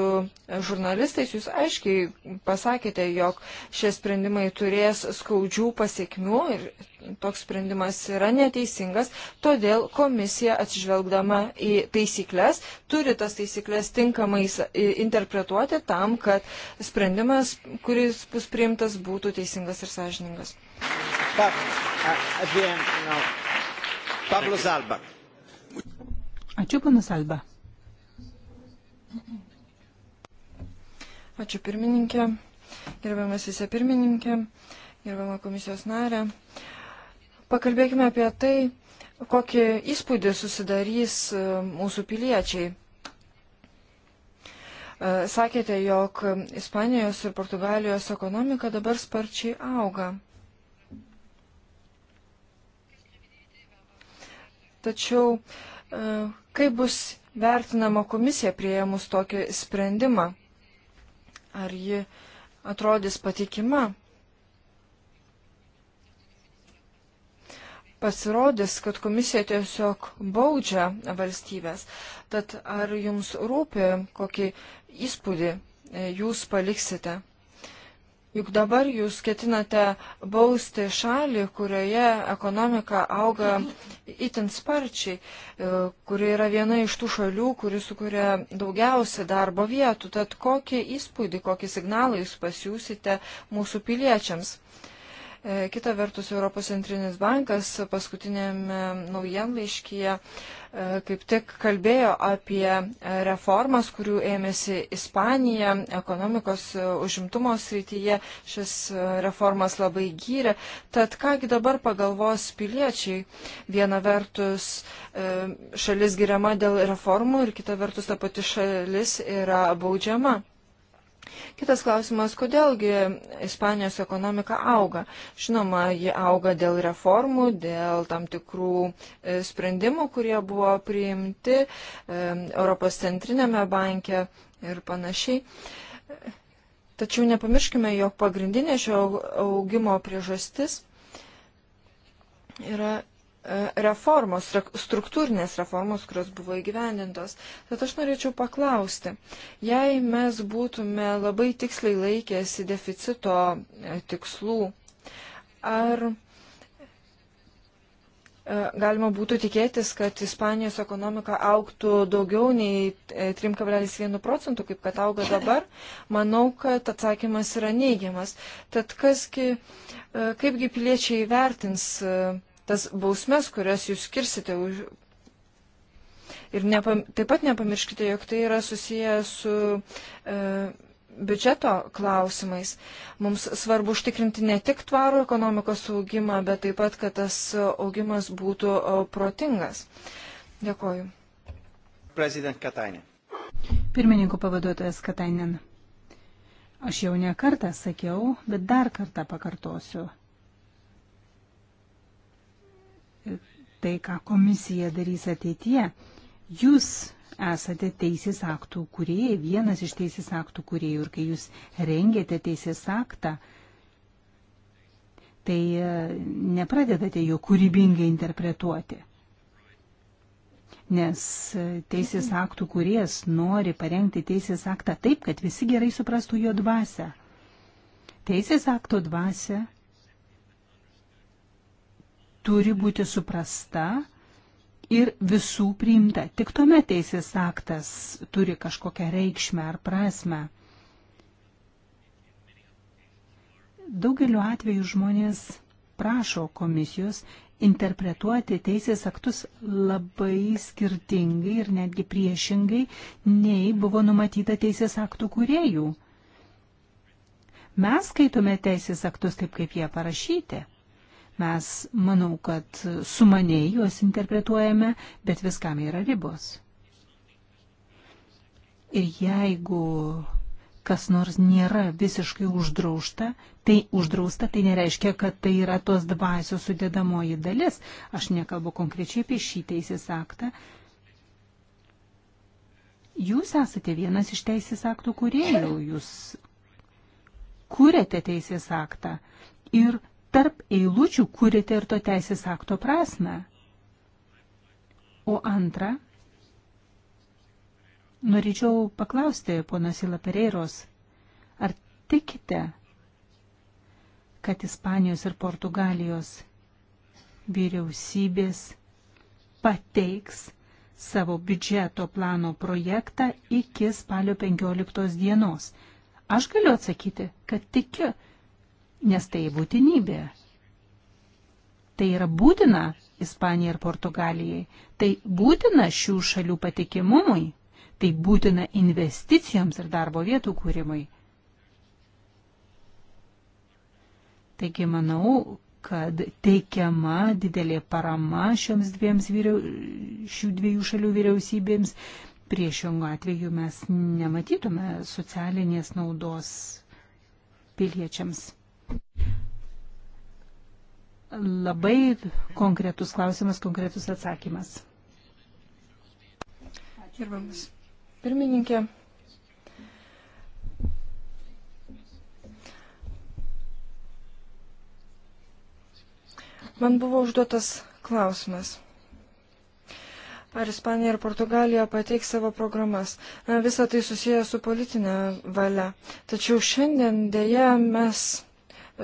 e, žurnalistais jūs aiškiai pasakėte, jog šie sprendimai turės skaudžių pasiekmių ir toks sprendimas yra neteisingas, todėl komisija atsižvelgdama į taisyklės turi tas taisyklės tinkamai interpretuoti tam, kad sprendimas, kuris bus priimtas, būtų teisingas ir sąžiningas. Pa, a, a, a, Pablo Zalba. Ačiū, panas Alba. Ačiū pirmininkė, gerbiamas visą pirmininkė, gerbiamą komisijos narę. Pakalbėkime apie tai, kokį įspūdį susidarys e, mūsų piliečiai e, Sakėte, jog Ispanijos ir Portugalijos ekonomika dabar sparčiai auga. Tačiau e, kaip bus vertinama komisija prieimus tokį sprendimą? Ar ji atrodys patikima? Pasirodys, kad komisija tiesiog baudžia valstybės. Tad ar jums rūpi, kokį įspūdį e, jūs paliksite? Juk dabar jūs ketinate bausti šalį, kurioje ekonomika auga itin sparčiai, e, kuri yra viena iš tų šalių, kuri sukuria daugiausia darbo vietų. Tad kokį įspūdį, kokį signalą jūs pasiūsite mūsų piliečiams? E, kita vertus, Europos centrinis bankas paskutinėme naujienlaiškyje e, kaip tik kalbėjo apie reformas, kurių ėmėsi Ispanija ekonomikos e, užimtumo srityje. Šis reformas labai gyrė. Tad kągi dabar pagalvos piliečiai? Viena vertus šalis giriama dėl reformų ir kita vertus ta pati šalis yra baudžiama. Kitas klausimas, kodėlgi Ispanijos ekonomika auga? Žinoma, ji auga dėl reformų, dėl tam tikrų e, sprendimų, kurie buvo priimti e, Europos centrinėme banke ir panašiai. Tačiau nepamirškime, jog pagrindinė šio augimo priežastis yra E, reformos, struktūrinės reformos, kurios buvo įgyvendintos. Tad aš norėčiau paklausti, jei mes būtume labai tiksliai laikėsi deficito e, tikslų, ar e, galima būtų tikėtis, kad Ispanijos ekonomika auktų daugiau nei 3,1 procentų, kaip kad auga dabar, manau, kad atsakymas yra neigiamas. Tad kasgi, kaipgi piliečiai vertins tas bausmes, kurias jūs skirsite už. Ir nepam, taip pat nepamirškite, jog tai yra susiję su e, biudžeto klausimais. Mums svarbu užtikrinti ne tik tvarų ekonomikos augimą, bet taip pat, kad tas augimas būtų e, protingas. Dėkoju. Prezident Katainen. Pirmininko pavaduotojas Katainen. Aš jau ne kartą sakiau, bet dar kartą pakartosiu. tai, ką komisija darys ateityje. Jūs esate teisės aktų kuriejai, vienas iš teisės aktų kuriejų ir kai jūs rengėte teisės aktą, tai e, nepradedate jo kūrybingai interpretuoti. Nes e, teisės aktų kuriejas nori parengti teisės aktą taip, kad visi gerai suprastų jo dvasę. Teisės akto dvasę turi būti suprasta ir visų priimta. Tik tuomet teisės aktas turi kažkokią reikšmę ar prasme. Daugeliu atveju žmonės prašo komisijos interpretuoti teisės aktus labai skirtingai ir netgi priešingai, nei buvo numatyta teisės aktų kuriejų. Mes skaitome teisės aktus taip, kaip jie parašyti. Mes, manau, kad sumaniai juos interpretuojame, bet viskam yra ribos. Ir jeigu kas nors nėra visiškai uždrausta, tai uždrausta tai nereiškia, kad tai yra tos dvasios sudėdamoji dalis. Aš nekalbu konkrečiai apie šį teisės aktą. Jūs esate vienas iš teisės aktų kuriejų, jūs kūrėte teisės aktą ir tarp eilučių kūrėte ir to teisės akto prasme. O antra, norėčiau paklausti ponas Ilapereiros, ar tikite, kad Ispanijos ir Portugalijos vyriausybės pateiks savo biudžeto plano projektą iki spalio 15 dienos? Aš galiu atsakyti, kad tikiu, nes tai būtinybė. Tai yra būtina Ispanijai ir Portugalijai, tai būtina šių šalių patikimumui, tai būtina investicijoms ir darbo vietų kūrimui. Taigi manau, kad teikiama didelė parama šioms dviems vyriau, šių dviejų šalių vyriausybėms. Priešingų atveju mes nematytume socialinės naudos piliečiams labai konkretus klausimas, konkretus atsakymas. Gerbamas pirmininkė. Man buvo užduotas klausimas. Ar Ispanija ir Portugalija pateiks savo programas? Visą tai susiję su politinė valia. Tačiau šiandien dėja mes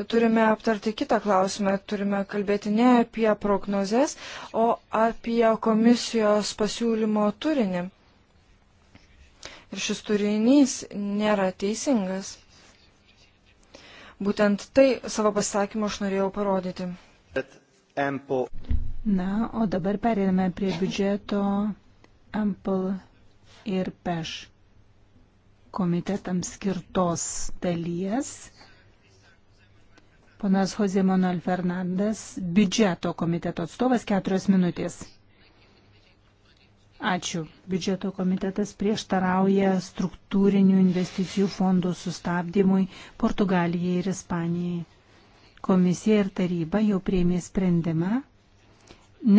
turime aptarti kitą klausimą, turime kalbėti ne apie prognozes, o apie komisijos pasiūlymo turinį. Ir šis turinys nėra teisingas. Būtent tai savo pasakymu aš norėjau parodyti. Na, o dabar perėmėme prie biudžeto Ample ir Peš komitetams skirtos dalies Ponas Jose Manuel Fernandas, biudžeto komiteto atstovas, keturios minutės. Ačiū. Biudžeto komitetas prieštarauja struktūrinių investicijų fondų sustabdymui Portugalijai ir Ispanijai. Komisija ir taryba jau prieimė sprendimą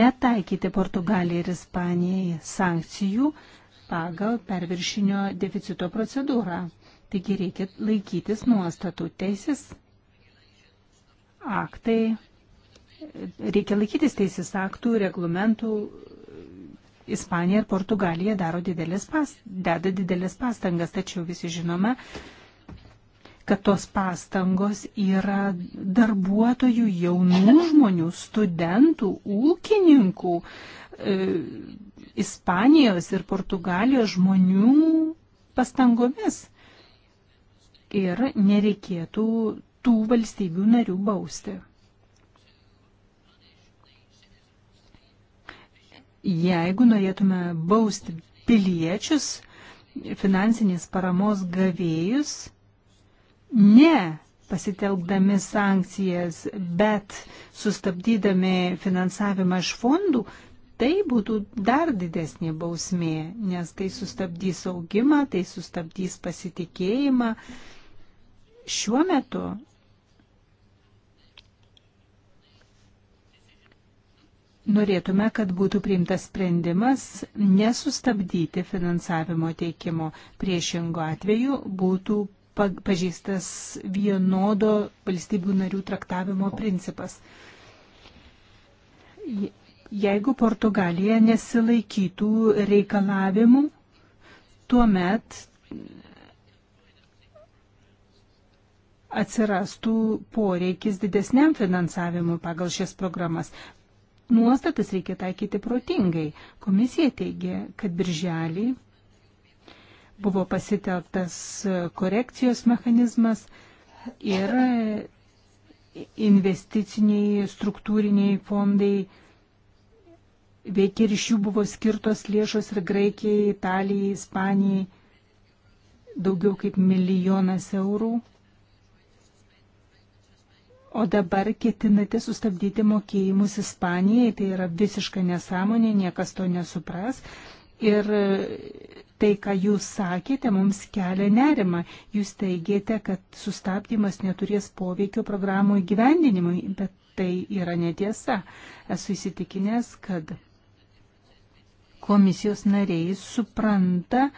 netaikyti Portugalijai ir Ispanijai sankcijų pagal perviršinio deficito procedūrą. Taigi reikia laikytis nuostatų. Teisės aktai, reikia laikytis teisės aktų, reglamentų. Ispanija ir Portugalija daro didelės pas, deda didelės pastangas, tačiau visi žinome, kad tos pastangos yra darbuotojų, jaunų žmonių, studentų, ūkininkų, e, Ispanijos ir Portugalijos žmonių pastangomis. Ir nereikėtų tų valstybių narių bausti. Jeigu norėtume bausti piliečius, finansinės paramos gavėjus, ne pasitelkdami sankcijas, bet sustabdydami finansavimą iš fondų, tai būtų dar didesnė bausmė, nes tai sustabdys augimą, tai sustabdys pasitikėjimą. Šiuo metu Norėtume, kad būtų priimtas sprendimas nesustabdyti finansavimo teikimo. Priešingo atveju būtų pažįstas vienodo valstybių narių traktavimo principas. Jeigu Portugalija nesilaikytų reikalavimų, tuomet atsirastų poreikis didesniam finansavimu pagal šias programas nuostatas reikia taikyti protingai. Komisija teigia, kad birželį buvo pasiteltas korekcijos mechanizmas ir investiciniai struktūriniai fondai veikia ir iš jų buvo skirtos lėšos ir Graikijai, Italijai, Ispanijai daugiau kaip milijonas eurų O dabar ketinate sustabdyti mokėjimus Ispanijai, tai yra visiška nesąmonė, niekas to nesupras. Ir tai, ką jūs sakėte, mums kelia nerima. Jūs teigėte, kad sustabdymas neturės poveikio programų įgyvendinimui, bet tai yra netiesa. Esu įsitikinęs, kad komisijos nariai supranta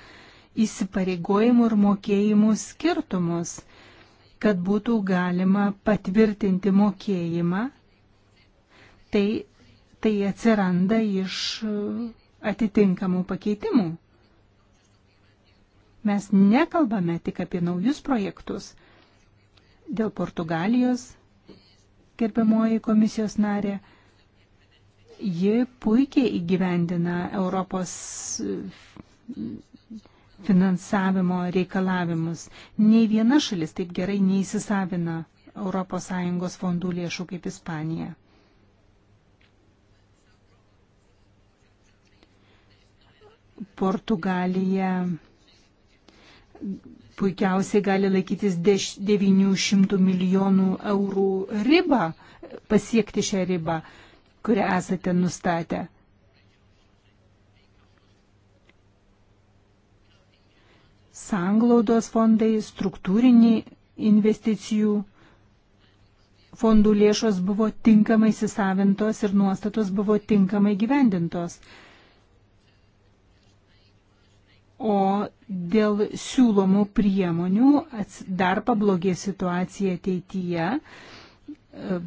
įsipareigojimų ir mokėjimų skirtumus kad būtų galima patvirtinti mokėjimą, tai, tai atsiranda iš atitinkamų pakeitimų. Mes nekalbame tik apie naujus projektus. Dėl Portugalijos, gerbiamoji komisijos narė, ji puikiai įgyvendina Europos finansavimo reikalavimus. Nei viena šalis taip gerai neįsisavina ES fondų lėšų kaip Ispanija. Portugalija puikiausiai gali laikytis 900 milijonų eurų ribą, pasiekti šią ribą, kurią esate nustatę. sanglaudos fondai, struktūriniai investicijų fondų lėšos buvo tinkamai įsisavintos ir nuostatos buvo tinkamai gyvendintos. O dėl siūlomų priemonių dar pablogė situacija ateityje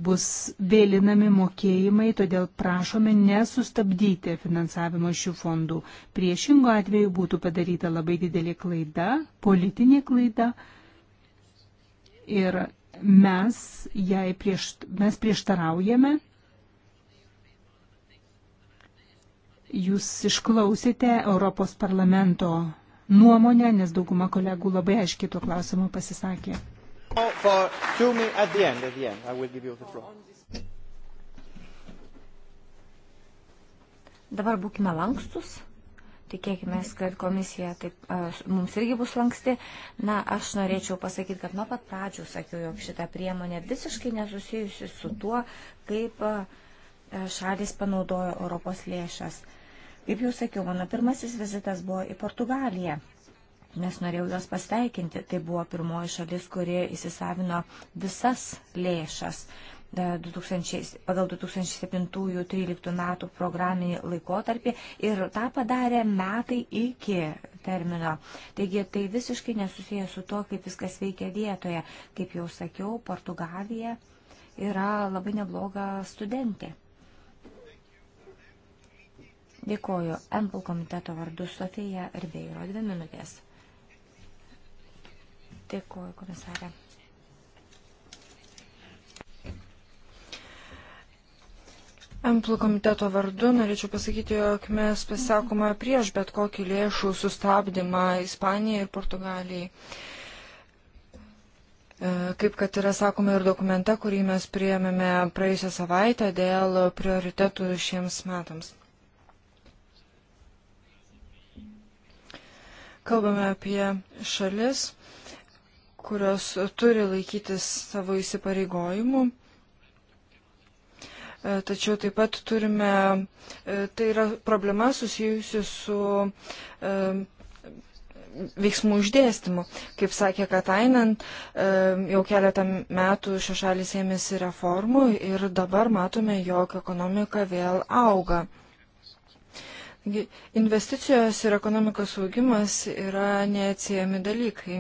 bus vėlinami mokėjimai, todėl prašome nesustabdyti finansavimo šių fondų. Priešingo atveju būtų padaryta labai didelė klaida, politinė klaida ir mes, prieš, mes prieštaraujame. Jūs išklausėte Europos parlamento nuomonę, nes dauguma kolegų labai aiškiai tuo klausimu pasisakė. Oh, Dabar būkime lankstus. Tikėkime, kad komisija taip, mums irgi bus lanksti. Na, aš norėčiau pasakyti, kad nuo pat pradžių sakiau, jog šita priemonė visiškai nesusijusi su tuo, kaip šalis panaudojo Europos lėšas. Kaip jau sakiau, mano pirmasis vizitas buvo į Portugaliją nes norėjau juos pasveikinti. Tai buvo pirmoji šalis, kurie įsisavino visas lėšas 2000, e, pagal 2007-2013 metų programinį laikotarpį ir tą padarė metai iki termino. Taigi tai visiškai nesusiję su to, kaip viskas veikia vietoje. Kaip jau sakiau, Portugalija yra labai nebloga studentė. Dėkoju. MPL komiteto vardu Sofija Ribeiro. Dvi minutės. Dėkuoju, komisarė. Amplų komiteto vardu norėčiau pasakyti, jog mes pasakome prieš bet kokį lėšų sustabdymą Ispanijai ir Portugalijai. E, kaip kad yra sakoma ir dokumente, kurį mes priėmėme praėjusią savaitę dėl prioritetų šiems metams. Kalbame apie šalis, kurios turi laikytis savo įsipareigojimų. E, tačiau taip pat turime, e, tai yra problema susijusi su e, veiksmų išdėstymu. Kaip sakė Katainen, jau keletą metų šios šalis ėmėsi reformų ir dabar matome, jog ekonomika vėl auga. Investicijos ir ekonomikos augimas yra neatsiejami dalykai.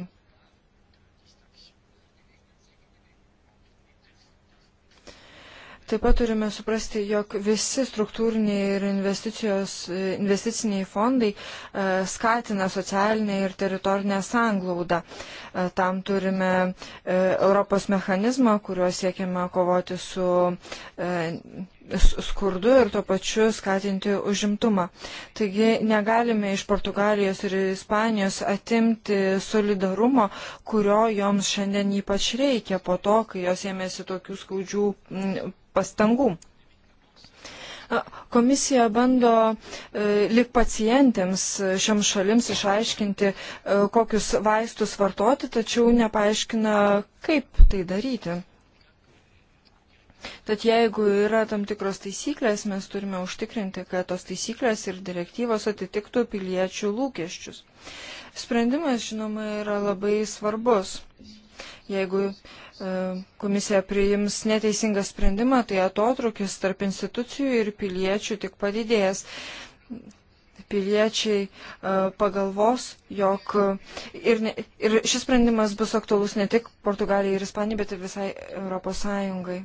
Taip pat turime suprasti, jog visi struktūriniai ir investiciniai fondai e, skatina socialinę ir teritorinę sanglaudą. E, tam turime e, Europos mechanizmą, kuriuo siekiame kovoti su skurdu ir tuo pačiu skatinti užimtumą. Taigi negalime iš Portugalijos ir Ispanijos atimti solidarumo, kurio joms šiandien ypač reikia po to, kai jos ėmėsi tokių skaudžių pastangų. Komisija bando e, lik pacientėms e, šiam šalims išaiškinti, e, kokius vaistus vartoti, tačiau nepaaiškina, kaip tai daryti. Tad jeigu yra tam tikros taisyklės, mes turime užtikrinti, kad tos taisyklės ir direktyvos atitiktų piliečių lūkesčius. Sprendimas, žinoma, yra labai svarbus. Jeigu E, komisija priims neteisingą sprendimą, tai atotrukis tarp institucijų ir piliečių tik padidėjęs. Piliečiai e, pagalvos, jog ir, ne, ir šis sprendimas bus aktualus ne tik Portugalijai ir Ispanijai, bet ir visai Europos Sąjungai.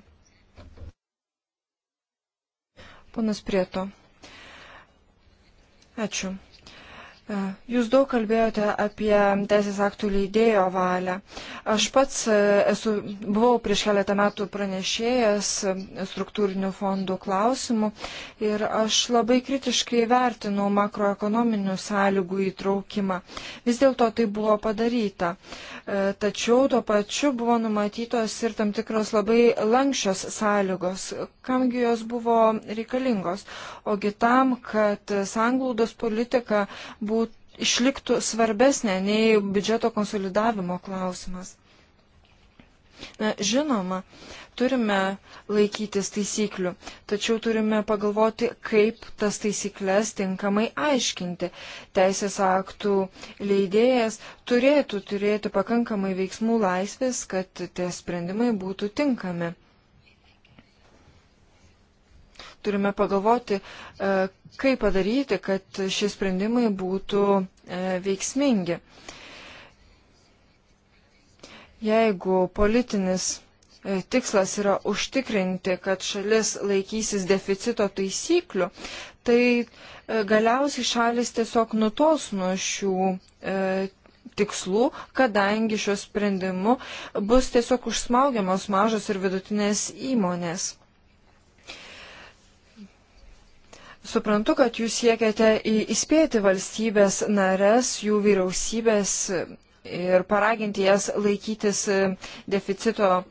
Ponas Prieto. Ačiū. E, jūs daug kalbėjote apie teisės aktų leidėjo valią. Aš pats e, esu, buvau prieš keletą metų pranešėjęs struktūrinių fondų klausimų ir aš labai kritiškai vertinau makroekonominių sąlygų įtraukimą. Vis dėlto tai buvo padaryta. E, tačiau tuo pačiu buvo numatytos ir tam tikros labai lankščios sąlygos. Kamgi jos buvo reikalingos? Ogi tam, kad sanglaudos politika buvo išliktų svarbesnė nei biudžeto konsolidavimo klausimas. Na, žinoma, turime laikytis taisyklių, tačiau turime pagalvoti, kaip tas taisyklės tinkamai aiškinti. Teisės aktų leidėjas turėtų turėti pakankamai veiksmų laisvės, kad tie sprendimai būtų tinkami turime pagalvoti, e, kaip padaryti, kad šie sprendimai būtų e, veiksmingi. Jeigu politinis e, tikslas yra užtikrinti, kad šalis laikysis deficito taisyklių, tai galiausiai šalis tiesiog nutos nuo šių e, tikslų, kadangi šiuo sprendimu bus tiesiog užsmaugiamos mažos ir vidutinės įmonės. Suprantu, kad jūs siekiate įspėti valstybės nares, jų vyriausybės e, ir paraginti jas laikytis e, deficito e,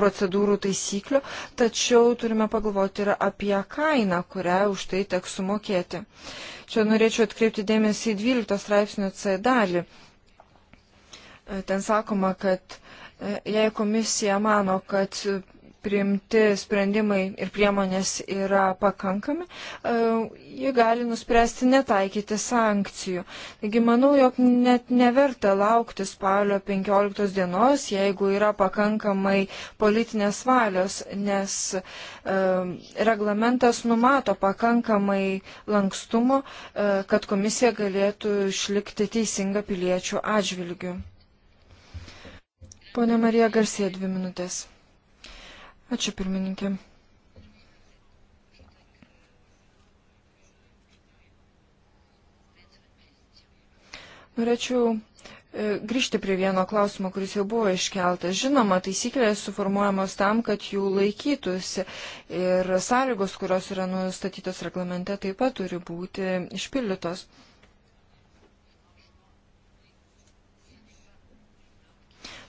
procedūrų taisyklių, tačiau turime pagalvoti ir apie kainą, kurią už tai teks sumokėti. Čia norėčiau atkreipti dėmesį į 12 straipsnio C dalį. Ten sakoma, kad jei komisija mano, kad priimti sprendimai ir priemonės yra pakankami, e, ji gali nuspręsti netaikyti sankcijų. Taigi manau, jog net neverta laukti spalio 15 dienos, jeigu yra pakankamai politinės valios, nes e, reglamentas numato pakankamai lankstumo, e, kad komisija galėtų išlikti teisinga piliečių atžvilgių. Pone Marija Garsė, dvi minutės. Ačiū pirmininkė. Norėčiau e, grįžti prie vieno klausimo, kuris jau buvo iškeltas. Žinoma, taisyklės suformuojamos tam, kad jų laikytųsi ir sąlygos, kurios yra nustatytos reglamente, taip pat turi būti išpildytos.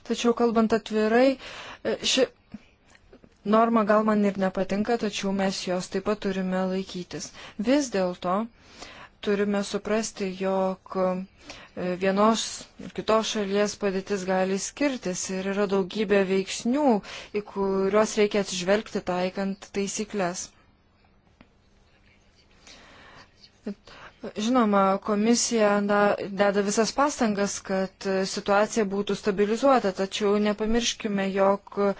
Tačiau kalbant atvirai, e, ši norma gal man ir nepatinka, tačiau mes jos taip pat turime laikytis. Vis dėlto turime suprasti, jog e, vienos ir kitos šalies padėtis gali skirtis ir yra daugybė veiksnių, į kuriuos reikia atsižvelgti taikant taisyklės. Bet Žinoma, komisija da, deda visas pastangas, kad e, situacija būtų stabilizuota, tačiau nepamirškime, jog e,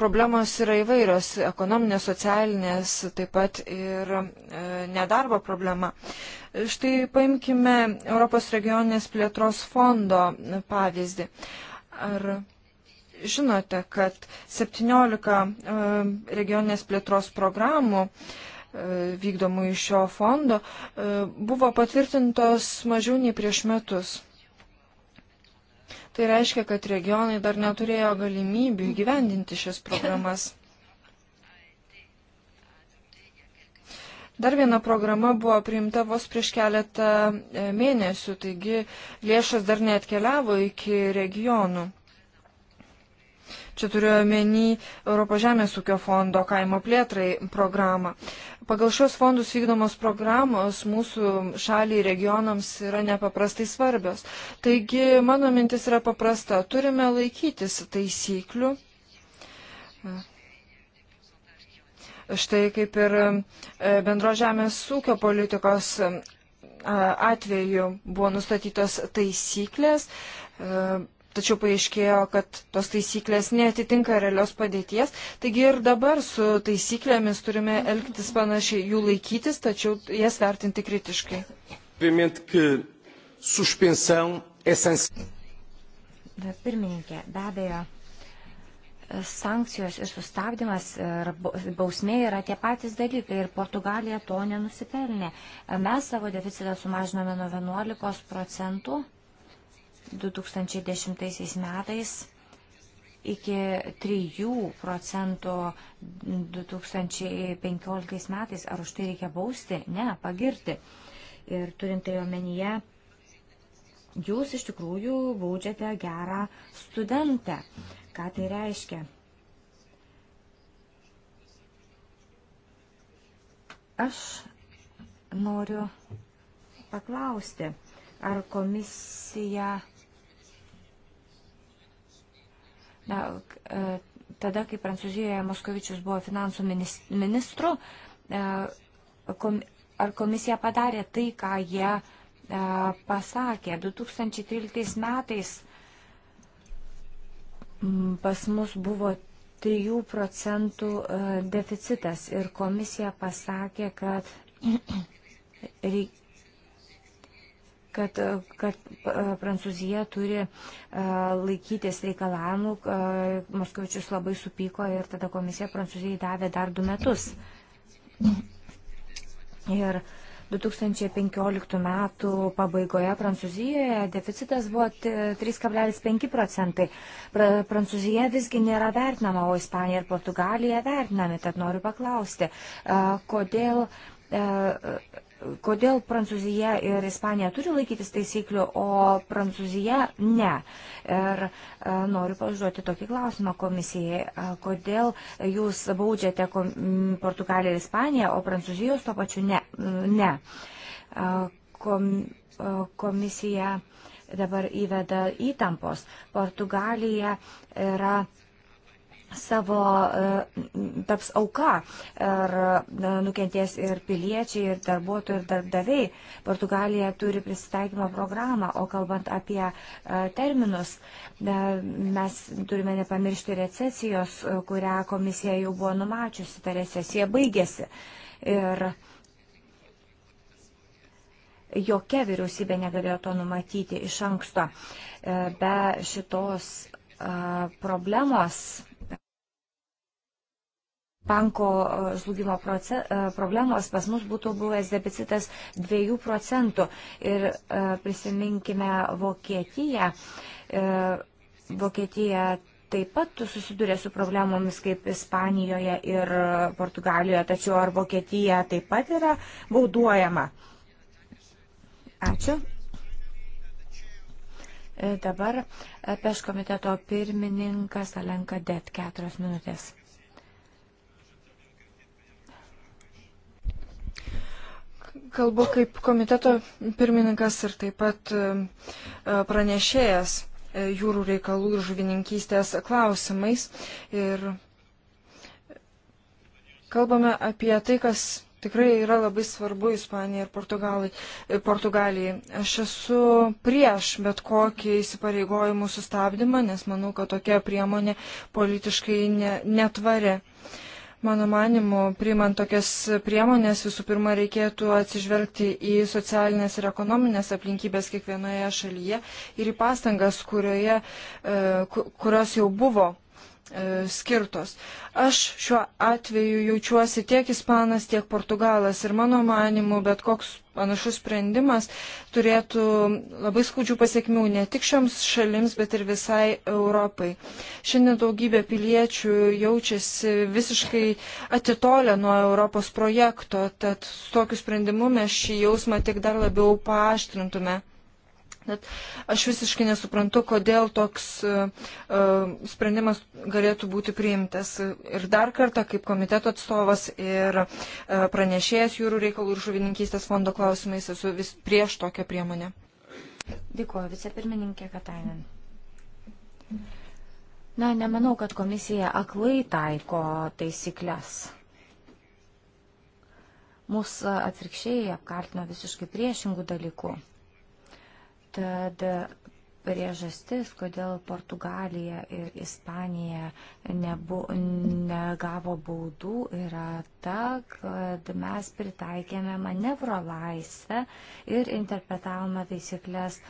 problemos yra įvairios - ekonominės, socialinės, taip pat ir e, nedarbo problema. Štai paimkime Europos regioninės plėtros fondo pavyzdį. Ar žinote, kad 17 e, regioninės plėtros programų e, E, vykdomų iš šio fondo, e, buvo patvirtintos mažiau nei prieš metus. Tai reiškia, kad regionai dar neturėjo galimybių įgyvendinti šias programas. Dar viena programa buvo priimta vos prieš keletą e, mėnesių, taigi lėšas dar neatkeliavo iki regionų. Čia turiu omeny Europos žemės ūkio fondo kaimo plėtrai programą. Pagal šios fondus vykdomos programos mūsų šaliai regionams yra nepaprastai svarbios. Taigi mano mintis yra paprasta. Turime laikytis taisyklių. Štai kaip ir e, bendro žemės ūkio politikos e, atveju buvo nustatytos taisyklės e, tačiau paaiškėjo, kad tos taisyklės netitinka realios padėties. Taigi ir dabar su taisyklėmis turime elgtis panašiai, jų laikytis, tačiau jas vertinti kritiškai. Pirmininkė, be abejo, sankcijos ir sustabdymas ir bausmė yra tie patys dalykai ir Portugalija to nenusipelnė. Mes savo deficitą sumažinome nuo 11 procentų 2010 metais iki 3 procentų 2015 metais. Ar už tai reikia bausti? Ne, pagirti. Ir turint tai omenyje, jūs iš tikrųjų baudžiate gerą studentę. Ką tai reiškia? Aš noriu paklausti, ar komisija Na, e, tada, kai Prancūzijoje Moskovičius buvo finansų ministru, e, ar komisija padarė tai, ką jie e, pasakė. 2013 metais pas mus buvo 3 procentų deficitas ir komisija pasakė, kad kad, kad e, Prancūzija turi e, laikytis reikalavimų. E, Moskvičius labai supyko ir tada komisija Prancūzijai davė dar du metus. Ir 2015 metų pabaigoje Prancūzijoje deficitas buvo 3,5 procentai. Prancūzija visgi nėra vertinama, o Ispanija ir Portugalija vertinami. Tad noriu paklausti, kodėl kodėl Prancūzija ir Ispanija turi laikytis taisyklių, o Prancūzija ne. Ir e, noriu pažduoti tokį klausimą komisijai, e, kodėl jūs baudžiate kom, Portugaliją ir Ispaniją, o Prancūzijos to pačiu ne. ne. E, kom, e, komisija dabar įveda įtampos. Portugalija yra savo e, taps auka ir e, nukentės ir piliečiai, ir darbuotojai, ir darbdaviai. Portugalija turi prisitaikymo programą, o kalbant apie e, terminus, mes turime nepamiršti recesijos, kurią komisija jau buvo numačiusi, ta recesija baigėsi. Ir jokia vyriausybė negalėjo to numatyti iš anksto. Be šitos problemos banko e, žlugimo proces, e, problemos pas mus būtų buvęs deficitas 2 procentų. Ir e, prisiminkime Vokietiją. Vokietija taip pat susiduria su problemomis kaip Ispanijoje ir Portugalijoje, tačiau ar Vokietija taip pat yra bauduojama? Ačiū. Dabar peš komiteto pirmininkas Alenka Det, keturios minutės. Kalbu kaip komiteto pirmininkas ir taip pat e, e, pranešėjas e, jūrų reikalų ir žuvininkystės klausimais. Ir kalbame apie tai, kas tikrai yra labai svarbu Ispanijai ir Portugalai, Portugalijai. Aš esu prieš bet kokį įsipareigojimų sustabdymą, nes manau, kad tokia priemonė politiškai ne, netvari. Mano manimu, priimant tokias priemonės, visų pirma, reikėtų atsižvelgti į socialinės ir ekonominės aplinkybės kiekvienoje šalyje ir į pastangas, kurioje, e, kurios jau buvo e, skirtos. Aš šiuo atveju jaučiuosi tiek ispanas, tiek portugalas ir mano manimu, bet koks panašus sprendimas turėtų labai skaudžių pasiekmių ne tik šioms šalims, bet ir visai Europai. Šiandien daugybė piliečių jaučiasi visiškai atitolę nuo Europos projekto, tad tokiu sprendimu mes šį jausmą tik dar labiau paaštrintume. Net aš visiškai nesuprantu, kodėl toks uh, sprendimas galėtų būti priimtas. Ir dar kartą, kaip komiteto atstovas ir uh, pranešėjas jūrų reikalų ir žuvininkystės fondo klausimais, esu vis prieš tokią priemonę. Dėkuoju, vicepirmininkė Katainen. Na, nemanau, kad komisija aklai taiko taisyklės. Mūsų atvirkščiai apkaltino visiškai priešingų dalykų. Tad priežastis, kodėl Portugalija ir Ispanija nebu, negavo baudų, yra ta, kad mes pritaikėme manevro laisvę ir interpretavome taisyklės e,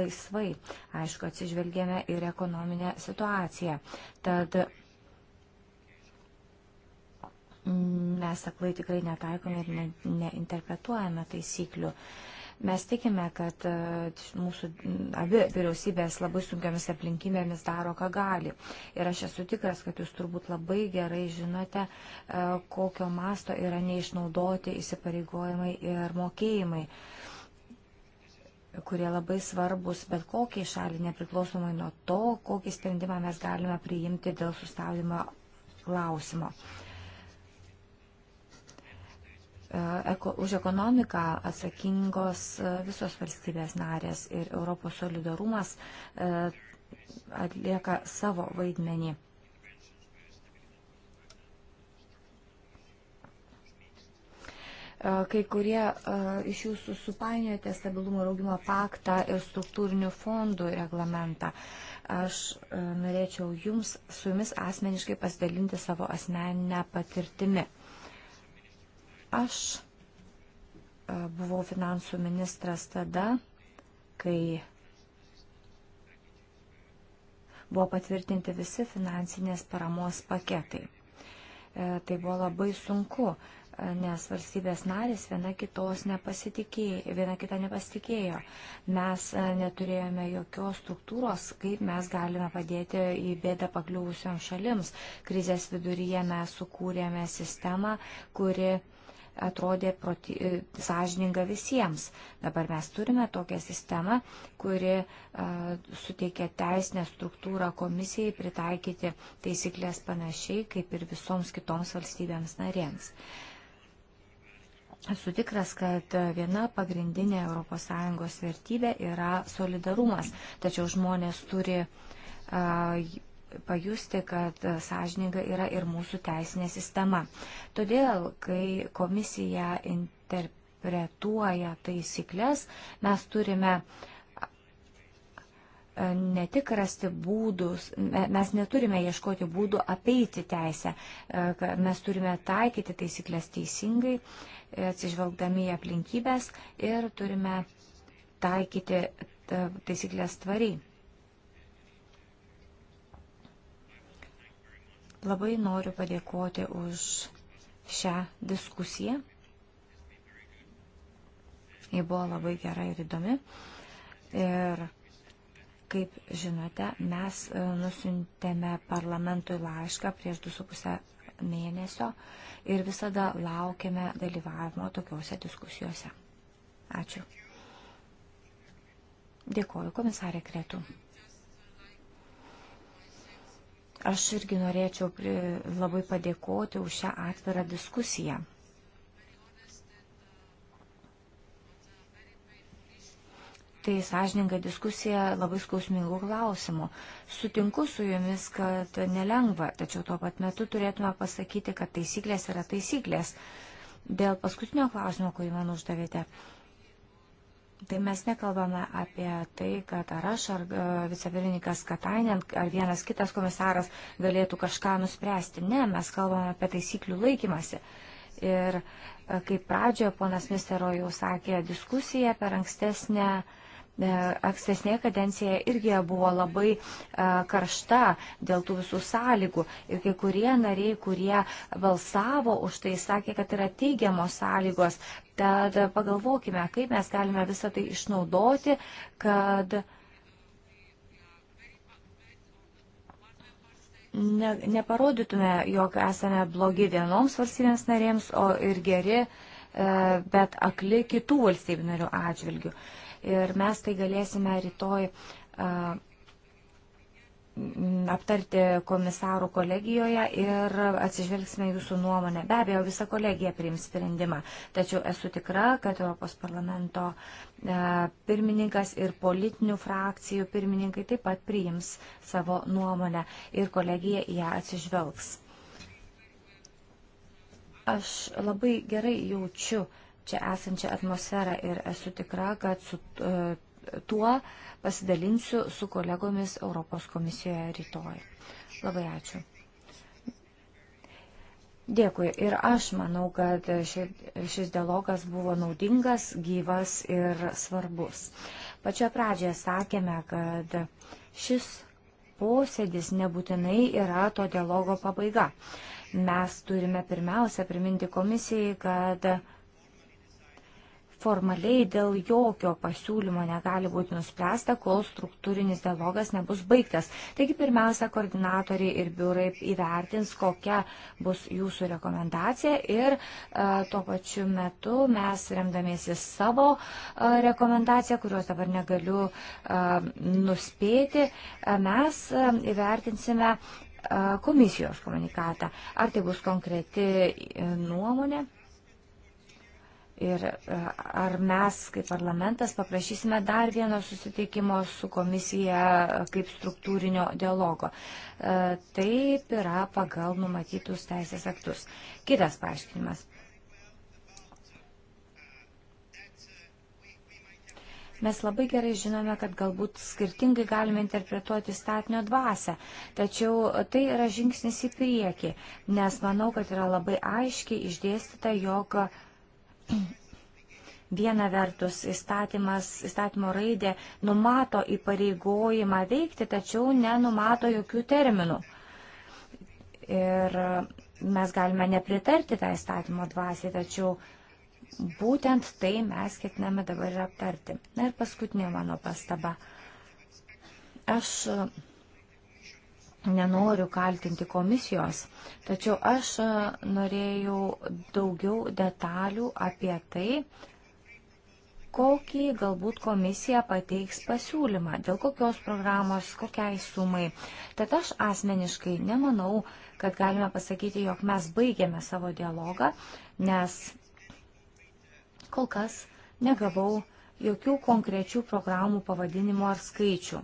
laisvai. Aišku, atsižvelgėme ir ekonominę situaciją. Tad mes aklai tikrai netaikome ir neinterpretuojame ne taisyklių. E, Mes tikime, kad e, mūsų abi vyriausybės labai sunkiomis aplinkybėmis daro, ką gali. Ir aš esu tikras, kad jūs turbūt labai gerai žinote, e, kokio masto yra neišnaudoti įsipareigojimai ir mokėjimai kurie labai svarbus bet kokiai šaliai, nepriklausomai nuo to, kokį sprendimą mes galime priimti dėl sustabdymo klausimo. Uh, E, eko, už ekonomiką atsakingos e, visos valstybės narės ir Europos solidarumas e, atlieka savo vaidmenį. Kai kurie iš jūsų supainiojate stabilumo ir augimo paktą ir struktūrinių fondų reglamentą. Aš norėčiau jums, su jumis asmeniškai pasidalinti savo asmeninę patirtimį. Aš e, buvau finansų ministras tada, kai buvo patvirtinti visi finansinės paramos paketai. E, tai buvo labai sunku, e, nes valstybės narės viena, viena kita nepasitikėjo. Mes neturėjome jokios struktūros, kaip mes galime padėti į bėdą pakliuvusiam šalims. Krizės viduryje mes sukūrėme sistemą, kuri atrodė proti, e, sąžininga visiems. Dabar mes turime tokią sistemą, kuri a, suteikia teisinę struktūrą komisijai pritaikyti taisyklės panašiai kaip ir visoms kitoms valstybėms narėms. Esu tikras, kad viena pagrindinė ES vertybė yra solidarumas, tačiau žmonės turi a, pajusti, kad e, sąžininga yra ir mūsų teisinė sistema. Todėl, kai komisija interpretuoja taisyklės, mes turime e, ne tik rasti būdus, mes neturime ieškoti būdų apeiti teisę, e, mes turime taikyti taisyklės teisingai, atsižvelgdami į aplinkybės ir turime taikyti taisyklės tvariai. Labai noriu padėkoti už šią diskusiją. Ji buvo labai gera ir įdomi. Ir kaip žinote, mes e, nusintėme parlamentui laišką prieš 2,5 mėnesio ir visada laukiame dalyvavimo tokiuose diskusijose. Ačiū. Dėkoju komisarė Kretų. Aš irgi norėčiau labai padėkoti už šią atvirą diskusiją. Tai sąžininga diskusija labai skausmingų klausimų. Sutinku su jumis, kad nelengva, tačiau tuo pat metu turėtume pasakyti, kad taisyklės yra taisyklės. Dėl paskutinio klausimo, kurį man uždavėte, Tai mes nekalbame apie tai, kad ar aš, ar e, vicepirmininkas Katainen, ar vienas kitas komisaras galėtų kažką nuspręsti. Ne, mes kalbame apie taisyklių laikymasi. Ir e, kaip pradžioje ponas Mistero jau sakė, diskusija per ankstesnę e, ankstesnėje kadencijoje irgi buvo labai karšta dėl tų visų sąlygų. Ir kai kurie nariai, kurie balsavo už tai, sakė, kad yra teigiamos sąlygos Tad pagalvokime, kaip mes galime visą tai išnaudoti, kad ne, neparodytume, jog esame blogi vienoms valstybėms narėms, o ir geri, e, bet akli kitų valstybių narių atžvilgių. Ir mes tai galėsime rytoj e, aptarti komisarų kolegijoje ir atsižvelgsime jūsų nuomonę. Be abejo, visa kolegija priims sprendimą, tačiau esu tikra, kad Europos parlamento e, pirmininkas ir politinių frakcijų pirmininkai taip pat priims savo nuomonę ir kolegija ją atsižvelgs. Aš labai gerai jaučiu čia esančią atmosferą ir esu tikra, kad su e, tuo pasidalinsiu su kolegomis Europos komisijoje rytoj. Labai ačiū. Dėkui. Ir aš manau, kad šis dialogas buvo naudingas, gyvas ir svarbus. Pačioje pradžioje sakėme, kad šis posėdis nebūtinai yra to dialogo pabaiga. Mes turime pirmiausia priminti komisijai, kad formaliai dėl jokio pasiūlymo negali būti nuspręsta, kol struktūrinis dialogas nebus baigtas. Taigi pirmiausia, koordinatoriai ir biurai įvertins, kokia bus jūsų rekomendacija ir e, tuo pačiu metu mes remdamiesi savo e, rekomendaciją, kurios dabar negaliu e, nuspėti, e, mes e, įvertinsime e, komisijos komunikatą. Ar tai bus konkreti e, nuomonė? Ir e, ar mes kaip parlamentas paprašysime dar vieno susitikimo su komisija e, kaip struktūrinio dialogo. E, taip yra pagal numatytus teisės aktus. Kitas paaiškinimas. Mes labai gerai žinome, kad galbūt skirtingai galime interpretuoti statinio dvasę, tačiau tai yra žingsnis į priekį, nes manau, kad yra labai aiškiai išdėstyta, jog uh, Viena vertus įstatymas, įstatymo raidė numato įpareigojimą veikti, tačiau nenumato jokių terminų. Ir mes galime nepritarti tą tai įstatymo dvasį, tačiau būtent tai mes ketiname dabar ir aptarti. Na ir paskutinė mano pastaba. Aš nenoriu kaltinti komisijos, tačiau aš e, norėjau daugiau detalių apie tai, kokį galbūt komisija pateiks pasiūlymą, dėl kokios programos, kokiai sumai. Tad aš asmeniškai nemanau, kad galime pasakyti, jog mes baigėme savo dialogą, nes kol kas negavau jokių konkrečių programų pavadinimo ar skaičių.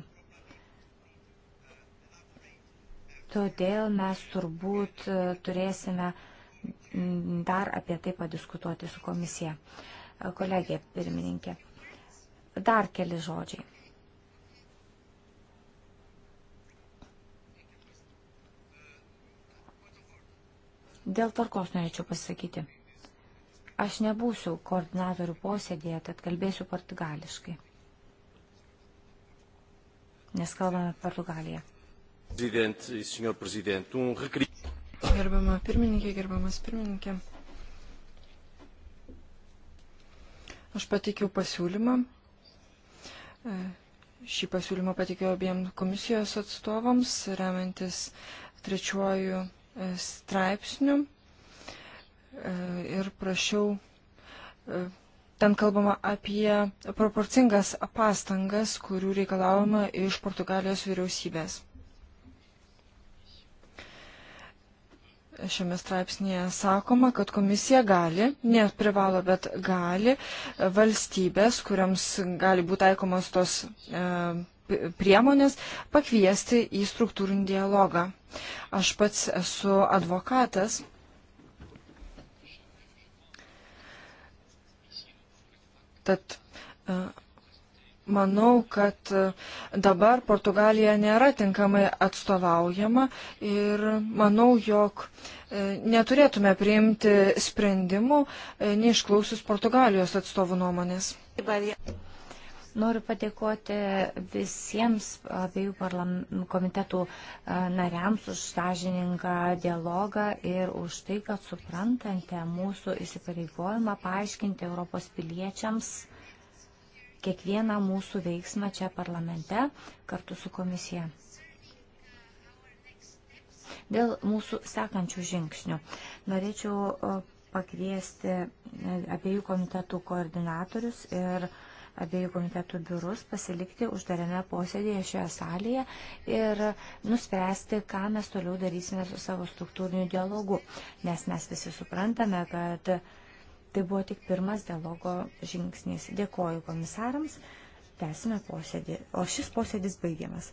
Todėl mes turbūt e, turėsime dar apie tai padiskutuoti su komisija. E, kolegė pirmininkė, dar keli žodžiai. Dėl tvarkos norėčiau pasakyti. Aš nebūsiu koordinatorių posėdėje, tad kalbėsiu portugališkai. Nes kalbame Portugaliją. Gerbama pirmininkė, gerbamas pirmininkė. Aš pateikiau pasiūlymą. E, šį pasiūlymą pateikiau abiem komisijos atstovams, remiantis trečiuoju e, straipsniu e, ir prašiau, ten kalbama apie proporcingas pastangas, kurių reikalavome iš Portugalijos vyriausybės. Šiame straipsnėje sakoma, kad komisija gali, neprivalo, bet gali e, valstybės, kuriams gali būti taikomos tos e, priemonės, pakviesti į struktūrinį dialogą. Aš pats esu advokatas. Tad e, Manau, kad e, dabar Portugalija nėra tinkamai atstovaujama ir manau, jog e, neturėtume priimti sprendimų e, neišklausus Portugalijos atstovų nuomonės. Noriu padėkoti visiems abiejų komitetų nariams už sąžiningą dialogą ir už tai, kad suprantate mūsų įsipareigojimą paaiškinti Europos piliečiams kiekvieną mūsų veiksmą čia parlamente kartu su komisija. Dėl mūsų sekančių žingsnių norėčiau pakviesti e, abiejų komitetų koordinatorius ir abiejų komitetų biurus pasilikti uždarėme posėdėje šioje salėje ir nuspręsti, ką mes toliau darysime su savo struktūriniu dialogu. Nes mes visi suprantame, kad Tai buvo tik pirmas dialogo žingsnis. Dėkoju komisarams, tęsime posėdį, o šis posėdis baigiamas.